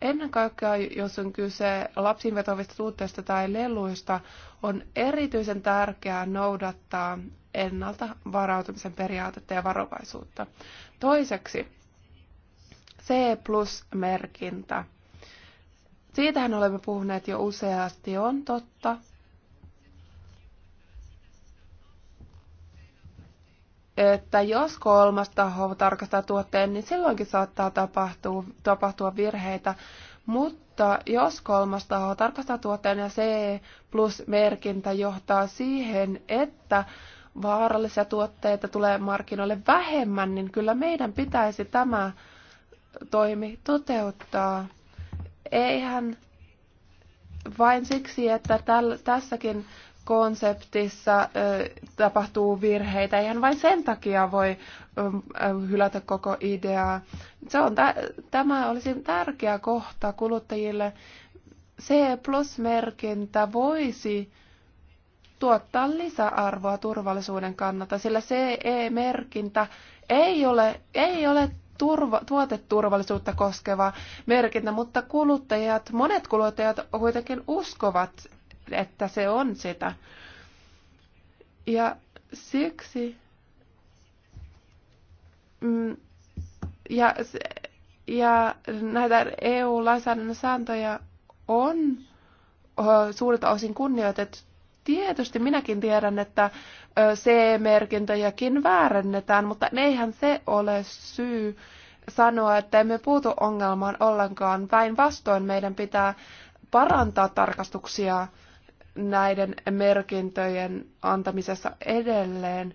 Ennen kaikkea, jos on kyse lapsiin vetovista tuotteista tai leluista, on erityisen tärkeää noudattaa ennalta varautumisen periaatetta ja varovaisuutta. Toiseksi, C-plus-merkintä. Siitähän olemme puhuneet jo useasti. On totta, että jos kolmas taho tarkastaa tuotteen, niin silloinkin saattaa tapahtua, tapahtua virheitä. Mutta jos kolmas taho tarkastaa tuotteen ja C plus merkintä johtaa siihen, että vaarallisia tuotteita tulee markkinoille vähemmän, niin kyllä meidän pitäisi tämä toimi toteuttaa. Eihän vain siksi, että täl, tässäkin konseptissa tapahtuu virheitä. Eihän vain sen takia voi hylätä koko ideaa. Se on tämä olisi tärkeä kohta kuluttajille. C-plus-merkintä voisi tuottaa lisäarvoa turvallisuuden kannalta, sillä CE-merkintä ei ole, ei ole turva, tuoteturvallisuutta koskeva merkintä, mutta kuluttajat, monet kuluttajat kuitenkin uskovat että se on sitä. Ja siksi mm, ja, ja näitä EU-lainsäädännön sääntöjä on suurilta osin kunnioitettu. Tietysti minäkin tiedän, että CE-merkintöjäkin väärennetään, mutta eihän se ole syy sanoa, että emme puutu ongelmaan ollenkaan. Päinvastoin meidän pitää parantaa tarkastuksia näiden merkintöjen antamisessa edelleen.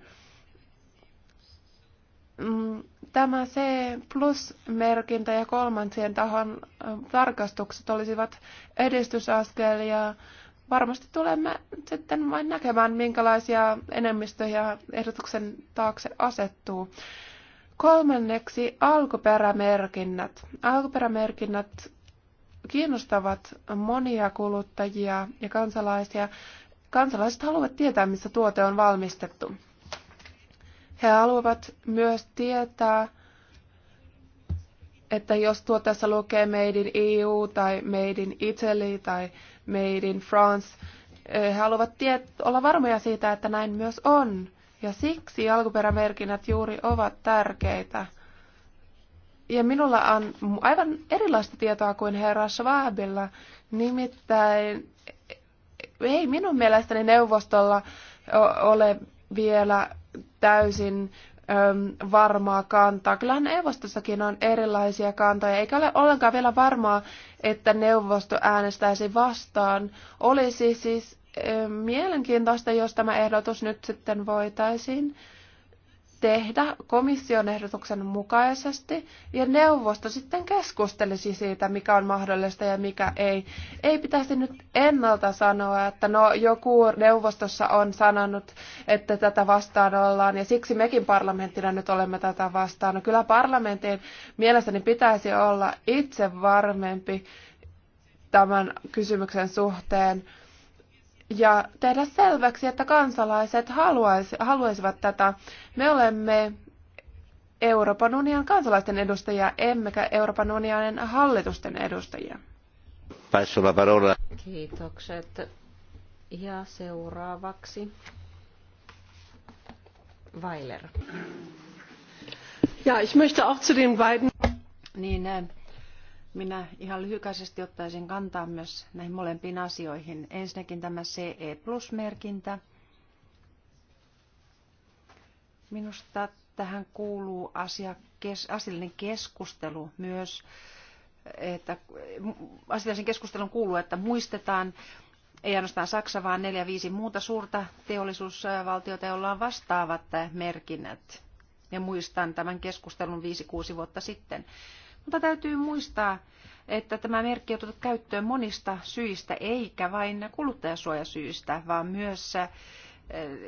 Mm, tämä C plus-merkintä ja kolmansien tahon äh, tarkastukset olisivat edistysaskelia. Varmasti tulemme sitten vain näkemään, minkälaisia enemmistöjä ehdotuksen taakse asettuu. Kolmanneksi alkuperämerkinnät. Alkuperämerkinnät kiinnostavat monia kuluttajia ja kansalaisia. Kansalaiset haluavat tietää, missä tuote on valmistettu. He haluavat myös tietää, että jos tuotteessa lukee Made in EU tai Made in Italy tai Made in France, eh, he haluavat tiet- olla varmoja siitä, että näin myös on. Ja siksi alkuperämerkinnät juuri ovat tärkeitä. Ja minulla on aivan erilaista tietoa kuin herra Schwabilla. Nimittäin ei minun mielestäni neuvostolla ole vielä täysin varmaa kantaa. Kyllähän neuvostossakin on erilaisia kantoja, eikä ole ollenkaan vielä varmaa, että neuvosto äänestäisi vastaan. Olisi siis mielenkiintoista, jos tämä ehdotus nyt sitten voitaisiin tehdä komission ehdotuksen mukaisesti ja neuvosto sitten keskustelisi siitä, mikä on mahdollista ja mikä ei. Ei pitäisi nyt ennalta sanoa, että no joku neuvostossa on sanonut, että tätä vastaan ollaan ja siksi mekin parlamenttina nyt olemme tätä vastaan. No, kyllä parlamentin mielestäni pitäisi olla itse varmempi tämän kysymyksen suhteen ja tehdä selväksi, että kansalaiset haluaisi, haluaisivat tätä. Me olemme Euroopan unionin kansalaisten edustajia, emmekä Euroopan unionin hallitusten edustajia. Kiitokset. Ja seuraavaksi Weiler. Ja, ich möchte auch zu den beiden... Niin, äh, minä ihan lyhykäisesti ottaisin kantaa myös näihin molempiin asioihin. Ensinnäkin tämä CE Plus-merkintä. Minusta tähän kuuluu asia, kes, asiallinen keskustelu myös, että asiallisen keskustelun kuuluu, että muistetaan ei ainoastaan Saksa, vaan neljä viisi muuta suurta teollisuusvaltiota, joilla on vastaavat merkinnät. Ja muistan tämän keskustelun viisi kuusi vuotta sitten. Mutta täytyy muistaa, että tämä merkki on otettu käyttöön monista syistä, eikä vain kuluttajasuojasyistä, vaan myös äh,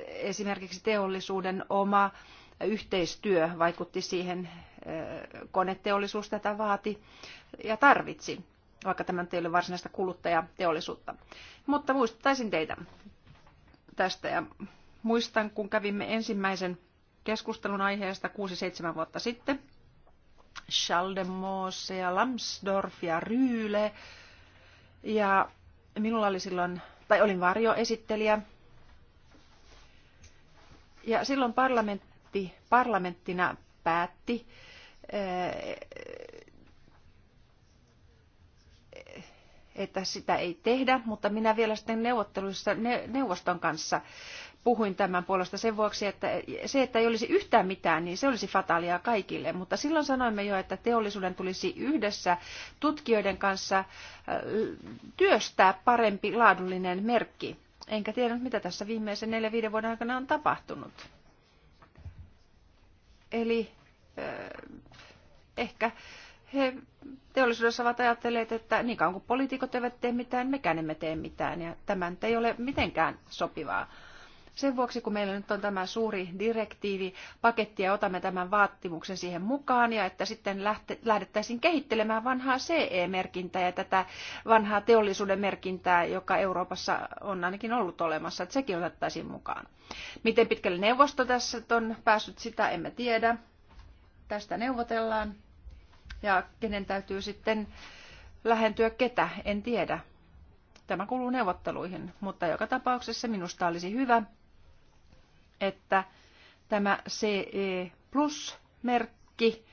esimerkiksi teollisuuden oma yhteistyö vaikutti siihen, äh, koneteollisuus tätä vaati ja tarvitsi, vaikka tämä ei ole varsinaista kuluttajateollisuutta. Mutta muistuttaisin teitä tästä ja muistan, kun kävimme ensimmäisen keskustelun aiheesta 6-7 vuotta sitten, Schaldemose ja Lamsdorf ja Ryyle. Ja minulla oli silloin, tai olin varjoesittelijä. Ja silloin parlamentti parlamenttina päätti, eh, eh, että sitä ei tehdä, mutta minä vielä sitten neuvotteluissa neuvoston kanssa puhuin tämän puolesta sen vuoksi, että se, että ei olisi yhtään mitään, niin se olisi fataalia kaikille. Mutta silloin sanoimme jo, että teollisuuden tulisi yhdessä tutkijoiden kanssa työstää parempi laadullinen merkki. Enkä tiedä, mitä tässä viimeisen neljä viiden vuoden aikana on tapahtunut. Eli ehkä he teollisuudessa ovat ajatelleet, että niin kauan kuin poliitikot eivät tee mitään, mekään emme tee mitään. Ja tämän ei ole mitenkään sopivaa. Sen vuoksi, kun meillä nyt on tämä suuri direktiivi, paketti ja otamme tämän vaatimuksen siihen mukaan ja että sitten lähte, lähdettäisiin kehittelemään vanhaa CE-merkintää ja tätä vanhaa teollisuuden merkintää, joka Euroopassa on ainakin ollut olemassa, että sekin otettaisiin mukaan. Miten pitkälle neuvosto tässä on päässyt, sitä emme tiedä. Tästä neuvotellaan ja kenen täytyy sitten lähentyä ketä, en tiedä. Tämä kuuluu neuvotteluihin, mutta joka tapauksessa minusta olisi hyvä, että tämä CE Plus-merkki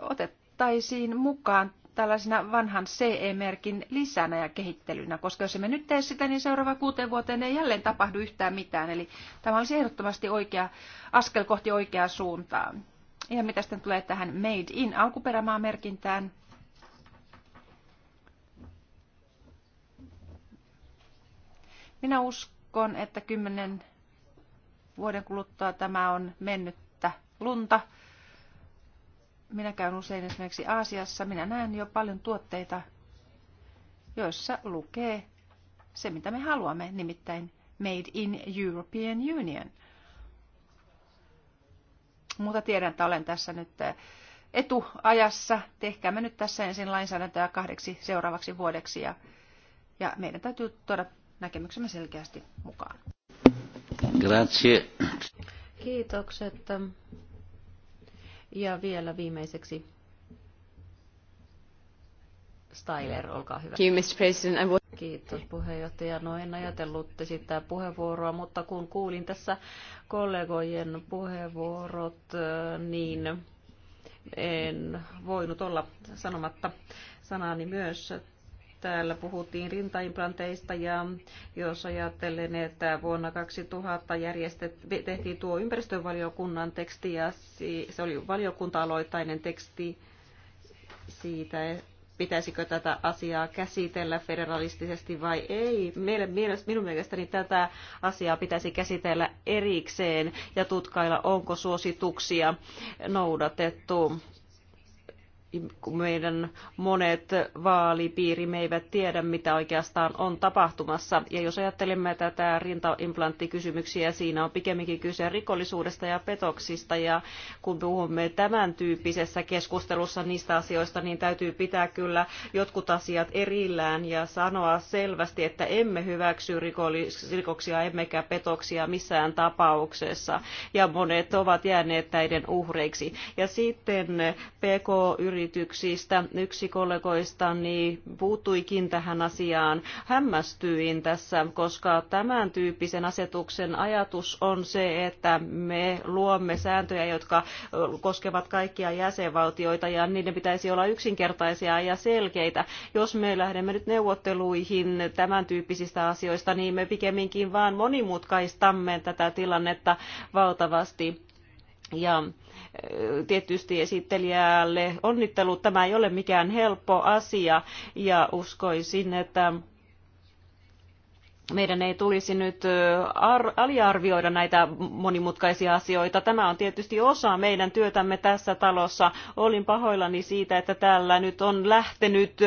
otettaisiin mukaan tällaisena vanhan CE-merkin lisänä ja kehittelynä, koska jos emme nyt tee sitä, niin seuraava kuuteen vuoteen ei jälleen tapahdu yhtään mitään. Eli tämä olisi ehdottomasti oikea askel kohti oikeaa suuntaa. Ja mitä sitten tulee tähän Made in alkuperämaa merkintään? Minä uskon, että kymmenen vuoden kuluttua tämä on mennyttä lunta. Minä käyn usein esimerkiksi Aasiassa. Minä näen jo paljon tuotteita, joissa lukee se, mitä me haluamme, nimittäin Made in European Union. Mutta tiedän, että olen tässä nyt eh, etuajassa. Tehkäämme nyt tässä ensin lainsäädäntöä kahdeksi seuraavaksi vuodeksi ja, ja meidän täytyy tuoda näkemyksemme selkeästi mukaan. Grazie. Kiitokset. Ja vielä viimeiseksi Styler, olkaa hyvä. Kiitos puheenjohtaja. No en ajatellut sitä puheenvuoroa, mutta kun kuulin tässä kollegojen puheenvuorot, niin en voinut olla sanomatta sanani myös Täällä puhuttiin rintaimplanteista ja jos ajattelen, että vuonna 2000 järjestet, tehtiin tuo ympäristövaliokunnan teksti ja se oli valiokunta-aloittainen teksti siitä, pitäisikö tätä asiaa käsitellä federalistisesti vai ei. Minun mielestäni tätä asiaa pitäisi käsitellä erikseen ja tutkailla, onko suosituksia noudatettu meidän monet vaalipiirimme eivät tiedä, mitä oikeastaan on tapahtumassa. Ja jos ajattelemme tätä rintaimplanttikysymyksiä, siinä on pikemminkin kyse rikollisuudesta ja petoksista. Ja kun puhumme tämän tyyppisessä keskustelussa niistä asioista, niin täytyy pitää kyllä jotkut asiat erillään ja sanoa selvästi, että emme hyväksy rikoksia emmekä petoksia missään tapauksessa. Ja monet ovat jääneet näiden uhreiksi. Ja sitten PK-yritykset yrityksistä. Yksi kollegoistani puuttuikin tähän asiaan. Hämmästyin tässä, koska tämän tyyppisen asetuksen ajatus on se, että me luomme sääntöjä, jotka koskevat kaikkia jäsenvaltioita ja niiden pitäisi olla yksinkertaisia ja selkeitä. Jos me lähdemme nyt neuvotteluihin tämän tyyppisistä asioista, niin me pikemminkin vaan monimutkaistamme tätä tilannetta valtavasti ja tietysti esittelijälle onnittelut. Tämä ei ole mikään helppo asia ja uskoisin, että meidän ei tulisi nyt aliarvioida näitä monimutkaisia asioita. Tämä on tietysti osa meidän työtämme tässä talossa. Olin pahoillani siitä, että täällä nyt on lähtenyt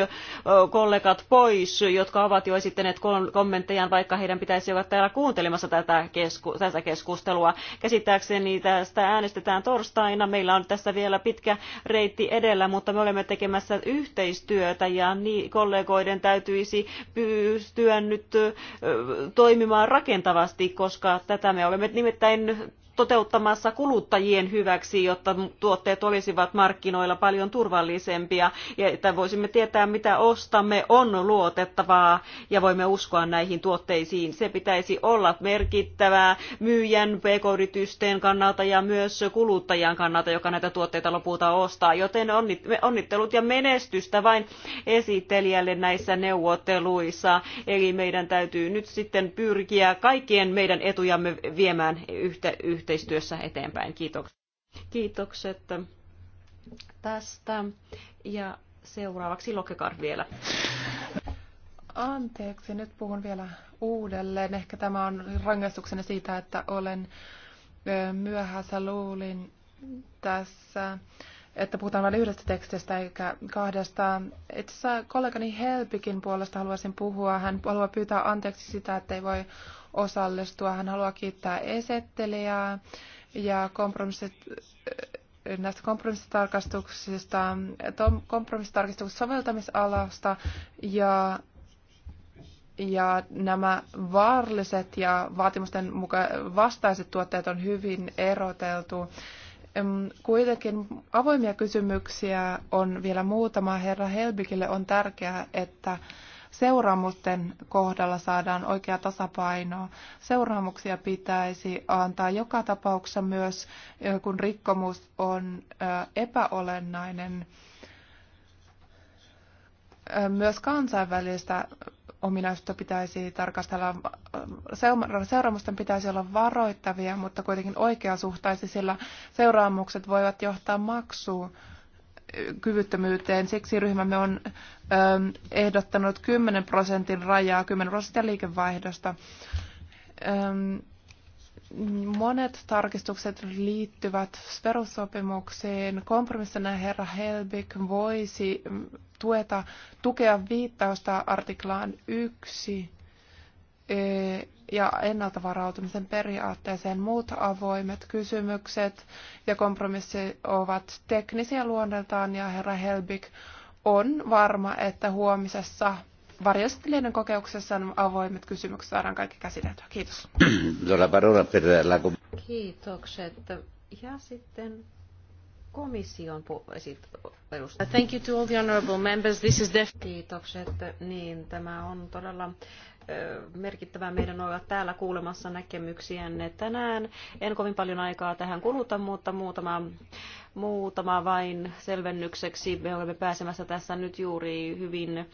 kollegat pois, jotka ovat jo esittäneet kommenttejaan, vaikka heidän pitäisi olla täällä kuuntelemassa tätä, kesku- keskustelua. Käsittääkseni tästä äänestetään torstaina. Meillä on tässä vielä pitkä reitti edellä, mutta me olemme tekemässä yhteistyötä ja kollegoiden täytyisi pystyä nyt toimimaan rakentavasti, koska tätä me olemme nimittäin toteuttamassa kuluttajien hyväksi, jotta tuotteet olisivat markkinoilla paljon turvallisempia ja että voisimme tietää, mitä ostamme, on luotettavaa ja voimme uskoa näihin tuotteisiin. Se pitäisi olla merkittävää myyjän, pk-yritysten kannalta ja myös kuluttajan kannalta, joka näitä tuotteita lopulta ostaa. Joten onnittelut ja menestystä vain esittelijälle näissä neuvotteluissa. Eli meidän täytyy nyt sitten pyrkiä kaikkien meidän etujamme viemään yhtä, yhtä yhteistyössä eteenpäin. Kiitokset. Kiitokset tästä. Ja seuraavaksi lokekar vielä. Anteeksi, nyt puhun vielä uudelleen. Ehkä tämä on rangaistuksena siitä, että olen myöhässä luulin tässä, että puhutaan vain yhdestä tekstistä eikä kahdesta. Itse asiassa kollegani Helpikin puolesta haluaisin puhua. Hän haluaa pyytää anteeksi sitä, että ei voi osallistua. Hän haluaa kiittää esittelijää ja kompromissit äh, näistä kompromissitarkastuksista, kompromissitarkastuksen soveltamisalasta ja, ja nämä vaaralliset ja vaatimusten muka- vastaiset tuotteet on hyvin eroteltu. Kuitenkin avoimia kysymyksiä on vielä muutama. Herra Helbikille on tärkeää, että seuraamusten kohdalla saadaan oikea tasapaino. Seuraamuksia pitäisi antaa joka tapauksessa myös, kun rikkomus on epäolennainen. Myös kansainvälistä ominaisuutta pitäisi tarkastella. Seuraamusten pitäisi olla varoittavia, mutta kuitenkin oikeasuhtaisia, sillä seuraamukset voivat johtaa maksuun kyvyttömyyteen. Siksi ryhmämme on ähm, ehdottanut 10 prosentin rajaa, 10 prosenttia liikevaihdosta. Ähm, monet tarkistukset liittyvät perussopimukseen. Kompromissina herra Helbig voisi tueta, tukea viittausta artiklaan 1 E, ja ennalta varautumisen periaatteeseen muut avoimet kysymykset ja kompromissi ovat teknisiä luonteeltaan ja herra Helbig on varma, että huomisessa varjostelijoiden kokeuksessa avoimet kysymykset saadaan kaikki käsiteltyä. Kiitos. Kiitokset. Ja sitten komission edustaja. Thank you to all the honorable members. This is def- Kiitokset. Niin, tämä on todella merkittävää meidän olla täällä kuulemassa näkemyksiänne tänään. En kovin paljon aikaa tähän kuluta, mutta muutama Muutama vain selvennykseksi. Me olemme pääsemässä tässä nyt juuri hyvin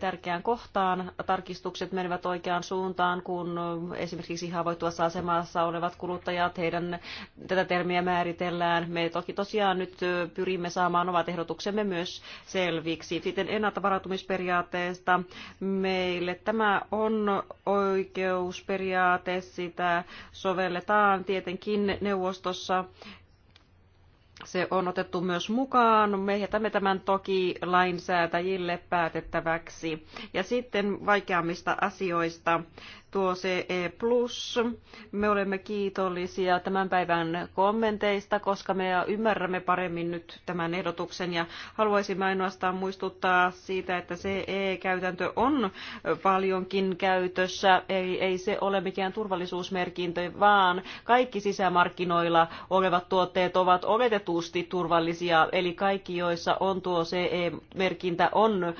tärkeään kohtaan. Tarkistukset menevät oikeaan suuntaan, kun esimerkiksi haavoittuvassa asemassa olevat kuluttajat, heidän tätä termiä määritellään. Me toki tosiaan nyt pyrimme saamaan ovat ehdotuksemme myös selviksi. Sitten ennaltavarautumisperiaatteesta meille tämä on oikeusperiaate, sitä sovelletaan tietenkin neuvostossa se on otettu myös mukaan. Me jätämme tämän toki lainsäätäjille päätettäväksi. Ja sitten vaikeammista asioista tuo CE+. Me olemme kiitollisia tämän päivän kommenteista, koska me ymmärrämme paremmin nyt tämän ehdotuksen ja haluaisimme ainoastaan muistuttaa siitä, että CE-käytäntö on paljonkin käytössä. Ei, ei se ole mikään turvallisuusmerkintö, vaan kaikki sisämarkkinoilla olevat tuotteet ovat oletetusti turvallisia, eli kaikki, joissa on tuo CE-merkintä, on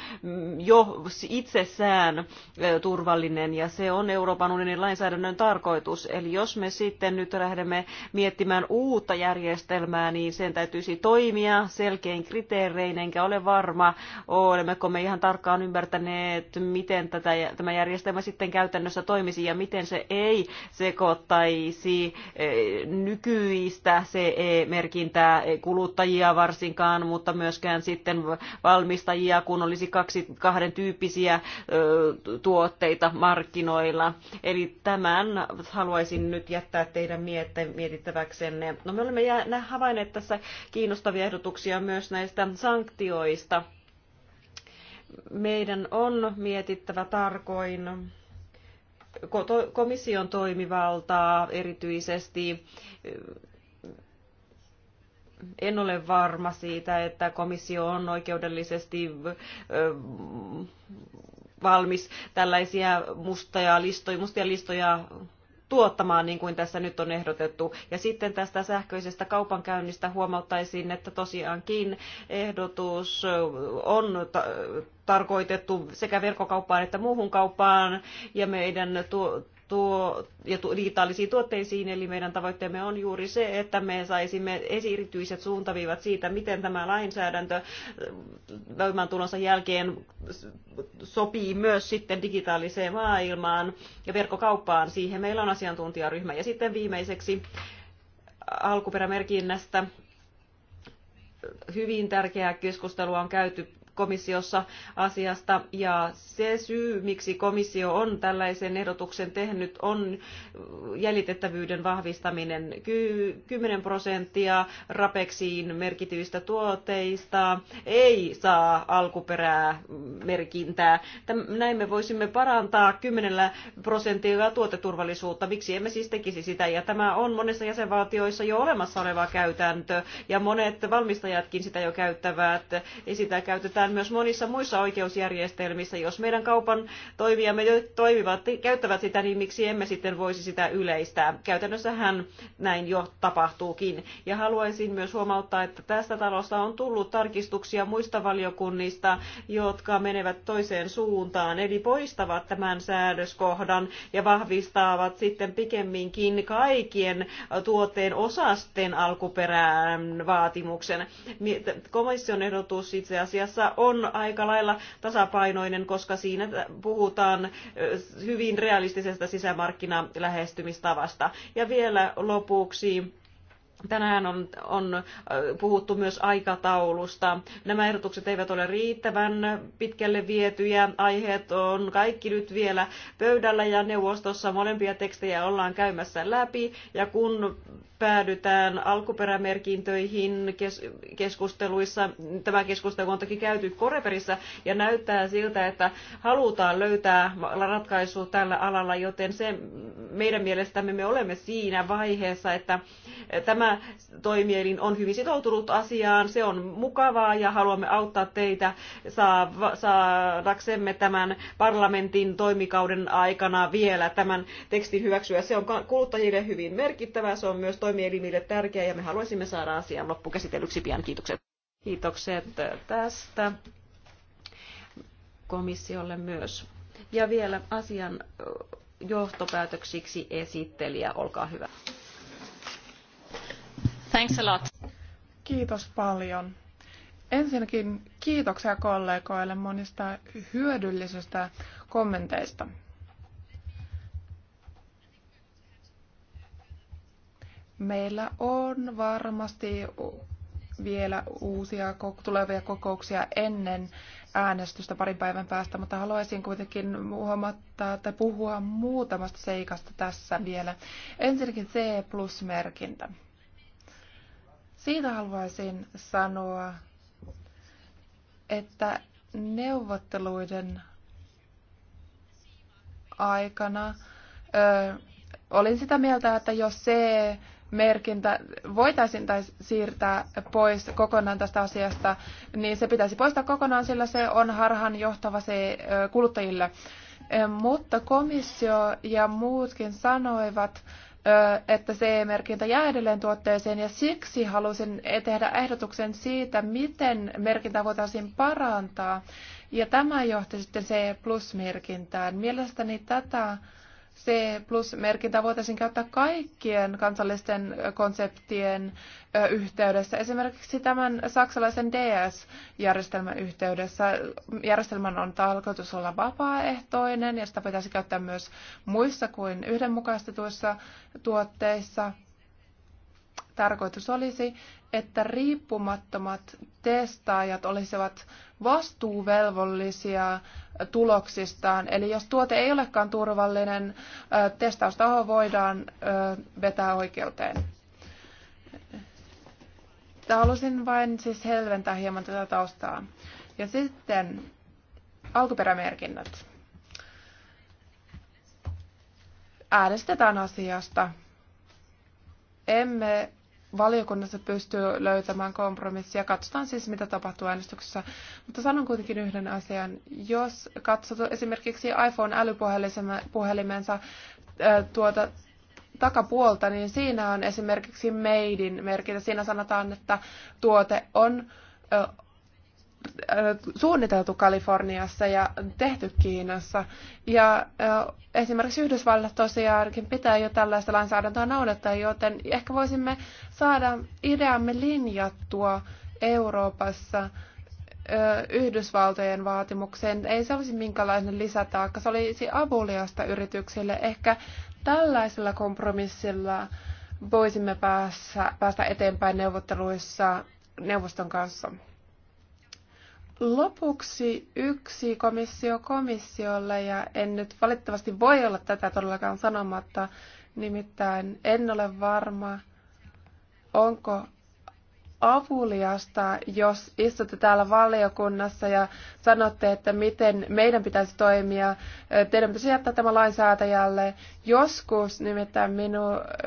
jo itsessään eh, turvallinen ja se on Euroopan Euroopan unionin lainsäädännön tarkoitus. Eli jos me sitten nyt lähdemme miettimään uutta järjestelmää, niin sen täytyisi toimia selkein kriteerein, enkä ole varma, olemmeko me ihan tarkkaan ymmärtäneet, miten tätä, tämä järjestelmä sitten käytännössä toimisi ja miten se ei sekoittaisi e, nykyistä CE-merkintää e, kuluttajia varsinkaan, mutta myöskään sitten valmistajia, kun olisi kaksi, kahden tyyppisiä tuotteita markkinoilla. Eli tämän haluaisin nyt jättää teidän mietittäväksenne. No me olemme havainneet tässä kiinnostavia ehdotuksia myös näistä sanktioista. Meidän on mietittävä tarkoin komission toimivaltaa erityisesti en ole varma siitä, että komissio on oikeudellisesti valmis tällaisia mustia listoja, mustia listoja tuottamaan, niin kuin tässä nyt on ehdotettu. Ja sitten tästä sähköisestä kaupankäynnistä huomauttaisin, että tosiaankin ehdotus on tarkoitettu sekä verkkokauppaan että muuhun kauppaan, ja meidän tu- tuo, ja tu, digitaalisiin tuotteisiin, eli meidän tavoitteemme on juuri se, että me saisimme esirityiset suuntaviivat siitä, miten tämä lainsäädäntö äh, voimaantulonsa jälkeen sopii myös sitten digitaaliseen maailmaan ja verkkokauppaan. Siihen meillä on asiantuntijaryhmä. Ja sitten viimeiseksi alkuperämerkinnästä hyvin tärkeää keskustelua on käyty komissiossa asiasta. Ja se syy, miksi komissio on tällaisen ehdotuksen tehnyt, on jäljitettävyyden vahvistaminen. 10 prosenttia rapeksiin merkityistä tuotteista ei saa alkuperää merkintää. Näin me voisimme parantaa 10 prosentilla tuoteturvallisuutta. Miksi emme siis tekisi sitä? Ja tämä on monessa jäsenvaltioissa jo olemassa oleva käytäntö, ja monet valmistajatkin sitä jo käyttävät. Sitä käytetään käytetään myös monissa muissa oikeusjärjestelmissä. Jos meidän kaupan toimijamme toimivat, käyttävät sitä, niin miksi emme sitten voisi sitä yleistää? Käytännössähän näin jo tapahtuukin. Ja haluaisin myös huomauttaa, että tästä talosta on tullut tarkistuksia muista valiokunnista, jotka menevät toiseen suuntaan, eli poistavat tämän säädöskohdan ja vahvistavat sitten pikemminkin kaikkien tuotteen osasten alkuperään vaatimuksen. Komission ehdotus itse asiassa on aika lailla tasapainoinen, koska siinä puhutaan hyvin realistisesta sisämarkkinalähestymistavasta. Ja vielä lopuksi Tänään on, on äh, puhuttu myös aikataulusta. Nämä ehdotukset eivät ole riittävän pitkälle vietyjä. Aiheet on kaikki nyt vielä pöydällä ja neuvostossa molempia tekstejä ollaan käymässä läpi. Ja kun päädytään alkuperämerkintöihin kes- keskusteluissa, tämä keskustelu on toki käyty Koreperissä ja näyttää siltä, että halutaan löytää ratkaisu tällä alalla, joten se meidän mielestämme me olemme siinä vaiheessa, että tämä toimielin on hyvin sitoutunut asiaan, se on mukavaa ja haluamme auttaa teitä saadaksemme tämän parlamentin toimikauden aikana vielä tämän tekstin hyväksyä. Se on kuluttajille hyvin merkittävää, se on myös toimielimille tärkeää ja me haluaisimme saada asian loppukäsitellyksi pian. Kiitokset. Kiitokset tästä komissiolle myös. Ja vielä asian johtopäätöksiksi esittelijä, olkaa hyvä. Thanks a lot. Kiitos paljon. Ensinnäkin kiitoksia kollegoille monista hyödyllisistä kommenteista. Meillä on varmasti vielä uusia tulevia kokouksia ennen äänestystä parin päivän päästä, mutta haluaisin kuitenkin huomata tai puhua muutamasta seikasta tässä vielä. Ensinnäkin C-plus-merkintä. Siitä haluaisin sanoa, että neuvotteluiden aikana ö, olin sitä mieltä, että jos se merkintä voitaisiin tai siirtää pois kokonaan tästä asiasta, niin se pitäisi poistaa kokonaan, sillä se on harhan johtava se kuluttajille. Mutta komissio ja muutkin sanoivat, että CE-merkintä jää edelleen tuotteeseen ja siksi halusin tehdä ehdotuksen siitä, miten merkintä voitaisiin parantaa. Ja tämä johti sitten CE-plus-merkintään. Mielestäni tätä C-plus-merkintä voitaisiin käyttää kaikkien kansallisten konseptien yhteydessä, esimerkiksi tämän saksalaisen DS-järjestelmän yhteydessä. Järjestelmän on tarkoitus olla vapaaehtoinen ja sitä pitäisi käyttää myös muissa kuin yhdenmukaistetuissa tuotteissa tarkoitus olisi, että riippumattomat testaajat olisivat vastuuvelvollisia tuloksistaan. Eli jos tuote ei olekaan turvallinen, testaustaho voidaan vetää oikeuteen. Halusin vain siis helventää hieman tätä taustaa. Ja sitten alkuperämerkinnät. Äänestetään asiasta. Emme valiokunnassa pystyy löytämään kompromissia. Katsotaan siis, mitä tapahtuu äänestyksessä. Mutta sanon kuitenkin yhden asian. Jos katsot esimerkiksi iPhone-älypuhelimensa tuota takapuolta, niin siinä on esimerkiksi in merkintä. Siinä sanotaan, että tuote on Äh, suunniteltu Kaliforniassa ja tehty Kiinassa. Ja äh, esimerkiksi Yhdysvallat tosiaankin pitää jo tällaista lainsäädäntöä noudattaa, joten ehkä voisimme saada ideamme linjattua Euroopassa äh, Yhdysvaltojen vaatimukseen. Ei se olisi minkälainen lisätaakka, se olisi avuliasta yrityksille. Ehkä tällaisella kompromissilla voisimme päästä, päästä eteenpäin neuvotteluissa neuvoston kanssa. Lopuksi yksi komissio komissiolle, ja en nyt valitettavasti voi olla tätä todellakaan sanomatta, nimittäin en ole varma, onko avuliasta, jos istutte täällä valiokunnassa ja sanotte, että miten meidän pitäisi toimia. Teidän pitäisi jättää tämä lainsäätäjälle. Joskus nimittäin minu,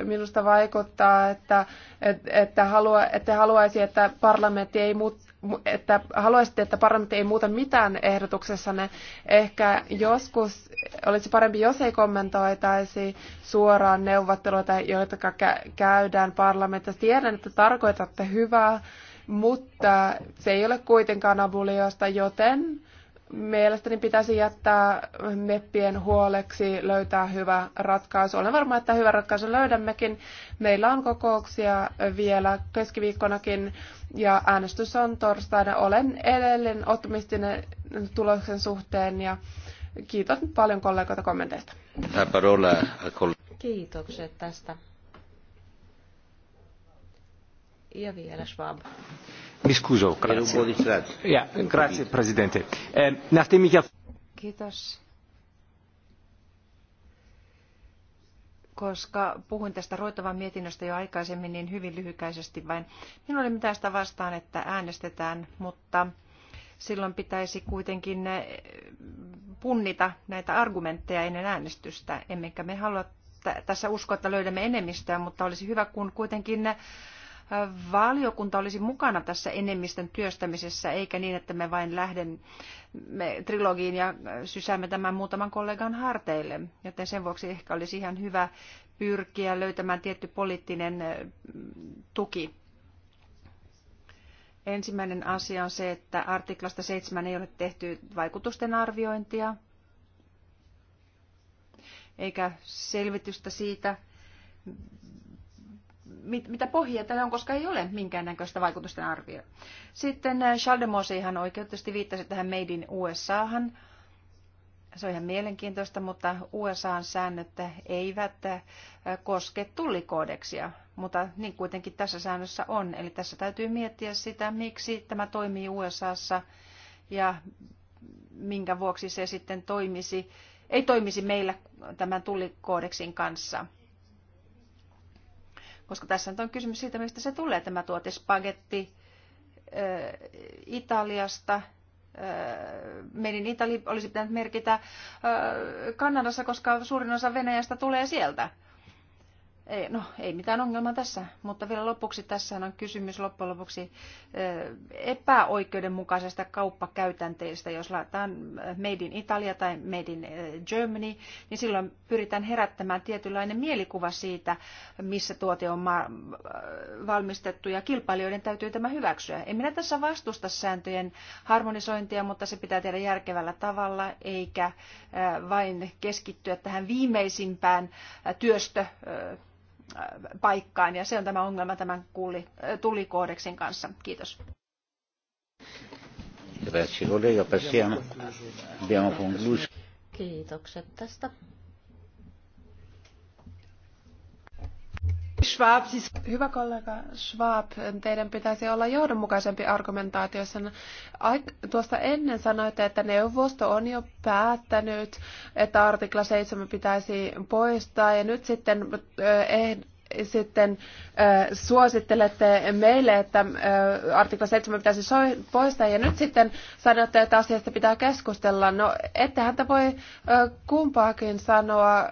minusta vaikuttaa, että, että, halua, että haluaisi, että parlamentti ei muut, että haluaisitte, että parlamentti ei muuta mitään ehdotuksessanne. Ehkä joskus olisi parempi, jos ei kommentoitaisi suoraan neuvotteluita, joita käydään parlamentissa. Tiedän, että tarkoitatte hyvää, mutta se ei ole kuitenkaan abuliosta, joten mielestäni pitäisi jättää meppien huoleksi löytää hyvä ratkaisu. Olen varma, että hyvä ratkaisu löydämmekin. Meillä on kokouksia vielä keskiviikkonakin ja äänestys on torstaina. Olen edelleen optimistinen tuloksen suhteen ja kiitos paljon kollegoita kommenteista. Kiitokset tästä. Ja vielä Schwab. Ehm, Kiitos. Koska puhuin tästä Roitovan mietinnöstä jo aikaisemmin, niin hyvin lyhykäisesti vain. Minulla ei mitään sitä vastaan, että äänestetään, mutta silloin pitäisi kuitenkin eh, punnita näitä argumentteja ennen äänestystä. Emmekä me halua tässä uskoa, että löydämme enemmistöä, mutta olisi hyvä, kun kuitenkin eh, valiokunta olisi mukana tässä enemmistön työstämisessä, eikä niin, että me vain lähdemme trilogiin ja sysäämme tämän muutaman kollegan harteille. Joten sen vuoksi ehkä olisi ihan hyvä pyrkiä löytämään tietty poliittinen tuki. Ensimmäinen asia on se, että artiklasta 7 ei ole tehty vaikutusten arviointia eikä selvitystä siitä, mit, mitä pohjia tällä on, koska ei ole minkäännäköistä vaikutusten arvio. Sitten äh, Charles de Mose ihan oikeutusti viittasi tähän Made in USAhan. Se on ihan mielenkiintoista, mutta USAn säännöt eivät äh, koske tullikoodeksia, mutta niin kuitenkin tässä säännössä on. Eli tässä täytyy miettiä sitä, miksi tämä toimii USAssa ja minkä vuoksi se sitten toimisi, ei toimisi meillä tämän tullikoodeksin kanssa – koska tässä nyt on kysymys siitä, mistä se tulee tämä tuote spagetti Italiasta. Menin Itali olisi pitänyt merkitä Kanadassa, koska suurin osa Venäjästä tulee sieltä. Ei, no, ei mitään ongelmaa tässä, mutta vielä lopuksi tässä on kysymys loppujen lopuksi epäoikeudenmukaisesta kauppakäytänteistä, Jos laitetaan Made in Italia tai Made in Germany, niin silloin pyritään herättämään tietynlainen mielikuva siitä, missä tuote on valmistettu ja kilpailijoiden täytyy tämä hyväksyä. En minä tässä vastusta sääntöjen harmonisointia, mutta se pitää tehdä järkevällä tavalla eikä vain keskittyä tähän viimeisimpään työstö paikkaan ja se on tämä ongelma tämän kulli, tulikoodeksin kanssa. Kiitos. Kiitokset tästä Schwab, siis... Hyvä kollega Schwab, teidän pitäisi olla johdonmukaisempi argumentaatiossa. Tuosta ennen sanoitte, että neuvosto on jo päättänyt, että artikla 7 pitäisi poistaa ja nyt sitten eh, sitten äh, suosittelette meille, että äh, artikla 7 pitäisi so- poistaa ja nyt sitten sanotte, että asiasta pitää keskustella. No, ettehän te voi äh, kumpaakin sanoa.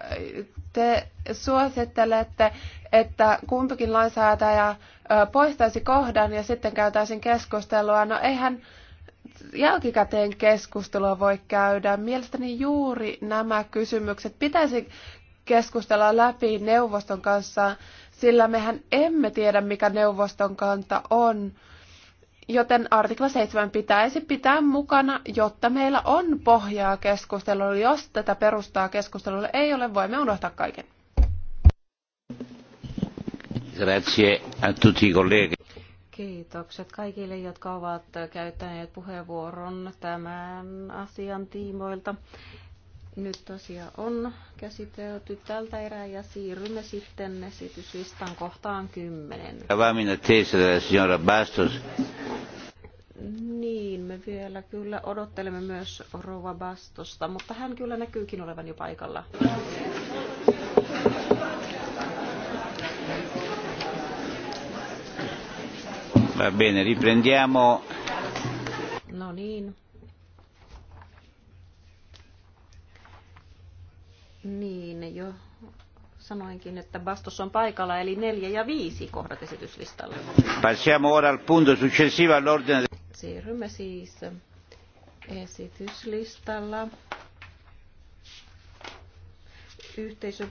Te suosittelette että kumpikin lainsäätäjä poistaisi kohdan ja sitten käytäisiin keskustelua. No eihän jälkikäteen keskustelua voi käydä. Mielestäni juuri nämä kysymykset pitäisi keskustella läpi neuvoston kanssa, sillä mehän emme tiedä, mikä neuvoston kanta on. Joten artikla 7 pitäisi pitää mukana, jotta meillä on pohjaa keskustelulle. Jos tätä perustaa keskustelulle ei ole, voimme unohtaa kaiken. Grazie a tutti colleghi. Kiitokset kaikille, jotka ovat käyttäneet puheenvuoron tämän asian tiimoilta. Nyt asia on käsitelty tältä erää ja siirrymme sitten esityslistan kohtaan kymmenen. 10. Niin, me vielä kyllä odottelemme myös Rova Bastosta, mutta hän kyllä näkyykin olevan jo paikalla. Va bene, riprendiamo. No niin. Niin, jo sanoinkin, että Bastos on paikalla, eli neljä ja viisi kohdat esityslistalla. Passiamo ora al punto successivo all'ordine. Siirrymme siis esityslistalla yhteisön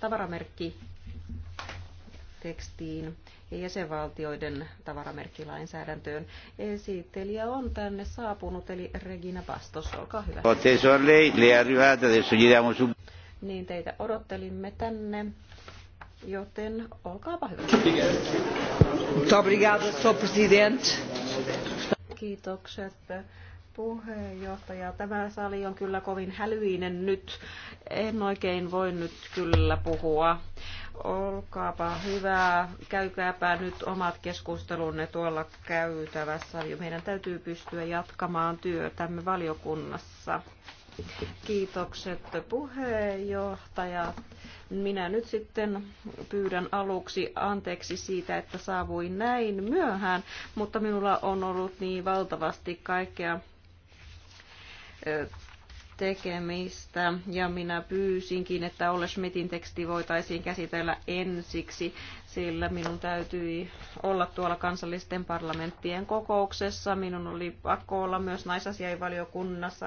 tavaramerkki tekstiin ja jäsenvaltioiden tavaramerkkilainsäädäntöön. Esittelijä on tänne saapunut, eli Regina Bastos, olkaa hyvä. Niin teitä odottelimme tänne, joten olkaapa hyvä. Kiitokset puheenjohtaja. Tämä sali on kyllä kovin hälyinen nyt. En oikein voi nyt kyllä puhua Olkaapa hyvää, käykääpä nyt omat keskustelunne tuolla käytävässä. Meidän täytyy pystyä jatkamaan työtämme valiokunnassa. Kiitokset puheenjohtaja. Minä nyt sitten pyydän aluksi anteeksi siitä, että saavuin näin myöhään, mutta minulla on ollut niin valtavasti kaikkea tekemistä ja minä pyysinkin, että Olle Schmidtin teksti voitaisiin käsitellä ensiksi, sillä minun täytyi olla tuolla kansallisten parlamenttien kokouksessa. Minun oli pakko olla myös naisasiainvaliokunnassa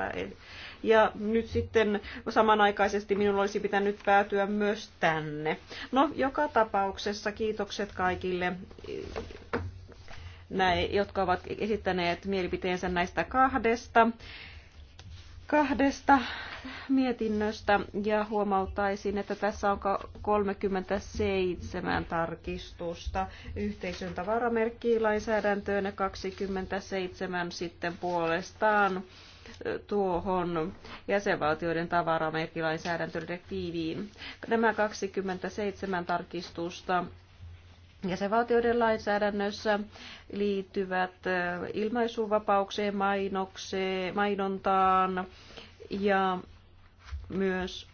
ja nyt sitten samanaikaisesti minun olisi pitänyt päätyä myös tänne. No, joka tapauksessa kiitokset kaikille näin, jotka ovat esittäneet mielipiteensä näistä kahdesta kahdesta mietinnöstä ja huomauttaisin, että tässä on 37 tarkistusta yhteisön tavaramerkkiin lainsäädäntöön ja 27 sitten puolestaan tuohon jäsenvaltioiden tavaramerkkilainsäädäntödirektiiviin. Nämä 27 tarkistusta jäsenvaltioiden lainsäädännössä liittyvät ilmaisuvapaukseen, mainokseen, mainontaan ja myös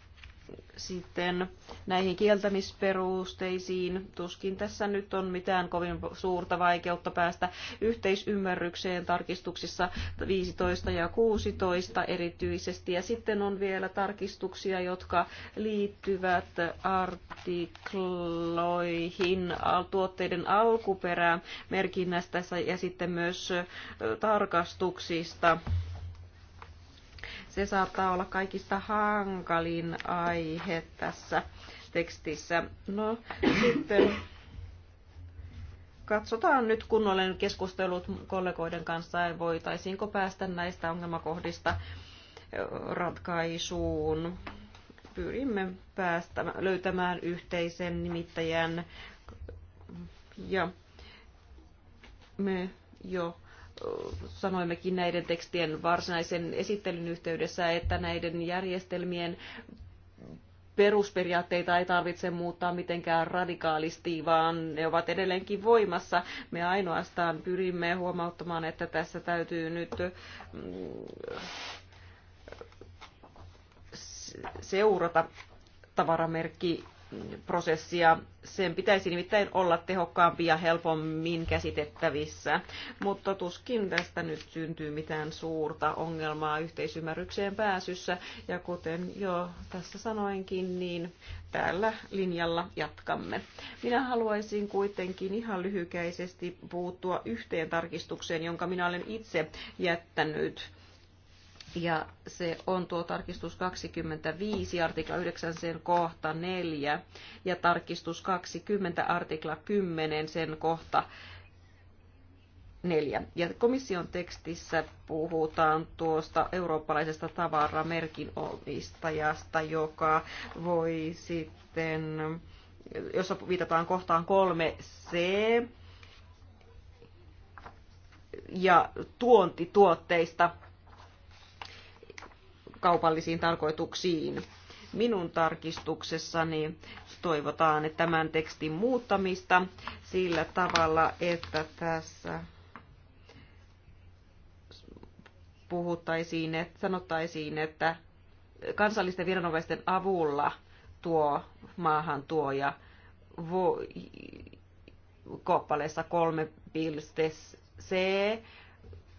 sitten näihin kieltämisperusteisiin tuskin tässä nyt on mitään kovin suurta vaikeutta päästä yhteisymmärrykseen tarkistuksissa 15 ja 16 erityisesti. Ja sitten on vielä tarkistuksia, jotka liittyvät artikloihin tuotteiden alkuperää merkinnästä ja sitten myös tarkastuksista se saattaa olla kaikista hankalin aihe tässä tekstissä. No sitten katsotaan nyt, kun olen keskustellut kollegoiden kanssa, ja voitaisiinko päästä näistä ongelmakohdista ratkaisuun. Pyrimme päästä, löytämään yhteisen nimittäjän ja me jo sanoimmekin näiden tekstien varsinaisen esittelyn yhteydessä, että näiden järjestelmien perusperiaatteita ei tarvitse muuttaa mitenkään radikaalisti, vaan ne ovat edelleenkin voimassa. Me ainoastaan pyrimme huomauttamaan, että tässä täytyy nyt mm, seurata tavaramerkki prosessia. Sen pitäisi nimittäin olla tehokkaampi ja helpommin käsitettävissä, mutta tuskin tästä nyt syntyy mitään suurta ongelmaa yhteisymmärrykseen pääsyssä. Ja kuten jo tässä sanoinkin, niin tällä linjalla jatkamme. Minä haluaisin kuitenkin ihan lyhykäisesti puuttua yhteen tarkistukseen, jonka minä olen itse jättänyt ja se on tuo tarkistus 25, artikla 9, sen kohta 4, ja tarkistus 20, artikla 10, sen kohta 4. Ja komission tekstissä puhutaan tuosta eurooppalaisesta tavaramerkin omistajasta, joka voi sitten, jossa viitataan kohtaan 3c, ja tuontituotteista kaupallisiin tarkoituksiin. Minun tarkistuksessani toivotaan että tämän tekstin muuttamista sillä tavalla, että tässä puhuttaisiin, että sanottaisiin, että kansallisten viranomaisten avulla tuo maahan maahantuoja vo, kappaleessa 3.c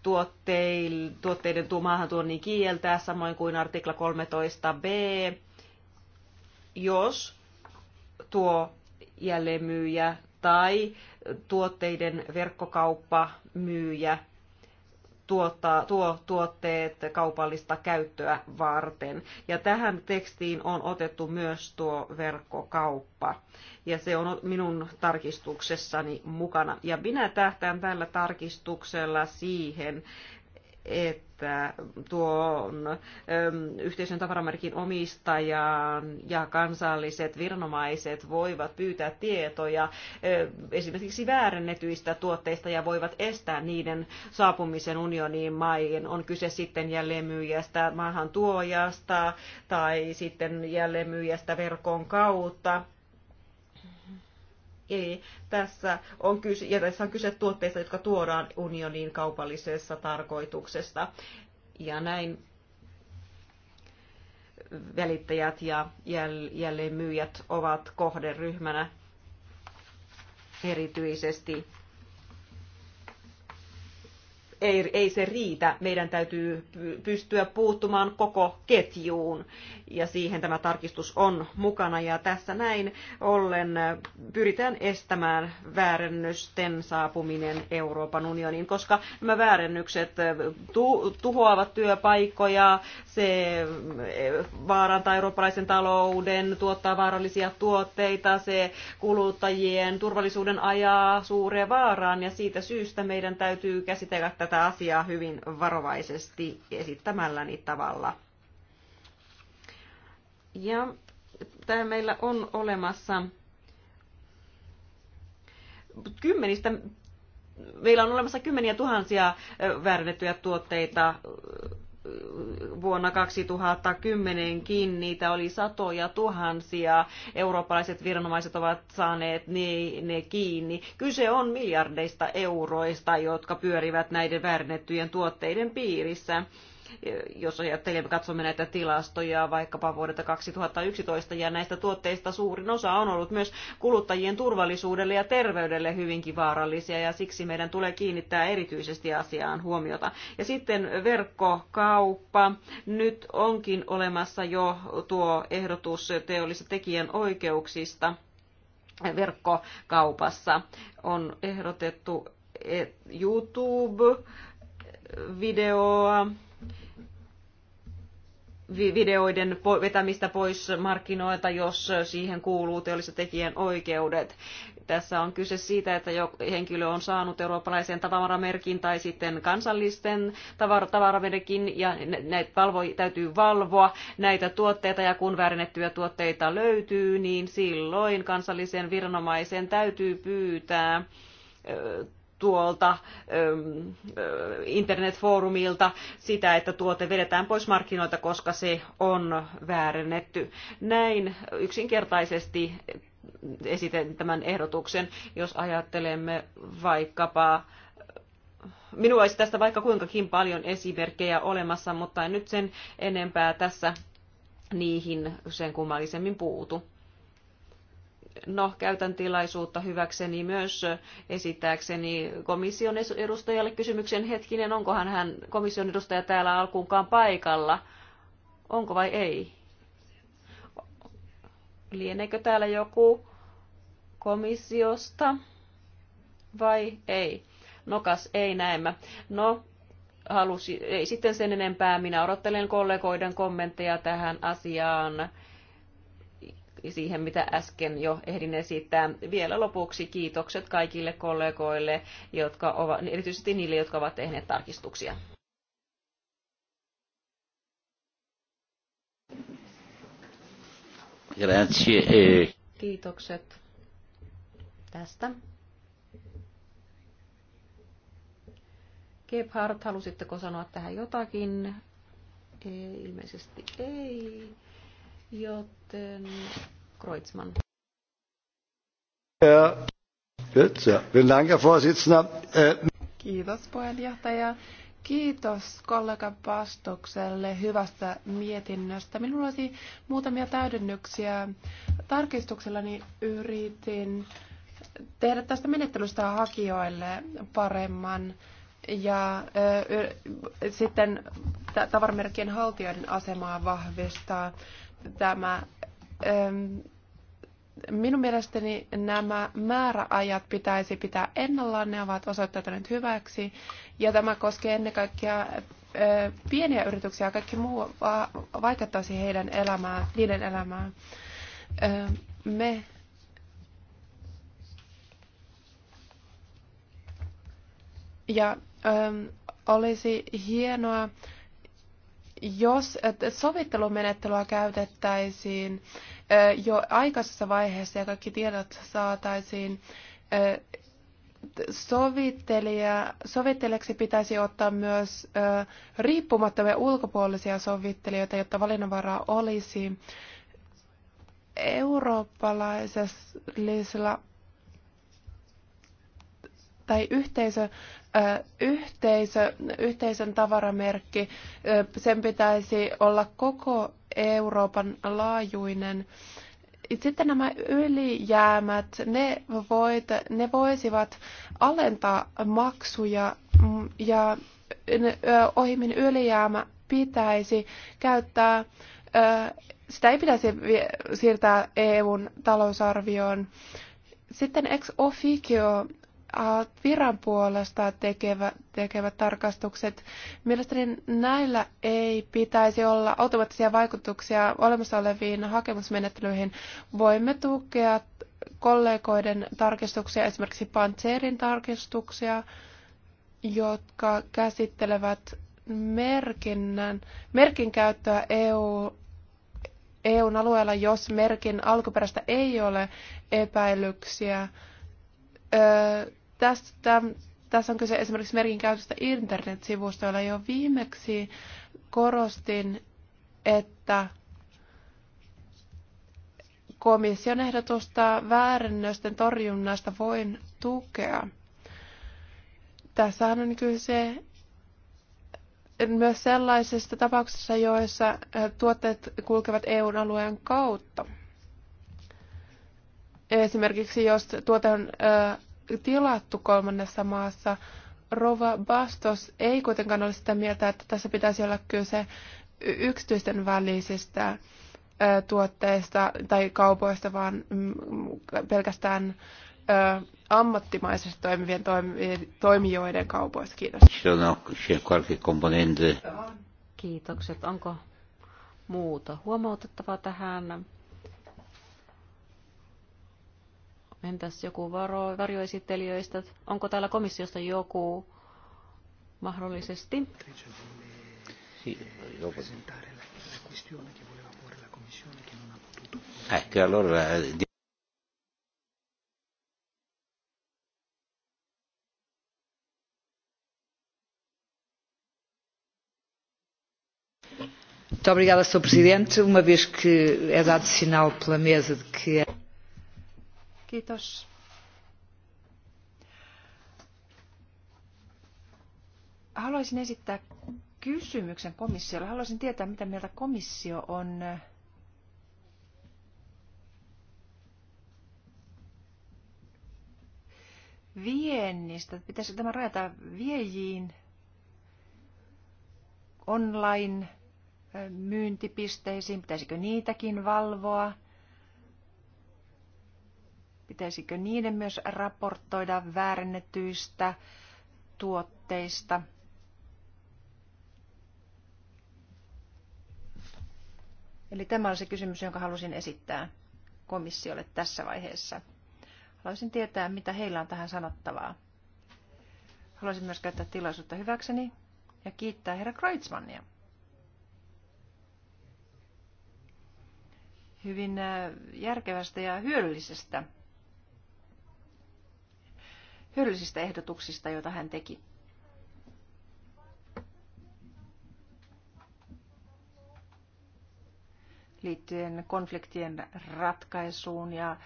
tuotteiden maahantuonnin kieltää, samoin kuin artikla 13b, jos tuo jälleenmyyjä tai tuotteiden verkkokauppa myyjä tuottaa, tuo tuotteet kaupallista käyttöä varten. Ja tähän tekstiin on otettu myös tuo verkkokauppa. Ja se on minun tarkistuksessani mukana. Ja minä tähtään tällä tarkistuksella siihen, että että tuon ähm, yhteisön tavaramerkin omistajan ja kansalliset viranomaiset voivat pyytää tietoja äh, esimerkiksi väärennetyistä tuotteista ja voivat estää niiden saapumisen unioniin maihin. On kyse sitten jälleenmyyjästä maahantuojasta tai sitten jälleenmyyjästä verkon kautta Eli tässä on kyse, ja tässä on kyse tuotteista, jotka tuodaan unionin kaupallisessa tarkoituksesta. Ja näin välittäjät ja jälleenmyyjät ovat kohderyhmänä erityisesti ei, ei se riitä. Meidän täytyy pystyä puuttumaan koko ketjuun ja siihen tämä tarkistus on mukana. Ja tässä näin ollen pyritään estämään väärennysten saapuminen Euroopan unioniin, koska nämä väärennykset tuhoavat työpaikkoja, se vaarantaa eurooppalaisen talouden, tuottaa vaarallisia tuotteita, se kuluttajien turvallisuuden ajaa suureen vaaraan ja siitä syystä meidän täytyy käsitellä tätä tätä asiaa hyvin varovaisesti esittämälläni tavalla. Ja tämä meillä on olemassa kymmenistä meillä on olemassa kymmeniä tuhansia väärennettyjä tuotteita vuonna 2010kin niitä oli satoja tuhansia. Eurooppalaiset viranomaiset ovat saaneet ne, ne kiinni. Kyse on miljardeista euroista, jotka pyörivät näiden väärennettyjen tuotteiden piirissä jos ajattelemme, katsomme näitä tilastoja vaikkapa vuodelta 2011, ja näistä tuotteista suurin osa on ollut myös kuluttajien turvallisuudelle ja terveydelle hyvinkin vaarallisia, ja siksi meidän tulee kiinnittää erityisesti asiaan huomiota. Ja sitten verkkokauppa. Nyt onkin olemassa jo tuo ehdotus teollisista tekijän oikeuksista verkkokaupassa. On ehdotettu YouTube-videoa videoiden vetämistä pois markkinoilta, jos siihen kuuluu teolliset tekijän oikeudet. Tässä on kyse siitä, että jo henkilö on saanut eurooppalaisen tavaramerkin tai sitten kansallisten tavar- tavaramerkin ja näitä valvo- täytyy valvoa näitä tuotteita ja kun väärennettyjä tuotteita löytyy, niin silloin kansallisen viranomaisen täytyy pyytää tuolta ähm, äh, internetfoorumilta sitä, että tuote vedetään pois markkinoilta, koska se on väärennetty. Näin yksinkertaisesti esitän tämän ehdotuksen, jos ajattelemme vaikkapa Minulla olisi tästä vaikka kuinkakin paljon esimerkkejä olemassa, mutta en nyt sen enempää tässä niihin sen kummallisemmin puutu. No, käytän tilaisuutta hyväkseni myös esittääkseni komission edustajalle kysymyksen hetkinen, onkohan hän komission edustaja täällä alkuunkaan paikalla, onko vai ei? Lieneekö täällä joku komissiosta vai ei? Nokas ei näemmä. No, halusi, ei sitten sen enempää. Minä odottelen kollegoiden kommentteja tähän asiaan siihen, mitä äsken jo ehdin esittää. Vielä lopuksi kiitokset kaikille kollegoille, jotka ovat, niin erityisesti niille, jotka ovat tehneet tarkistuksia. Grazie. Eh. Kiitokset tästä. Gebhardt, halusitteko sanoa tähän jotakin? Ei, ilmeisesti ei. Joten Kreutzmann. Äh, Kiitos puheenjohtaja. Kiitos kollega Pastokselle hyvästä mietinnöstä. Minulla olisi muutamia täydennyksiä. Tarkistuksellani yritin tehdä tästä menettelystä hakijoille paremman ja ö, sitten tavaramerkkien haltijoiden asemaa vahvistaa tämä ähm, minun mielestäni nämä määräajat pitäisi pitää ennallaan, ne ovat osoittaneet hyväksi. Ja tämä koskee ennen kaikkea äh, pieniä yrityksiä, kaikki muu vaikuttaisi heidän elämään, niiden elämään. Ähm, me ja ähm, olisi hienoa, jos sovittelumenettelyä käytettäisiin jo aikaisessa vaiheessa ja kaikki tiedot saataisiin, sovittelija, sovittelijaksi pitäisi ottaa myös riippumattomia ulkopuolisia sovittelijoita, jotta valinnanvaraa olisi. Eurooppalaisella tai yhteisö, yhteisö, yhteisön tavaramerkki, sen pitäisi olla koko Euroopan laajuinen. Sitten nämä ylijäämät, ne, voit, ne voisivat alentaa maksuja mm, ja ohimin ylijäämä pitäisi käyttää, sitä ei pitäisi siirtää EUn talousarvioon. Sitten ex officio viran puolesta tekevä, tekevät tarkastukset. Mielestäni näillä ei pitäisi olla automaattisia vaikutuksia olemassa oleviin hakemusmenettelyihin. Voimme tukea kollegoiden tarkistuksia, esimerkiksi Pantserin tarkistuksia, jotka käsittelevät merkinnän, merkin käyttöä EU, EUn alueella, jos merkin alkuperästä ei ole epäilyksiä. Öö, Tästä, tässä on kyse esimerkiksi merkin käytöstä internetsivustoilla. Jo viimeksi korostin, että komission ehdotusta väärennösten torjunnasta voin tukea. Tässä on kyse myös sellaisista tapauksista, joissa tuotteet kulkevat EUn alueen kautta. Esimerkiksi jos tuote on tilattu kolmannessa maassa. Rova Bastos ei kuitenkaan ole sitä mieltä, että tässä pitäisi olla kyse yksityisten välisistä tuotteista tai kaupoista, vaan mm, pelkästään ammattimaisesti toimivien toimijoiden kaupoista. Kiitos. Kiitokset. Onko muuta huomautettavaa tähän? Entäs joku varo, varjoesittelijöistä? Onko täällä komissiosta joku mahdollisesti? Ecco, eh, allora eh, Muito obrigada, Sr. Presidente. Uma vez que é dado sinal pela mesa de que. Kiitos. Haluaisin esittää kysymyksen komissiolle. Haluaisin tietää, mitä mieltä komissio on viennistä. Pitäisikö tämä rajata viejiin online myyntipisteisiin? Pitäisikö niitäkin valvoa? Pitäisikö niiden myös raportoida väärennetyistä tuotteista? Eli tämä on se kysymys, jonka halusin esittää komissiolle tässä vaiheessa. Haluaisin tietää, mitä heillä on tähän sanottavaa. Haluaisin myös käyttää tilaisuutta hyväkseni ja kiittää herra Kreutzmannia. Hyvin äh, järkevästä ja hyödyllisestä hyödyllisistä ehdotuksista, joita hän teki. liittyen konfliktien ratkaisuun ja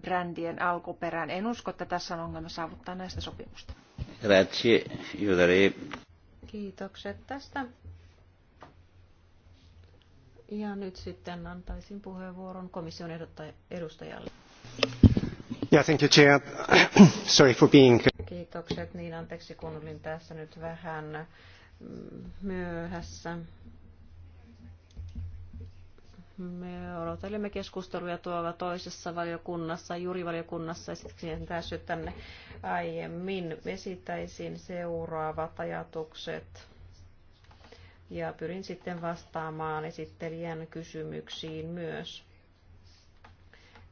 brändien alkuperään. En usko, että tässä on ongelma saavuttaa näistä sopimusta. Kiitokset tästä. Ja nyt sitten antaisin puheenvuoron komission edustajalle. Yeah, thank you, Chair. Sorry for being... Uh, Kiitokset. Niin, anteeksi kun olin tässä nyt vähän myöhässä. Me odotelemme keskusteluja tuolla toisessa valiokunnassa, juurivaliokunnassa, ja siksi en päässyt tänne aiemmin. Esittäisin seuraavat ajatukset ja pyrin sitten vastaamaan esittelijän kysymyksiin myös.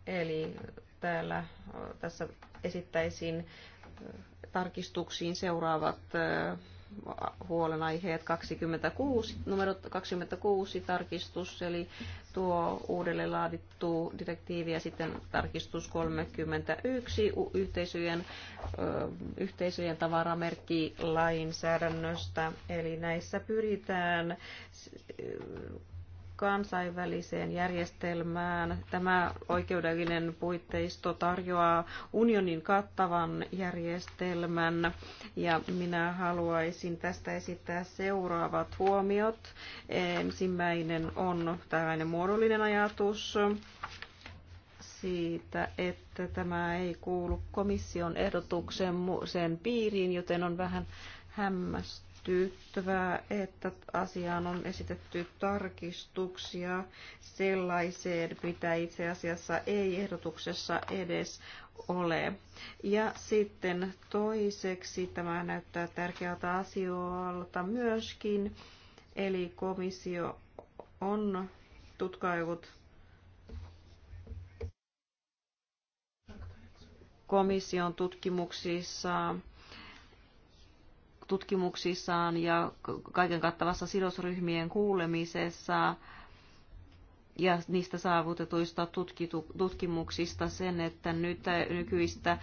Eli täällä tässä esittäisin tarkistuksiin seuraavat huolenaiheet 26, numero 26 tarkistus, eli tuo uudelle laadittu direktiivi ja sitten tarkistus 31 yhteisöjen, yhteisöjen tavaramerkkilainsäädännöstä. Eli näissä pyritään kansainväliseen järjestelmään. Tämä oikeudellinen puitteisto tarjoaa unionin kattavan järjestelmän ja minä haluaisin tästä esittää seuraavat huomiot. Ensimmäinen on tällainen muodollinen ajatus siitä, että tämä ei kuulu komission ehdotuksen sen piiriin, joten on vähän hämmästynyt tyyttävää, että asiaan on esitetty tarkistuksia sellaiseen, mitä itse asiassa ei ehdotuksessa edes ole. Ja sitten toiseksi tämä näyttää tärkeältä asialta myöskin, eli komissio on tutkaillut komission tutkimuksissa tutkimuksissaan ja kaiken kattavassa sidosryhmien kuulemisessa ja niistä saavutetuista tutkimuksista sen, että nyt äh, nykyistä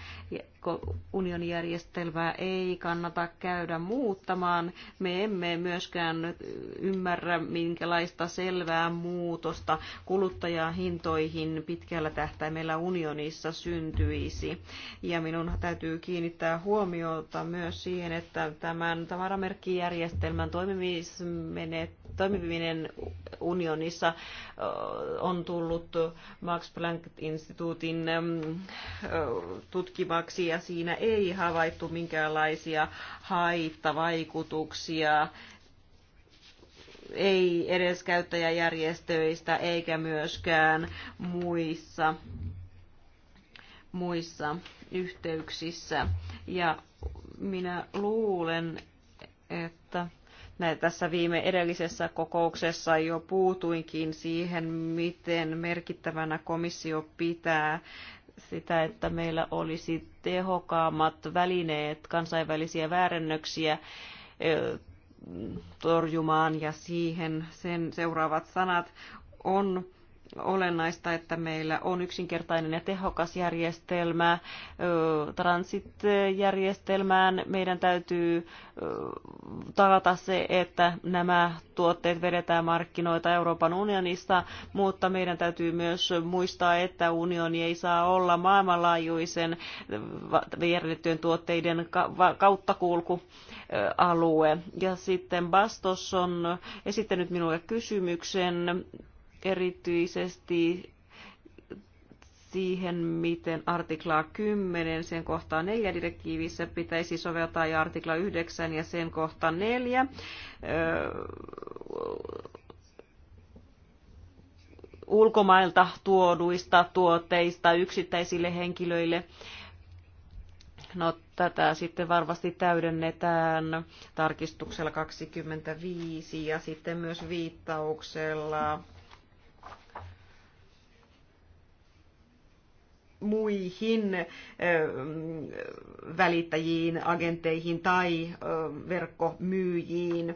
kirkkounionijärjestelmää ei kannata käydä muuttamaan. Me emme myöskään ymmärrä, minkälaista selvää muutosta kuluttajahintoihin pitkällä tähtäimellä unionissa syntyisi. Ja minun täytyy kiinnittää huomiota myös siihen, että tämän tavaramerkkijärjestelmän toimiminen unionissa on tullut Max Planck-instituutin mm, tutkimaksi ja siinä ei havaittu minkäänlaisia haittavaikutuksia ei edes käyttäjäjärjestöistä eikä myöskään muissa, muissa yhteyksissä. Ja minä luulen, että näin tässä viime edellisessä kokouksessa jo puutuinkin siihen, miten merkittävänä komissio pitää sitä, että meillä olisi tehokkaammat välineet kansainvälisiä väärennöksiä torjumaan ja siihen sen seuraavat sanat on olennaista, että meillä on yksinkertainen ja tehokas järjestelmä. Transit-järjestelmään meidän täytyy taata se, että nämä tuotteet vedetään markkinoita Euroopan unionista, mutta meidän täytyy myös muistaa, että unioni ei saa olla maailmanlaajuisen viernettyjen tuotteiden kauttakulkualue. Ja sitten Bastos on esittänyt minulle kysymyksen erityisesti siihen, miten artiklaa 10 sen kohtaa 4 direktiivissä pitäisi soveltaa ja artikla 9 ja sen kohta 4 ulkomailta tuoduista tuotteista yksittäisille henkilöille. No, tätä sitten varmasti täydennetään tarkistuksella 25 ja sitten myös viittauksella muihin välittäjiin, agenteihin tai verkkomyyjiin.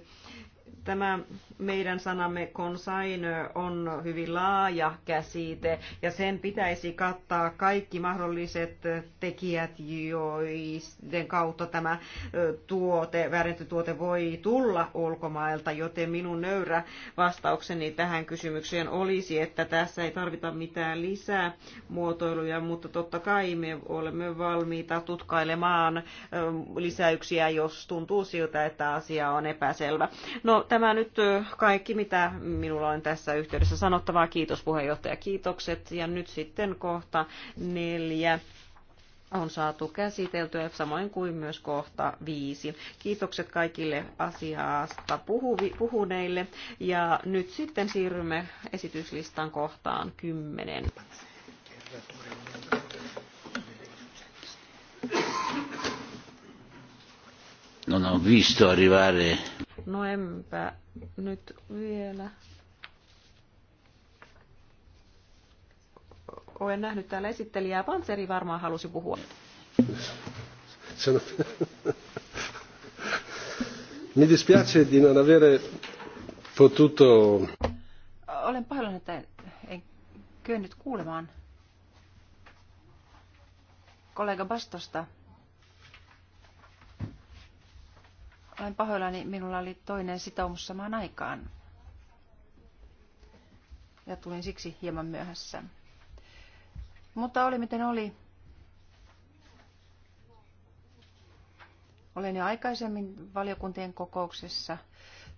Tämä meidän sanamme consign on hyvin laaja käsite ja sen pitäisi kattaa kaikki mahdolliset tekijät, joiden kautta tämä tuote, väärennetty tuote voi tulla ulkomailta, joten minun nöyrä vastaukseni tähän kysymykseen olisi, että tässä ei tarvita mitään lisää muotoiluja, mutta totta kai me olemme valmiita tutkailemaan lisäyksiä, jos tuntuu siltä, että asia on epäselvä. No, tämä nyt kaikki, mitä minulla on tässä yhteydessä sanottavaa. Kiitos puheenjohtaja, kiitokset. Ja nyt sitten kohta neljä on saatu käsiteltyä, samoin kuin myös kohta viisi. Kiitokset kaikille asiasta puhuvi, puhuneille. Ja nyt sitten siirrymme esityslistan kohtaan kymmenen. Non ho visto arrivare No enpä nyt vielä. Olen nähnyt täällä esittelijää. Panseri varmaan halusi puhua. Mi dispiace di non avere potuto... Olen pahoillani, että en kyennyt kuulemaan kollega Bastosta Olen pahoillani, minulla oli toinen sitoumus samaan aikaan. Ja tulin siksi hieman myöhässä. Mutta oli miten oli. Olen jo aikaisemmin valiokuntien kokouksessa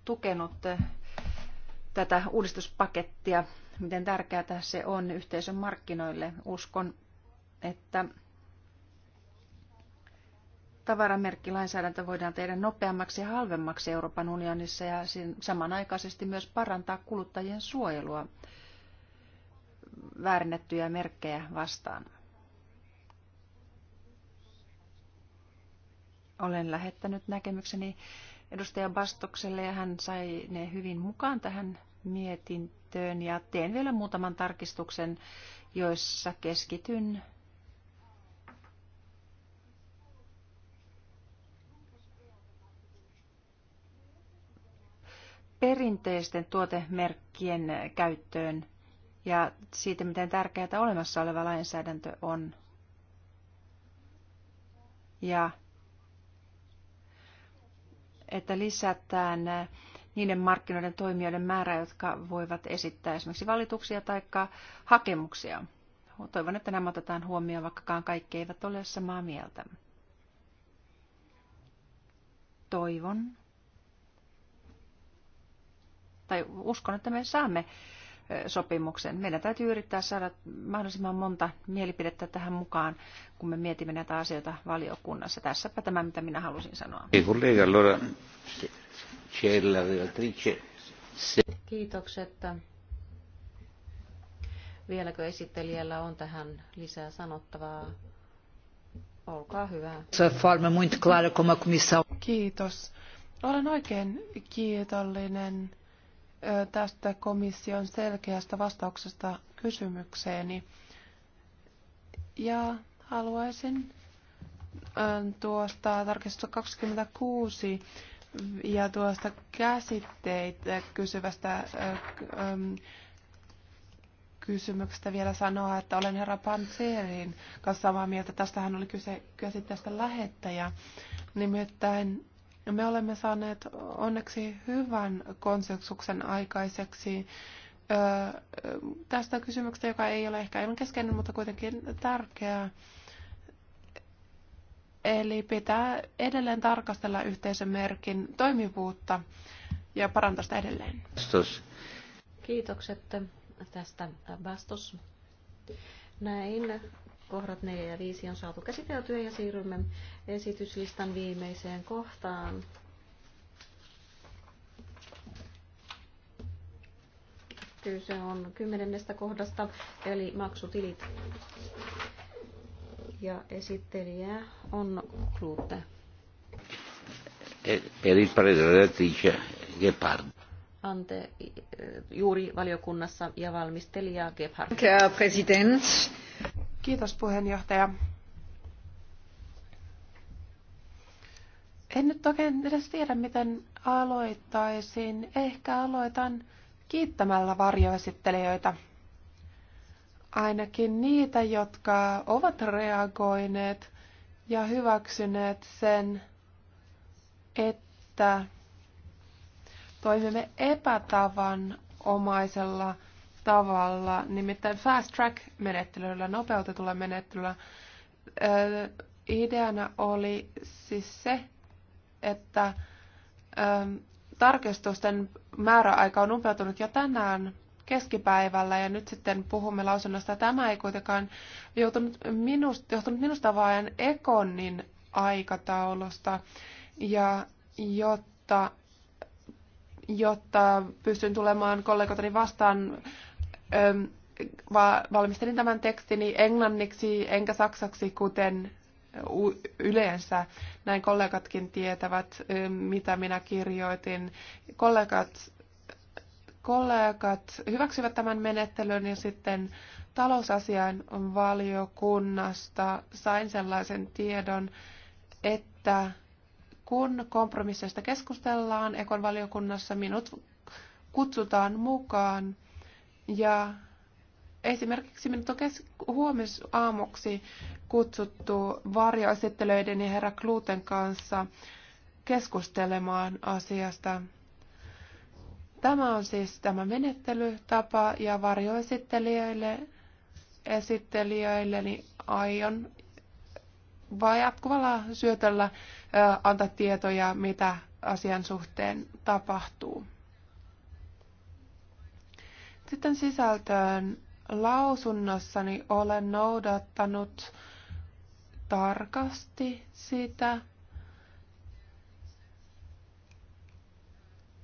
tukenut tätä uudistuspakettia, miten tärkeää se on yhteisön markkinoille. Uskon, että tavaramerkkilainsäädäntö voidaan tehdä nopeammaksi ja halvemmaksi Euroopan unionissa ja samanaikaisesti myös parantaa kuluttajien suojelua väärennettyjä merkkejä vastaan. Olen lähettänyt näkemykseni edustaja Bastokselle ja hän sai ne hyvin mukaan tähän mietintöön ja teen vielä muutaman tarkistuksen, joissa keskityn perinteisten tuotemerkkien käyttöön ja siitä, miten tärkeää olemassa oleva lainsäädäntö on. Ja että lisätään niiden markkinoiden toimijoiden määrää, jotka voivat esittää esimerkiksi valituksia tai hakemuksia. Toivon, että nämä otetaan huomioon, vaikkakaan kaikki eivät ole samaa mieltä. Toivon, tai uskon, että me saamme sopimuksen. Meidän täytyy yrittää saada mahdollisimman monta mielipidettä tähän mukaan, kun me mietimme näitä asioita valiokunnassa. Tässäpä tämä, mitä minä halusin sanoa. Kiitokset. Vieläkö esittelijällä on tähän lisää sanottavaa? Olkaa hyvä. Kiitos. Olen oikein kiitollinen tästä komission selkeästä vastauksesta kysymykseeni. Ja haluaisin tuosta tarkistusta 26 ja tuosta käsitteitä kysyvästä kysymyksestä vielä sanoa, että olen herra Panzerin kanssa samaa mieltä. Tästähän oli kyse käsitteestä lähettäjä. Nimittäin me olemme saaneet onneksi hyvän konsensuksen aikaiseksi tästä kysymyksestä, joka ei ole ehkä aivan keskeinen, mutta kuitenkin tärkeää. Eli pitää edelleen tarkastella yhteisön merkin toimivuutta ja parantaa sitä edelleen. Vastus. Kiitokset tästä vastus. Näin kohdat 4 ja 5 on saatu käsiteltyä ja siirrymme esityslistan viimeiseen kohtaan. Kyse on kymmenennestä kohdasta, eli maksutilit. Ja esittelijä on Klute. Eh, per il Gepard. Ante, eh, juuri valiokunnassa ja valmistelija Gebhardt. Herr Präsident, Kiitos puheenjohtaja. En nyt oikein edes tiedä, miten aloittaisin. Ehkä aloitan kiittämällä varjoesittelijöitä. Ainakin niitä, jotka ovat reagoineet ja hyväksyneet sen, että toimimme epätavan omaisella tavalla, nimittäin fast track-menettelyllä, nopeutetulla menettelyllä. Ö, ideana oli siis se, että ö, tarkistusten määräaika on umpeutunut jo tänään keskipäivällä ja nyt sitten puhumme lausunnosta. Tämä ei kuitenkaan joutunut minusta, johtunut minusta vaan Ekonin aikataulusta. Ja jotta, jotta pystyn tulemaan kollegotani vastaan valmistelin tämän tekstini englanniksi enkä saksaksi, kuten yleensä. Näin kollegatkin tietävät, mitä minä kirjoitin. Kollegat, kollegat hyväksyvät tämän menettelyn ja sitten talousasian valiokunnasta sain sellaisen tiedon, että kun kompromisseista keskustellaan Ekon valiokunnassa, minut kutsutaan mukaan – ja esimerkiksi minut on kes- huomisaamuksi kutsuttu varjoesittelyiden ja herra Kluten kanssa keskustelemaan asiasta. Tämä on siis tämä menettelytapa ja varjoesittelijöille esittelijöille niin aion vaan jatkuvalla syötöllä antaa tietoja, mitä asian suhteen tapahtuu. Sitten sisältöön lausunnossani olen noudattanut tarkasti sitä,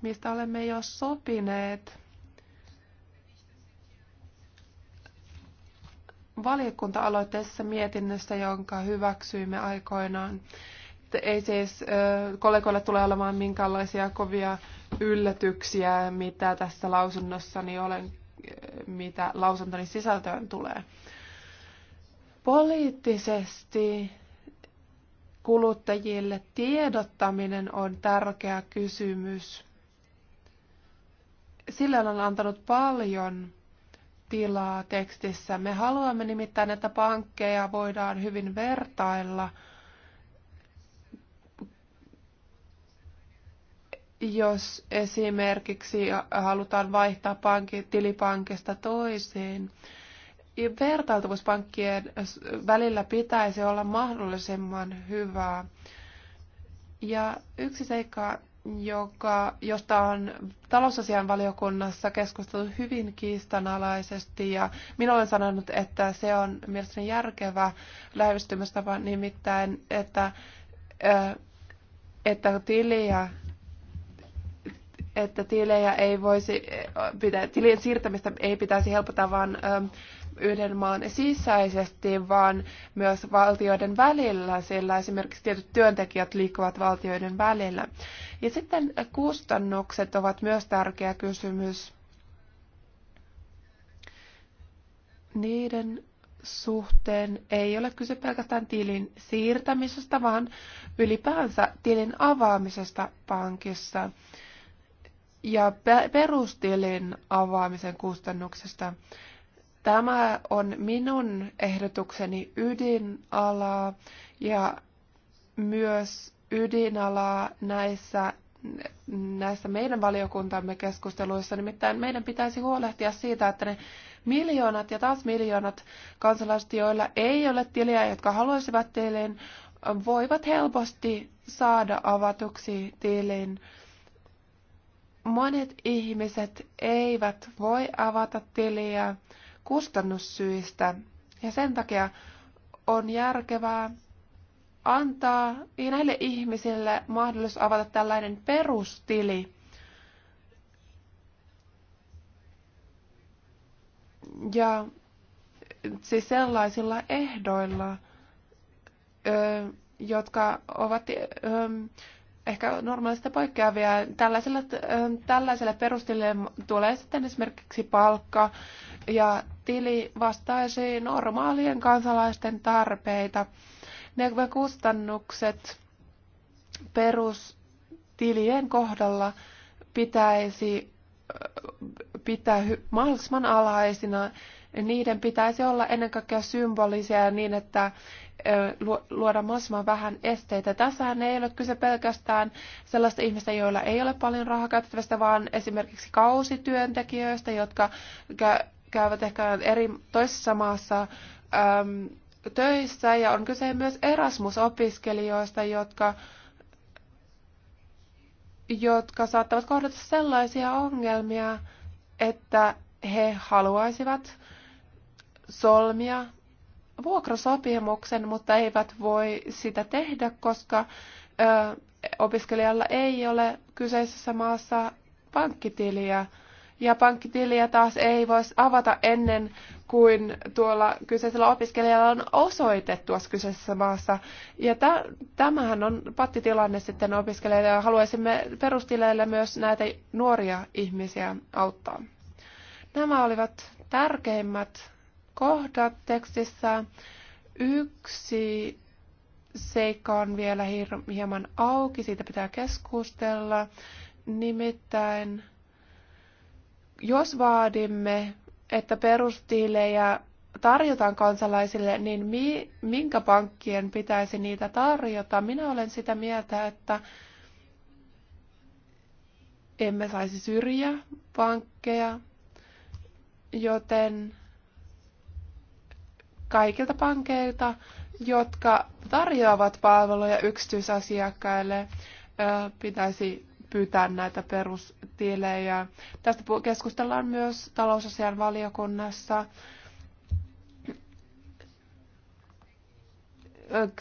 mistä olemme jo sopineet. valiokunta-aloitteessa mietinnössä, jonka hyväksyimme aikoinaan. Ei siis kollegoille tule olemaan minkäänlaisia kovia yllätyksiä, mitä tässä lausunnossani olen, mitä lausuntoni sisältöön tulee. Poliittisesti kuluttajille tiedottaminen on tärkeä kysymys. sillä on antanut paljon tilaa tekstissä. Me haluamme nimittäin, että pankkeja voidaan hyvin vertailla – jos esimerkiksi halutaan vaihtaa pankki, tilipankista toiseen. Vertailtavuuspankkien välillä pitäisi olla mahdollisimman hyvää. Ja yksi seikka, joka, josta on talousasian valiokunnassa keskusteltu hyvin kiistanalaisesti ja minä olen sanonut, että se on mielestäni järkevä lähestymistapa nimittäin, että, että tiliä että tilejä ei voisi, pitä, tilien siirtämistä ei pitäisi helpota vain yhden maan sisäisesti, vaan myös valtioiden välillä, sillä esimerkiksi tietyt työntekijät liikkuvat valtioiden välillä. Ja sitten kustannukset ovat myös tärkeä kysymys. Niiden suhteen ei ole kyse pelkästään tilin siirtämisestä, vaan ylipäänsä tilin avaamisesta pankissa ja perustilin avaamisen kustannuksista. Tämä on minun ehdotukseni ydinalaa ja myös ydinalaa näissä, näissä meidän valiokuntamme keskusteluissa. Nimittäin meidän pitäisi huolehtia siitä, että ne miljoonat ja taas miljoonat kansalaiset, joilla ei ole tiliä, jotka haluaisivat tilin, voivat helposti saada avatuksi tilin monet ihmiset eivät voi avata tiliä kustannussyistä ja sen takia on järkevää antaa näille ihmisille mahdollisuus avata tällainen perustili. Ja siis sellaisilla ehdoilla, jotka ovat ehkä normaalista poikkeavia. Tällaiselle, tällaiselle perustille tulee sitten esimerkiksi palkka ja tili vastaisi normaalien kansalaisten tarpeita. Ne kustannukset perustilien kohdalla pitäisi pitää mahdollisimman alhaisina niiden pitäisi olla ennen kaikkea symbolisia niin, että luoda mahdollisimman vähän esteitä. Tässähän ei ole kyse pelkästään sellaista ihmistä, joilla ei ole paljon rahaa käytettävästä, vaan esimerkiksi kausityöntekijöistä, jotka käyvät ehkä eri toisessa maassa äm, töissä. Ja on kyse myös Erasmus-opiskelijoista, jotka jotka saattavat kohdata sellaisia ongelmia, että he haluaisivat solmia vuokrasopimuksen, mutta eivät voi sitä tehdä, koska ö, opiskelijalla ei ole kyseisessä maassa pankkitiliä. Ja pankkitiliä taas ei voisi avata ennen kuin tuolla kyseisellä opiskelijalla on osoite tuossa kyseisessä maassa. Ja tämähän on pattitilanne sitten opiskelijoille ja haluaisimme perustileille myös näitä nuoria ihmisiä auttaa. Nämä olivat tärkeimmät kohdat tekstissä. Yksi seikka on vielä hieman auki, siitä pitää keskustella. Nimittäin, jos vaadimme, että perustilejä tarjotaan kansalaisille, niin mi, minkä pankkien pitäisi niitä tarjota? Minä olen sitä mieltä, että emme saisi syrjiä pankkeja, joten kaikilta pankeilta, jotka tarjoavat palveluja yksityisasiakkaille, pitäisi pyytää näitä perustilejä. Tästä keskustellaan myös talousasian valiokunnassa.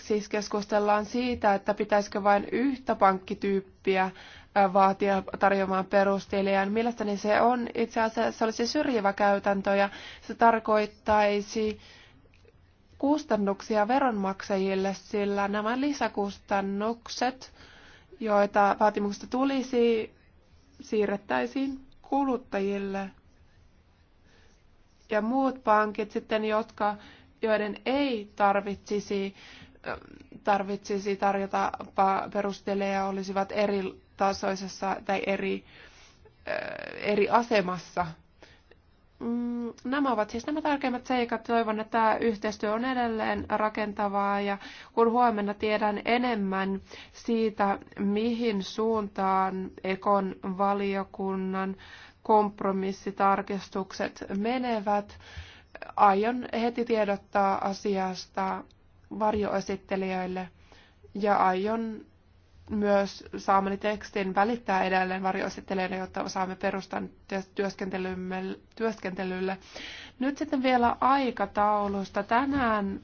Siis keskustellaan siitä, että pitäisikö vain yhtä pankkityyppiä vaatia tarjoamaan perustilejä. Mielestäni se on itse asiassa se olisi syrjivä käytäntö ja se tarkoittaisi kustannuksia veronmaksajille, sillä nämä lisäkustannukset, joita vaatimuksesta tulisi, siirrettäisiin kuluttajille. Ja muut pankit sitten, jotka, joiden ei tarvitsisi, tarvitsisi tarjota perustelejä, olisivat eri tasoisessa tai eri, eri asemassa Mm, nämä ovat siis nämä tärkeimmät seikat. Toivon, että tämä yhteistyö on edelleen rakentavaa ja kun huomenna tiedän enemmän siitä, mihin suuntaan Ekon valiokunnan kompromissitarkistukset menevät, aion heti tiedottaa asiasta varjoesittelijöille ja aion myös saamani tekstin välittää edelleen varjoesittelijänä, jotta osaamme perustan työskentelylle. Nyt sitten vielä aikataulusta. Tänään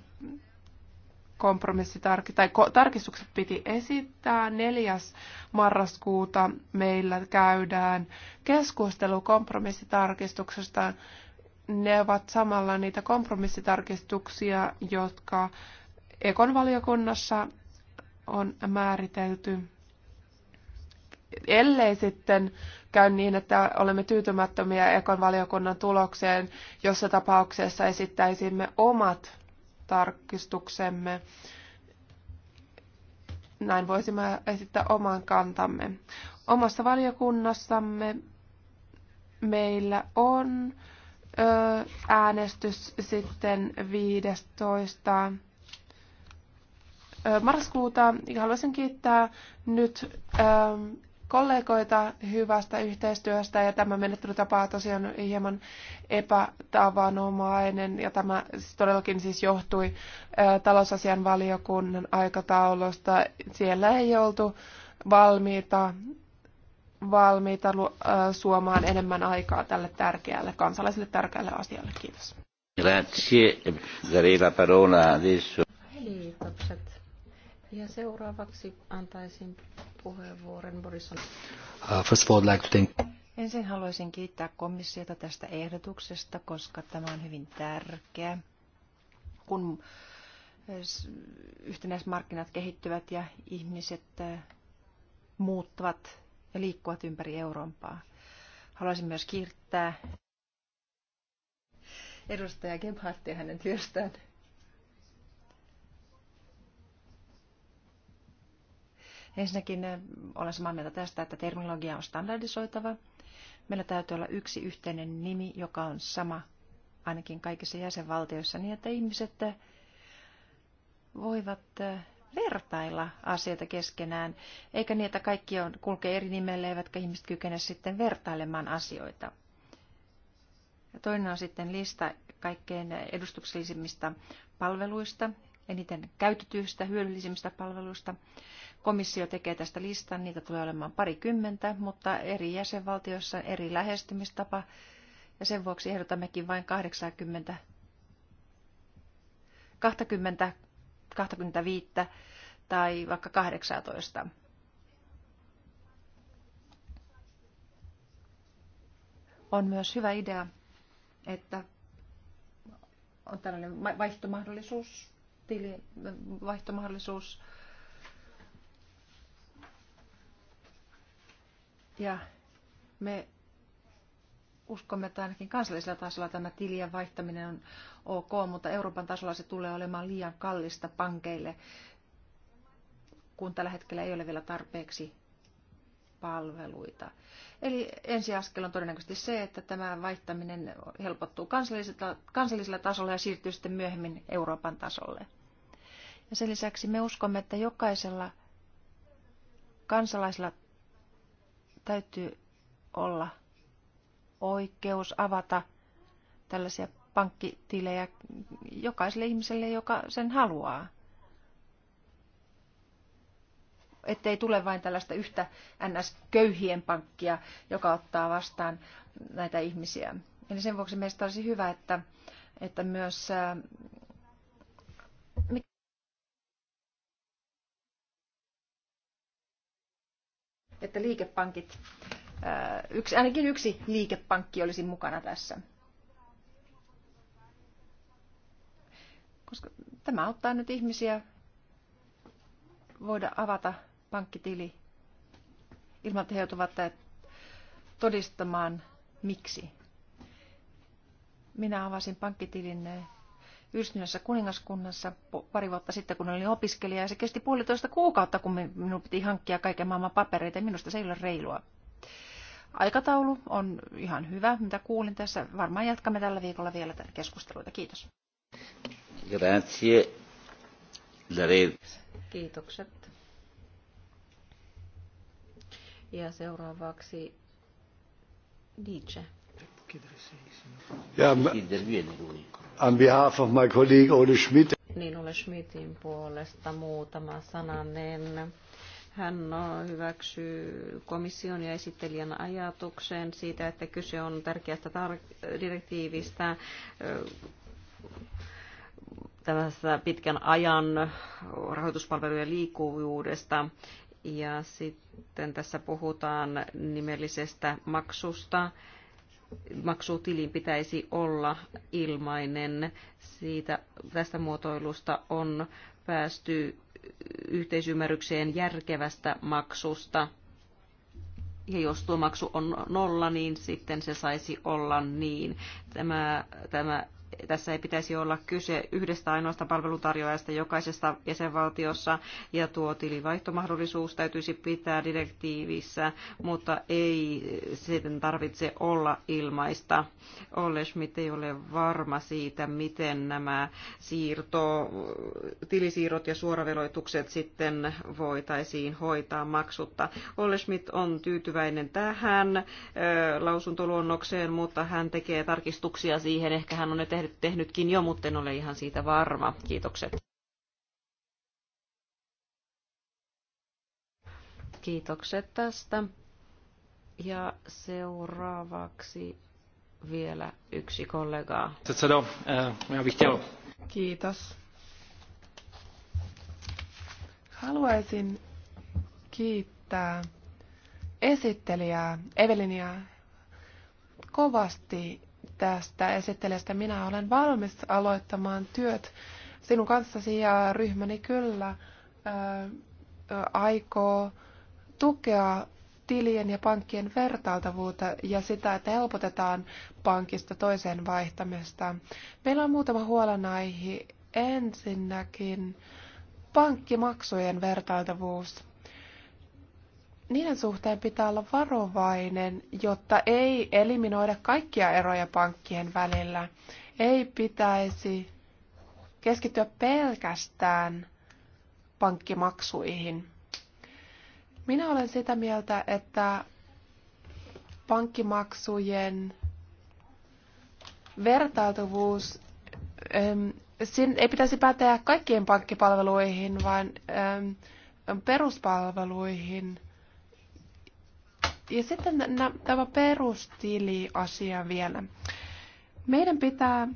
kompromissi tai ko- tarkistukset piti esittää. 4. marraskuuta meillä käydään keskustelu kompromissitarkistuksesta. Ne ovat samalla niitä kompromissitarkistuksia, jotka Ekon valiokunnassa on määritelty. Ellei sitten käy niin, että olemme tyytymättömiä ekon valiokunnan tulokseen, jossa tapauksessa esittäisimme omat tarkistuksemme. Näin voisimme esittää oman kantamme. Omassa valiokunnassamme meillä on äänestys sitten 15 marraskuuta ja haluaisin kiittää nyt kollegoita hyvästä yhteistyöstä ja tämä menettelytapa on tosiaan hieman epätavanomainen ja tämä todellakin siis johtui talousasian valiokunnan aikataulusta. Siellä ei oltu valmiita valmiita suomaan enemmän aikaa tälle tärkeälle, kansalaiselle tärkeälle asialle. Kiitos. Grazie. parola adesso. Ja seuraavaksi antaisin puheenvuoron Borison. Uh, first of all, I'd like to thank... Ensin haluaisin kiittää komissiota tästä ehdotuksesta, koska tämä on hyvin tärkeä, kun äh, yhtenäismarkkinat kehittyvät ja ihmiset äh, muuttavat ja liikkuvat ympäri Eurooppaa. Haluaisin myös kiittää edustaja Gebhardtia hänen työstään. Ensinnäkin eh, olen samaa mieltä tästä, että terminologia on standardisoitava. Meillä täytyy olla yksi yhteinen nimi, joka on sama ainakin kaikissa jäsenvaltioissa, niin että ihmiset eh, voivat eh, vertailla asioita keskenään, eikä niin, että kaikki on, kulkee eri nimelle, eivätkä ihmiset kykene sitten vertailemaan asioita. Ja toinen on sitten lista kaikkein edustuksellisimmista palveluista, eniten käytetyistä, hyödyllisimmistä palveluista. Komissio tekee tästä listan, niitä tulee olemaan parikymmentä, mutta eri jäsenvaltioissa eri lähestymistapa, ja sen vuoksi ehdotammekin vain 80, 20, 25 tai vaikka 18. On myös hyvä idea, että on tällainen vaihtomahdollisuus, tili, vaihtomahdollisuus Ja me uskomme, että ainakin kansallisella tasolla tämä tilien vaihtaminen on ok, mutta Euroopan tasolla se tulee olemaan liian kallista pankeille, kun tällä hetkellä ei ole vielä tarpeeksi palveluita. Eli ensiaskel on todennäköisesti se, että tämä vaihtaminen helpottuu kansallisella, kansallisella tasolla ja siirtyy sitten myöhemmin Euroopan tasolle. Ja sen lisäksi me uskomme, että jokaisella kansalaisella täytyy olla oikeus avata tällaisia pankkitilejä jokaiselle ihmiselle, joka sen haluaa. Ettei tule vain tällaista yhtä NS-köyhien pankkia, joka ottaa vastaan näitä ihmisiä. Eli sen vuoksi meistä olisi hyvä, että, että myös äh, että liikepankit, äh, yksi, ainakin yksi liikepankki olisi mukana tässä. Koska tämä auttaa nyt ihmisiä voida avata pankkitili ilman, että he joutuvat todistamaan miksi. Minä avasin pankkitilin äh, Yhdistyneessä kuningaskunnassa pari vuotta sitten, kun olin opiskelija, ja se kesti puolitoista kuukautta, kun minun piti hankkia kaiken maailman papereita, ja minusta se ei ole reilua. Aikataulu on ihan hyvä, mitä kuulin tässä. Varmaan jatkamme tällä viikolla vielä tätä keskusteluita. Kiitos. Grazie. Kiitokset. Ja seuraavaksi DJ. Ja, on behalf of my colleague Ole Schmidt. Niin Ole Schmidtin puolesta muutama sananen. Hän hyväksyy komission ja esittelijän ajatuksen siitä, että kyse on tärkeästä tar- direktiivistä tällaisesta pitkän ajan rahoituspalvelujen liikkuvuudesta. Ja sitten tässä puhutaan nimellisestä maksusta maksutilin pitäisi olla ilmainen. Siitä, tästä muotoilusta on päästy yhteisymmärrykseen järkevästä maksusta. Ja jos tuo maksu on nolla, niin sitten se saisi olla niin. Tämä, tämä tässä ei pitäisi olla kyse yhdestä ainoasta palveluntarjoajasta jokaisessa jäsenvaltiossa ja tuo tilivaihtomahdollisuus täytyisi pitää direktiivissä, mutta ei sitten tarvitse olla ilmaista. Olle Schmidt ei ole varma siitä, miten nämä siirto, tilisiirrot ja suoraveloitukset sitten voitaisiin hoitaa maksutta. Olle Schmidt on tyytyväinen tähän ö, lausuntoluonnokseen, mutta hän tekee tarkistuksia siihen. Ehkä hän on ne tehnytkin jo, mutta en ole ihan siitä varma. Kiitokset. Kiitokset tästä. Ja seuraavaksi vielä yksi kollega. Eh, Kiitos. Haluaisin kiittää esittelijää Evelinia kovasti tästä esittelijästä. Minä olen valmis aloittamaan työt sinun kanssasi ja ryhmäni kyllä ää, aikoo tukea tilien ja pankkien vertailtavuutta ja sitä, että helpotetaan pankista toiseen vaihtamista. Meillä on muutama huolenaihe. Ensinnäkin pankkimaksujen vertailtavuus niiden suhteen pitää olla varovainen, jotta ei eliminoida kaikkia eroja pankkien välillä. Ei pitäisi keskittyä pelkästään pankkimaksuihin. Minä olen sitä mieltä, että pankkimaksujen vertailtavuus ähm, ei pitäisi päteä kaikkiin pankkipalveluihin, vaan ähm, peruspalveluihin. Ja sitten tämä perustiliasia vielä. Meidän pitää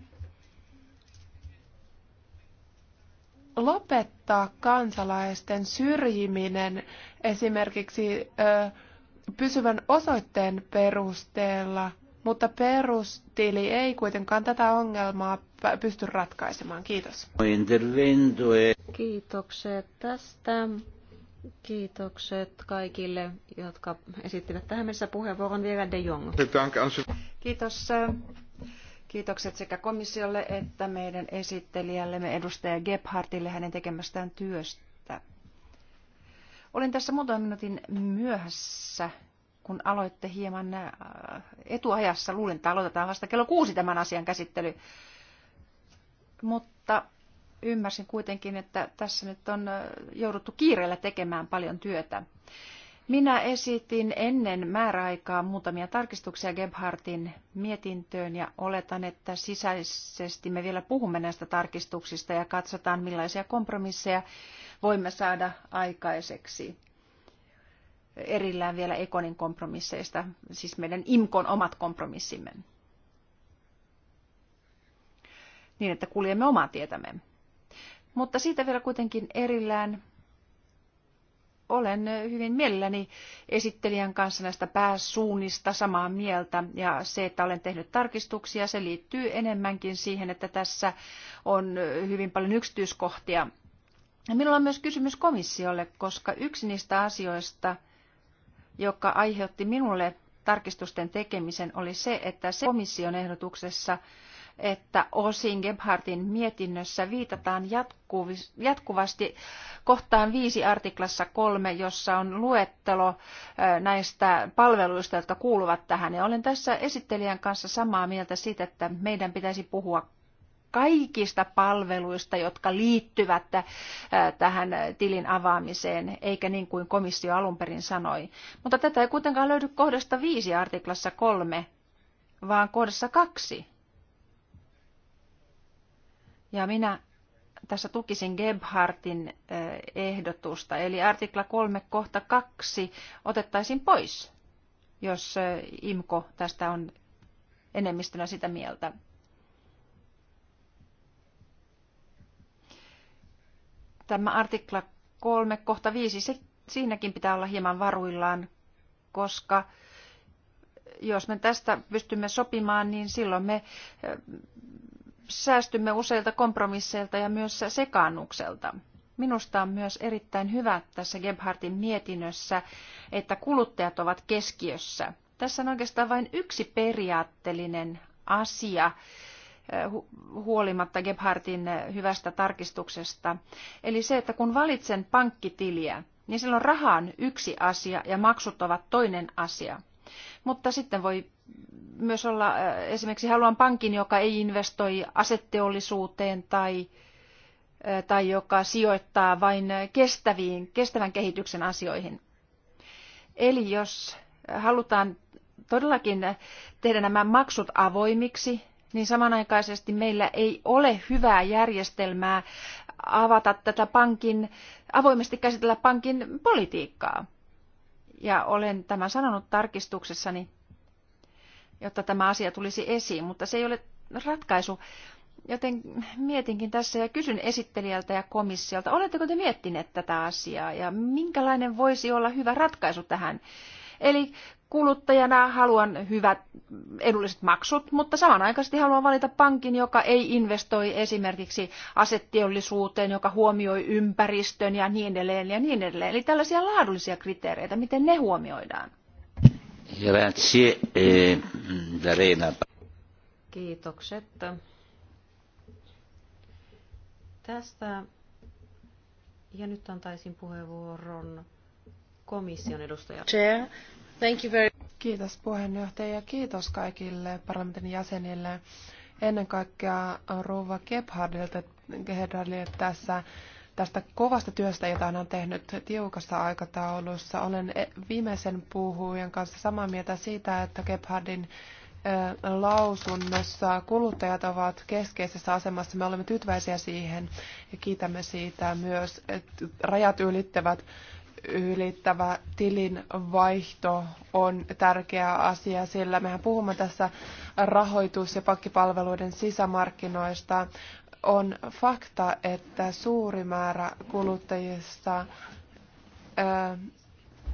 lopettaa kansalaisten syrjiminen esimerkiksi ö, pysyvän osoitteen perusteella, mutta perustili ei kuitenkaan tätä ongelmaa pysty ratkaisemaan. Kiitos. E- Kiitokset tästä. Kiitokset kaikille, jotka esittivät tähän mennessä puheenvuoron vielä De Jong. Kiitos. Kiitokset sekä komissiolle että meidän esittelijällemme edustaja Gebhardille hänen tekemästään työstä. Olin tässä muutaman minuutin myöhässä, kun aloitte hieman äh, etuajassa. Luulen, että aloitetaan vasta kello kuusi tämän asian käsittely. Mutta ymmärsin kuitenkin, että tässä nyt on jouduttu kiireellä tekemään paljon työtä. Minä esitin ennen määräaikaa muutamia tarkistuksia Gebhardin mietintöön ja oletan, että sisäisesti me vielä puhumme näistä tarkistuksista ja katsotaan, millaisia kompromisseja voimme saada aikaiseksi. Erillään vielä Ekonin kompromisseista, siis meidän IMKon omat kompromissimme. Niin, että kuljemme omaa tietämme. Mutta siitä vielä kuitenkin erillään olen hyvin mielelläni esittelijän kanssa näistä pääsuunnista samaa mieltä ja se, että olen tehnyt tarkistuksia, se liittyy enemmänkin siihen, että tässä on hyvin paljon yksityiskohtia. Minulla on myös kysymys komissiolle, koska yksi niistä asioista, joka aiheutti minulle tarkistusten tekemisen, oli se, että se komission ehdotuksessa että osin Gebhardin mietinnössä viitataan jatkuvasti kohtaan viisi artiklassa kolme, jossa on luettelo näistä palveluista, jotka kuuluvat tähän. Ja olen tässä esittelijän kanssa samaa mieltä siitä, että meidän pitäisi puhua kaikista palveluista, jotka liittyvät tähän tilin avaamiseen, eikä niin kuin komissio alun perin sanoi. Mutta tätä ei kuitenkaan löydy kohdasta 5 artiklassa 3, vaan kohdassa 2. Ja minä tässä tukisin Gebhardin ehdotusta, eli artikla 3 kohta 2 otettaisiin pois, jos IMKO tästä on enemmistönä sitä mieltä. Tämä artikla 3 kohta 5, se, siinäkin pitää olla hieman varuillaan, koska jos me tästä pystymme sopimaan, niin silloin me säästymme useilta kompromisseilta ja myös sekaannukselta. Minusta on myös erittäin hyvä tässä Gebhardin mietinnössä, että kuluttajat ovat keskiössä. Tässä on oikeastaan vain yksi periaatteellinen asia eh, huolimatta Gebhardin hyvästä tarkistuksesta. Eli se, että kun valitsen pankkitiliä, niin silloin raha on yksi asia ja maksut ovat toinen asia. Mutta sitten voi myös olla, äh, esimerkiksi haluan pankin, joka ei investoi asetteollisuuteen tai, äh, tai joka sijoittaa vain kestäviin, kestävän kehityksen asioihin. Eli jos halutaan todellakin tehdä nämä maksut avoimiksi, niin samanaikaisesti meillä ei ole hyvää järjestelmää avata tätä pankin, avoimesti käsitellä pankin politiikkaa. Ja olen tämän sanonut tarkistuksessani jotta tämä asia tulisi esiin, mutta se ei ole ratkaisu. Joten mietinkin tässä ja kysyn esittelijältä ja komissiolta, oletteko te miettineet tätä asiaa ja minkälainen voisi olla hyvä ratkaisu tähän? Eli kuluttajana haluan hyvät edulliset maksut, mutta samanaikaisesti haluan valita pankin, joka ei investoi esimerkiksi asetteollisuuteen, joka huomioi ympäristön ja niin edelleen ja niin edelleen. Eli tällaisia laadullisia kriteereitä, miten ne huomioidaan? Eh, Kiitokset tästä. Ja nyt antaisin puheenvuoron komission edustajalle. thank you very... Kiitos puheenjohtaja ja kiitos kaikille parlamentin jäsenille. Ennen kaikkea Rouva Gebhardilta tässä tästä kovasta työstä, jota hän on tehnyt tiukassa aikataulussa. Olen e- viimeisen puhujan kanssa samaa mieltä siitä, että Gebhardin lausunnossa kuluttajat ovat keskeisessä asemassa. Me olemme tyytyväisiä siihen ja kiitämme siitä myös, että rajat ylittävät ylittävä tilinvaihto on tärkeä asia, sillä mehän puhumme tässä rahoitus- ja pankkipalveluiden sisämarkkinoista on fakta, että suuri määrä kuluttajista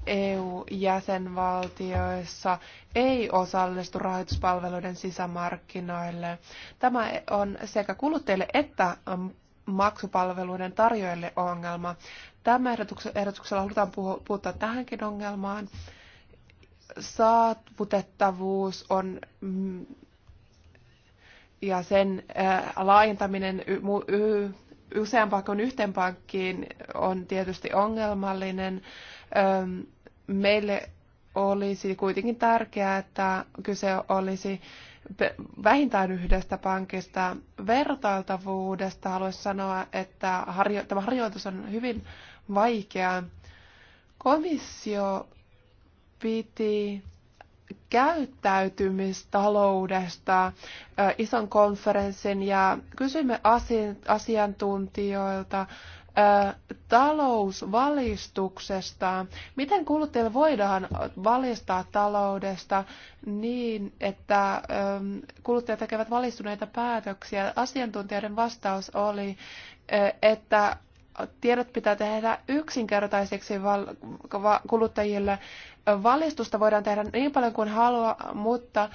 EU-jäsenvaltioissa ei osallistu rahoituspalveluiden sisämarkkinoille. Tämä on sekä kuluttajille että maksupalveluiden tarjoajille ongelma. Tämä ehdotuksella halutaan puuttua tähänkin ongelmaan. Saavutettavuus on ja sen äh, laajentaminen useampaan kuin yhteen pankkiin on tietysti ongelmallinen. Ähm, meille olisi kuitenkin tärkeää, että kyse olisi vähintään yhdestä pankista vertailtavuudesta. Haluaisin sanoa, että harjo- tämä harjoitus on hyvin vaikea. Komissio piti käyttäytymistaloudesta ison konferenssin ja kysymme asiantuntijoilta talousvalistuksesta. Miten kuluttajille voidaan valistaa taloudesta niin, että kuluttajat tekevät valistuneita päätöksiä? Asiantuntijoiden vastaus oli, että tiedot pitää tehdä yksinkertaiseksi val- kuluttajille. Valistusta voidaan tehdä niin paljon kuin haluaa, mutta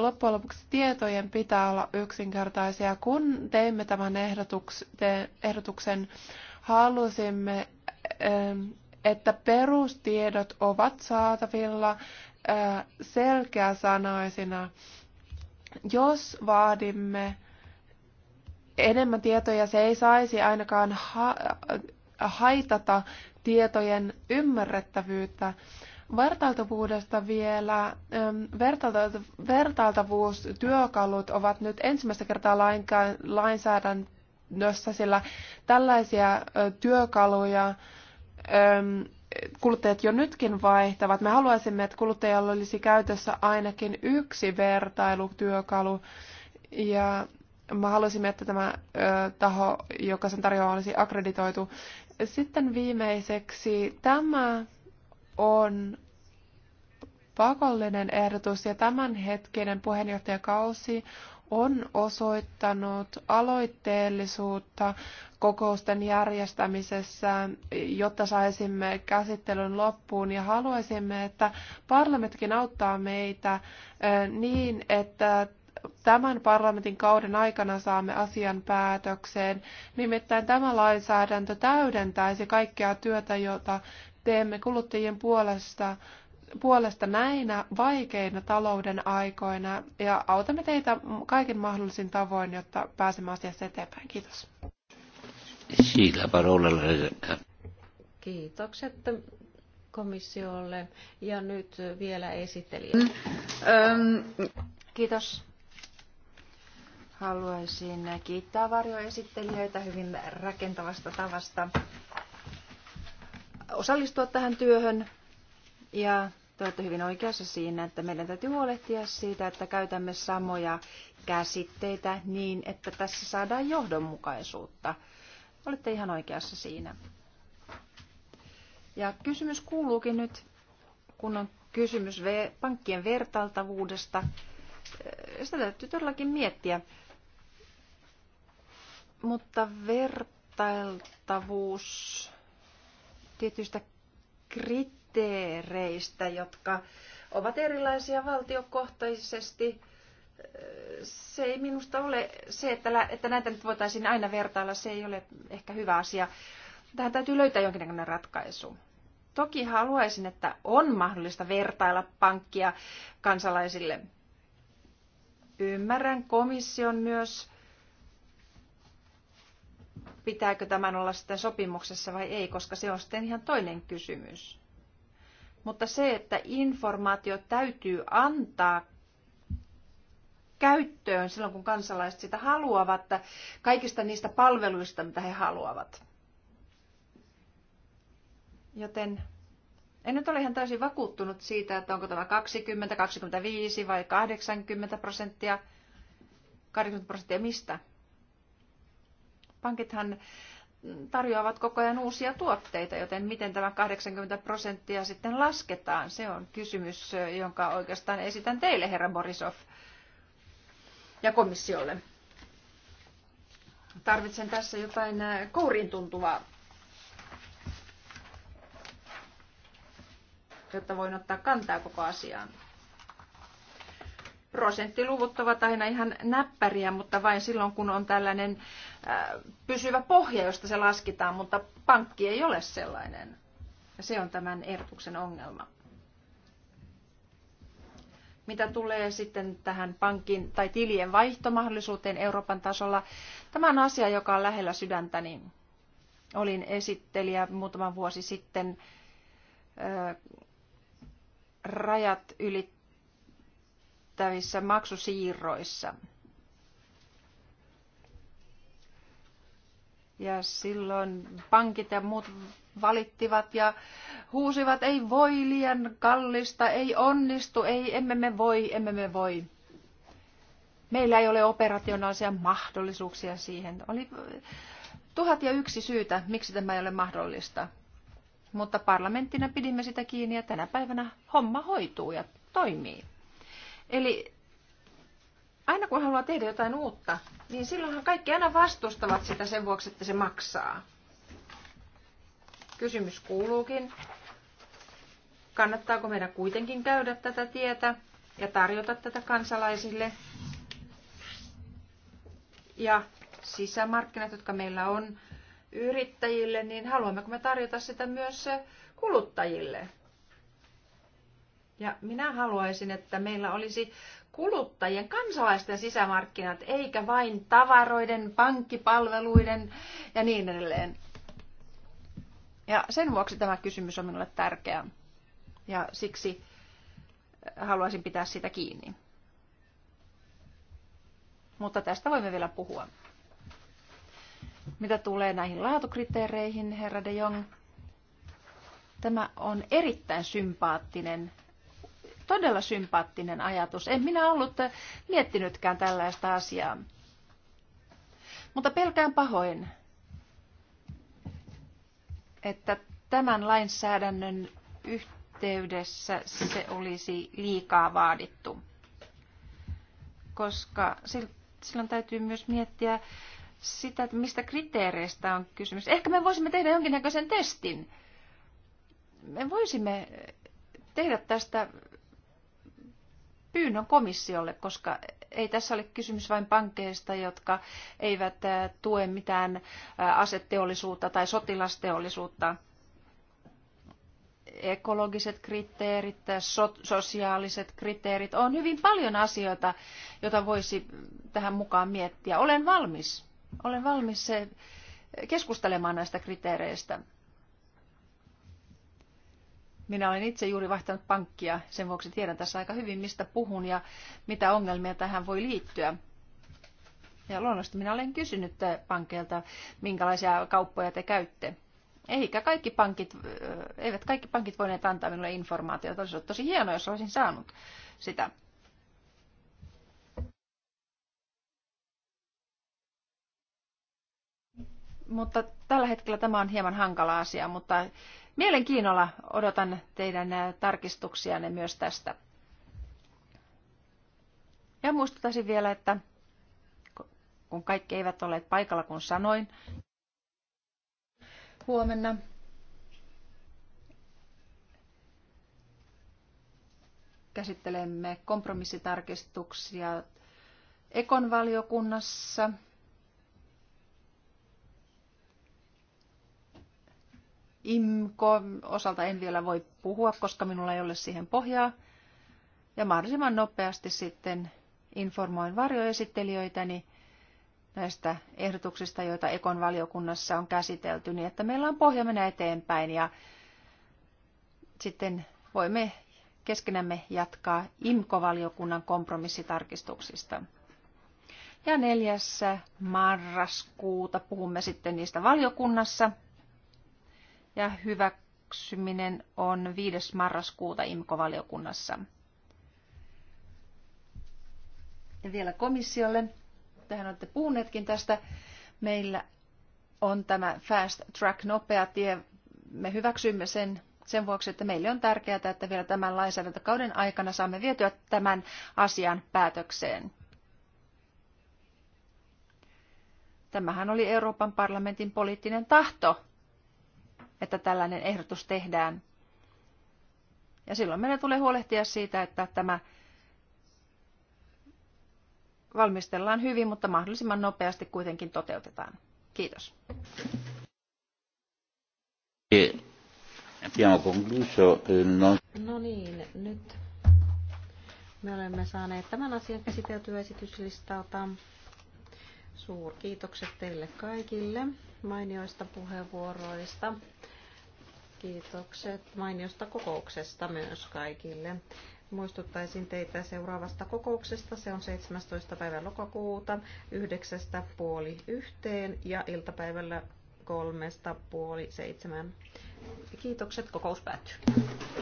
loppujen lopuksi tietojen pitää olla yksinkertaisia. Kun teimme tämän ehdotuks- te- ehdotuksen, halusimme, että perustiedot ovat saatavilla selkeäsanaisina. Jos vaadimme enemmän tietoja se ei saisi ainakaan ha- haitata tietojen ymmärrettävyyttä. Vertailtavuudesta vielä. Ähm, vertailtavuustyökalut ovat nyt ensimmäistä kertaa lainsäädännössä, sillä tällaisia työkaluja ähm, kuluttajat jo nytkin vaihtavat. Me haluaisimme, että kuluttajalla olisi käytössä ainakin yksi vertailutyökalu. Ja Mä haluaisin, että tämä ö, taho, joka sen tarjoaa, olisi akkreditoitu. Sitten viimeiseksi tämä on pakollinen ehdotus ja tämänhetkinen puheenjohtajakausi on osoittanut aloitteellisuutta kokousten järjestämisessä, jotta saisimme käsittelyn loppuun ja haluaisimme, että parlamentkin auttaa meitä niin, että tämän parlamentin kauden aikana saamme asian päätökseen. Nimittäin tämä lainsäädäntö täydentäisi kaikkea työtä, jota teemme kuluttajien puolesta, puolesta näinä vaikeina talouden aikoina ja autamme teitä kaiken mahdollisin tavoin, jotta pääsemme asiassa eteenpäin. Kiitos. Kiitokset komissiolle ja nyt vielä esittelijä. Mm, ähm. Kiitos Haluaisin kiittää varjoesittelijöitä hyvin rakentavasta tavasta osallistua tähän työhön. Ja te olette hyvin oikeassa siinä, että meidän täytyy huolehtia siitä, että käytämme samoja käsitteitä niin, että tässä saadaan johdonmukaisuutta. Olette ihan oikeassa siinä. Ja kysymys kuuluukin nyt, kun on kysymys pankkien vertailtavuudesta, sitä täytyy todellakin miettiä mutta vertailtavuus tietyistä kriteereistä, jotka ovat erilaisia valtiokohtaisesti, se ei minusta ole se, että, että näitä nyt voitaisiin aina vertailla, se ei ole ehkä hyvä asia. Tähän täytyy löytää jonkinnäköinen ratkaisu. Toki haluaisin, että on mahdollista vertailla pankkia kansalaisille. Ymmärrän komission myös pitääkö tämän olla sitten sopimuksessa vai ei, koska se on sitten ihan toinen kysymys. Mutta se, että informaatio täytyy antaa käyttöön silloin, kun kansalaiset sitä haluavat, kaikista niistä palveluista, mitä he haluavat. Joten en nyt ole ihan täysin vakuuttunut siitä, että onko tämä 20, 25 vai 80 prosenttia. 80 prosenttia mistä? Pankithan tarjoavat koko ajan uusia tuotteita, joten miten tämä 80 prosenttia sitten lasketaan, se on kysymys, jonka oikeastaan esitän teille, herra Borisov, ja komissiolle. Tarvitsen tässä jotain äh, kouriin tuntuvaa, jotta voin ottaa kantaa koko asiaan prosenttiluvut ovat aina ihan näppäriä, mutta vain silloin, kun on tällainen äh, pysyvä pohja, josta se lasketaan, mutta pankki ei ole sellainen. Ja se on tämän ehdotuksen ongelma. Mitä tulee sitten tähän pankin tai tilien vaihtomahdollisuuteen Euroopan tasolla, tämä on asia, joka on lähellä sydäntäni. Olin esittelijä muutama vuosi sitten äh, rajat yli tehtävissä maksusiirroissa. Ja silloin pankit ja muut valittivat ja huusivat, ei voi liian kallista, ei onnistu, ei, emme me voi, emme me voi. Meillä ei ole operationaalisia mahdollisuuksia siihen. Oli tuhat ja yksi syytä, miksi tämä ei ole mahdollista. Mutta parlamenttina pidimme sitä kiinni ja tänä päivänä homma hoituu ja toimii. Eli aina kun haluaa tehdä jotain uutta, niin silloinhan kaikki aina vastustavat sitä sen vuoksi, että se maksaa. Kysymys kuuluukin, kannattaako meidän kuitenkin käydä tätä tietä ja tarjota tätä kansalaisille. Ja sisämarkkinat, jotka meillä on yrittäjille, niin haluammeko me tarjota sitä myös kuluttajille? Ja minä haluaisin, että meillä olisi kuluttajien, kansalaisten sisämarkkinat, eikä vain tavaroiden, pankkipalveluiden ja niin edelleen. Ja sen vuoksi tämä kysymys on minulle tärkeä. Ja siksi äh, haluaisin pitää sitä kiinni. Mutta tästä voimme vielä puhua. Mitä tulee näihin laatukriteereihin, herra de Jong, tämä on erittäin sympaattinen todella sympaattinen ajatus. En minä ollut eh, miettinytkään tällaista asiaa. Mutta pelkään pahoin, että tämän lainsäädännön yhteydessä se olisi liikaa vaadittu. Koska silloin täytyy myös miettiä sitä, että mistä kriteereistä on kysymys. Ehkä me voisimme tehdä jonkinnäköisen testin. Me voisimme tehdä tästä pyynnön komissiolle, koska ei tässä ole kysymys vain pankeista, jotka eivät tue mitään aseteollisuutta tai sotilasteollisuutta. Ekologiset kriteerit, so- sosiaaliset kriteerit, on hyvin paljon asioita, joita voisi tähän mukaan miettiä. Olen valmis, olen valmis keskustelemaan näistä kriteereistä. Minä olen itse juuri vaihtanut pankkia, sen vuoksi tiedän tässä aika hyvin, mistä puhun ja mitä ongelmia tähän voi liittyä. Ja luonnollisesti minä olen kysynyt pankeilta, minkälaisia kauppoja te käytte. Eikä kaikki pankit, eivät kaikki pankit voineet antaa minulle informaatiota. Olisi ollut tosi hienoa, jos olisin saanut sitä. Mutta tällä hetkellä tämä on hieman hankala asia, mutta Mielenkiinnolla odotan teidän tarkistuksianne myös tästä. Ja muistuttaisin vielä, että kun kaikki eivät ole paikalla, kun sanoin huomenna, käsittelemme kompromissitarkistuksia Ekon valiokunnassa – IMKO osalta en vielä voi puhua, koska minulla ei ole siihen pohjaa. Ja mahdollisimman nopeasti sitten informoin varjoesittelijöitäni näistä ehdotuksista, joita Ekon valiokunnassa on käsitelty, niin että meillä on pohja mennä eteenpäin ja sitten voimme keskenämme jatkaa IMKO-valiokunnan kompromissitarkistuksista. Ja neljässä marraskuuta puhumme sitten niistä valiokunnassa – ja hyväksyminen on 5. marraskuuta IMKO-valiokunnassa. Ja vielä komissiolle, tähän olette puhuneetkin tästä, meillä on tämä fast track, nopea tie. Me hyväksymme sen sen vuoksi, että meille on tärkeää, että vielä tämän lainsäädäntökauden aikana saamme vietyä tämän asian päätökseen. Tämähän oli Euroopan parlamentin poliittinen tahto että tällainen ehdotus tehdään. Ja silloin meidän tulee huolehtia siitä, että tämä valmistellaan hyvin, mutta mahdollisimman nopeasti kuitenkin toteutetaan. Kiitos. Eh, no niin, nyt me olemme saaneet tämän asian käsiteltyä esityslistalta. Suurkiitokset teille kaikille mainioista puheenvuoroista. Kiitokset mainiosta kokouksesta myös kaikille. Muistuttaisin teitä seuraavasta kokouksesta. Se on 17. päivä lokakuuta yhdeksästä puoli yhteen ja iltapäivällä kolmesta puoli seitsemän. Kiitokset, kokous päättyy.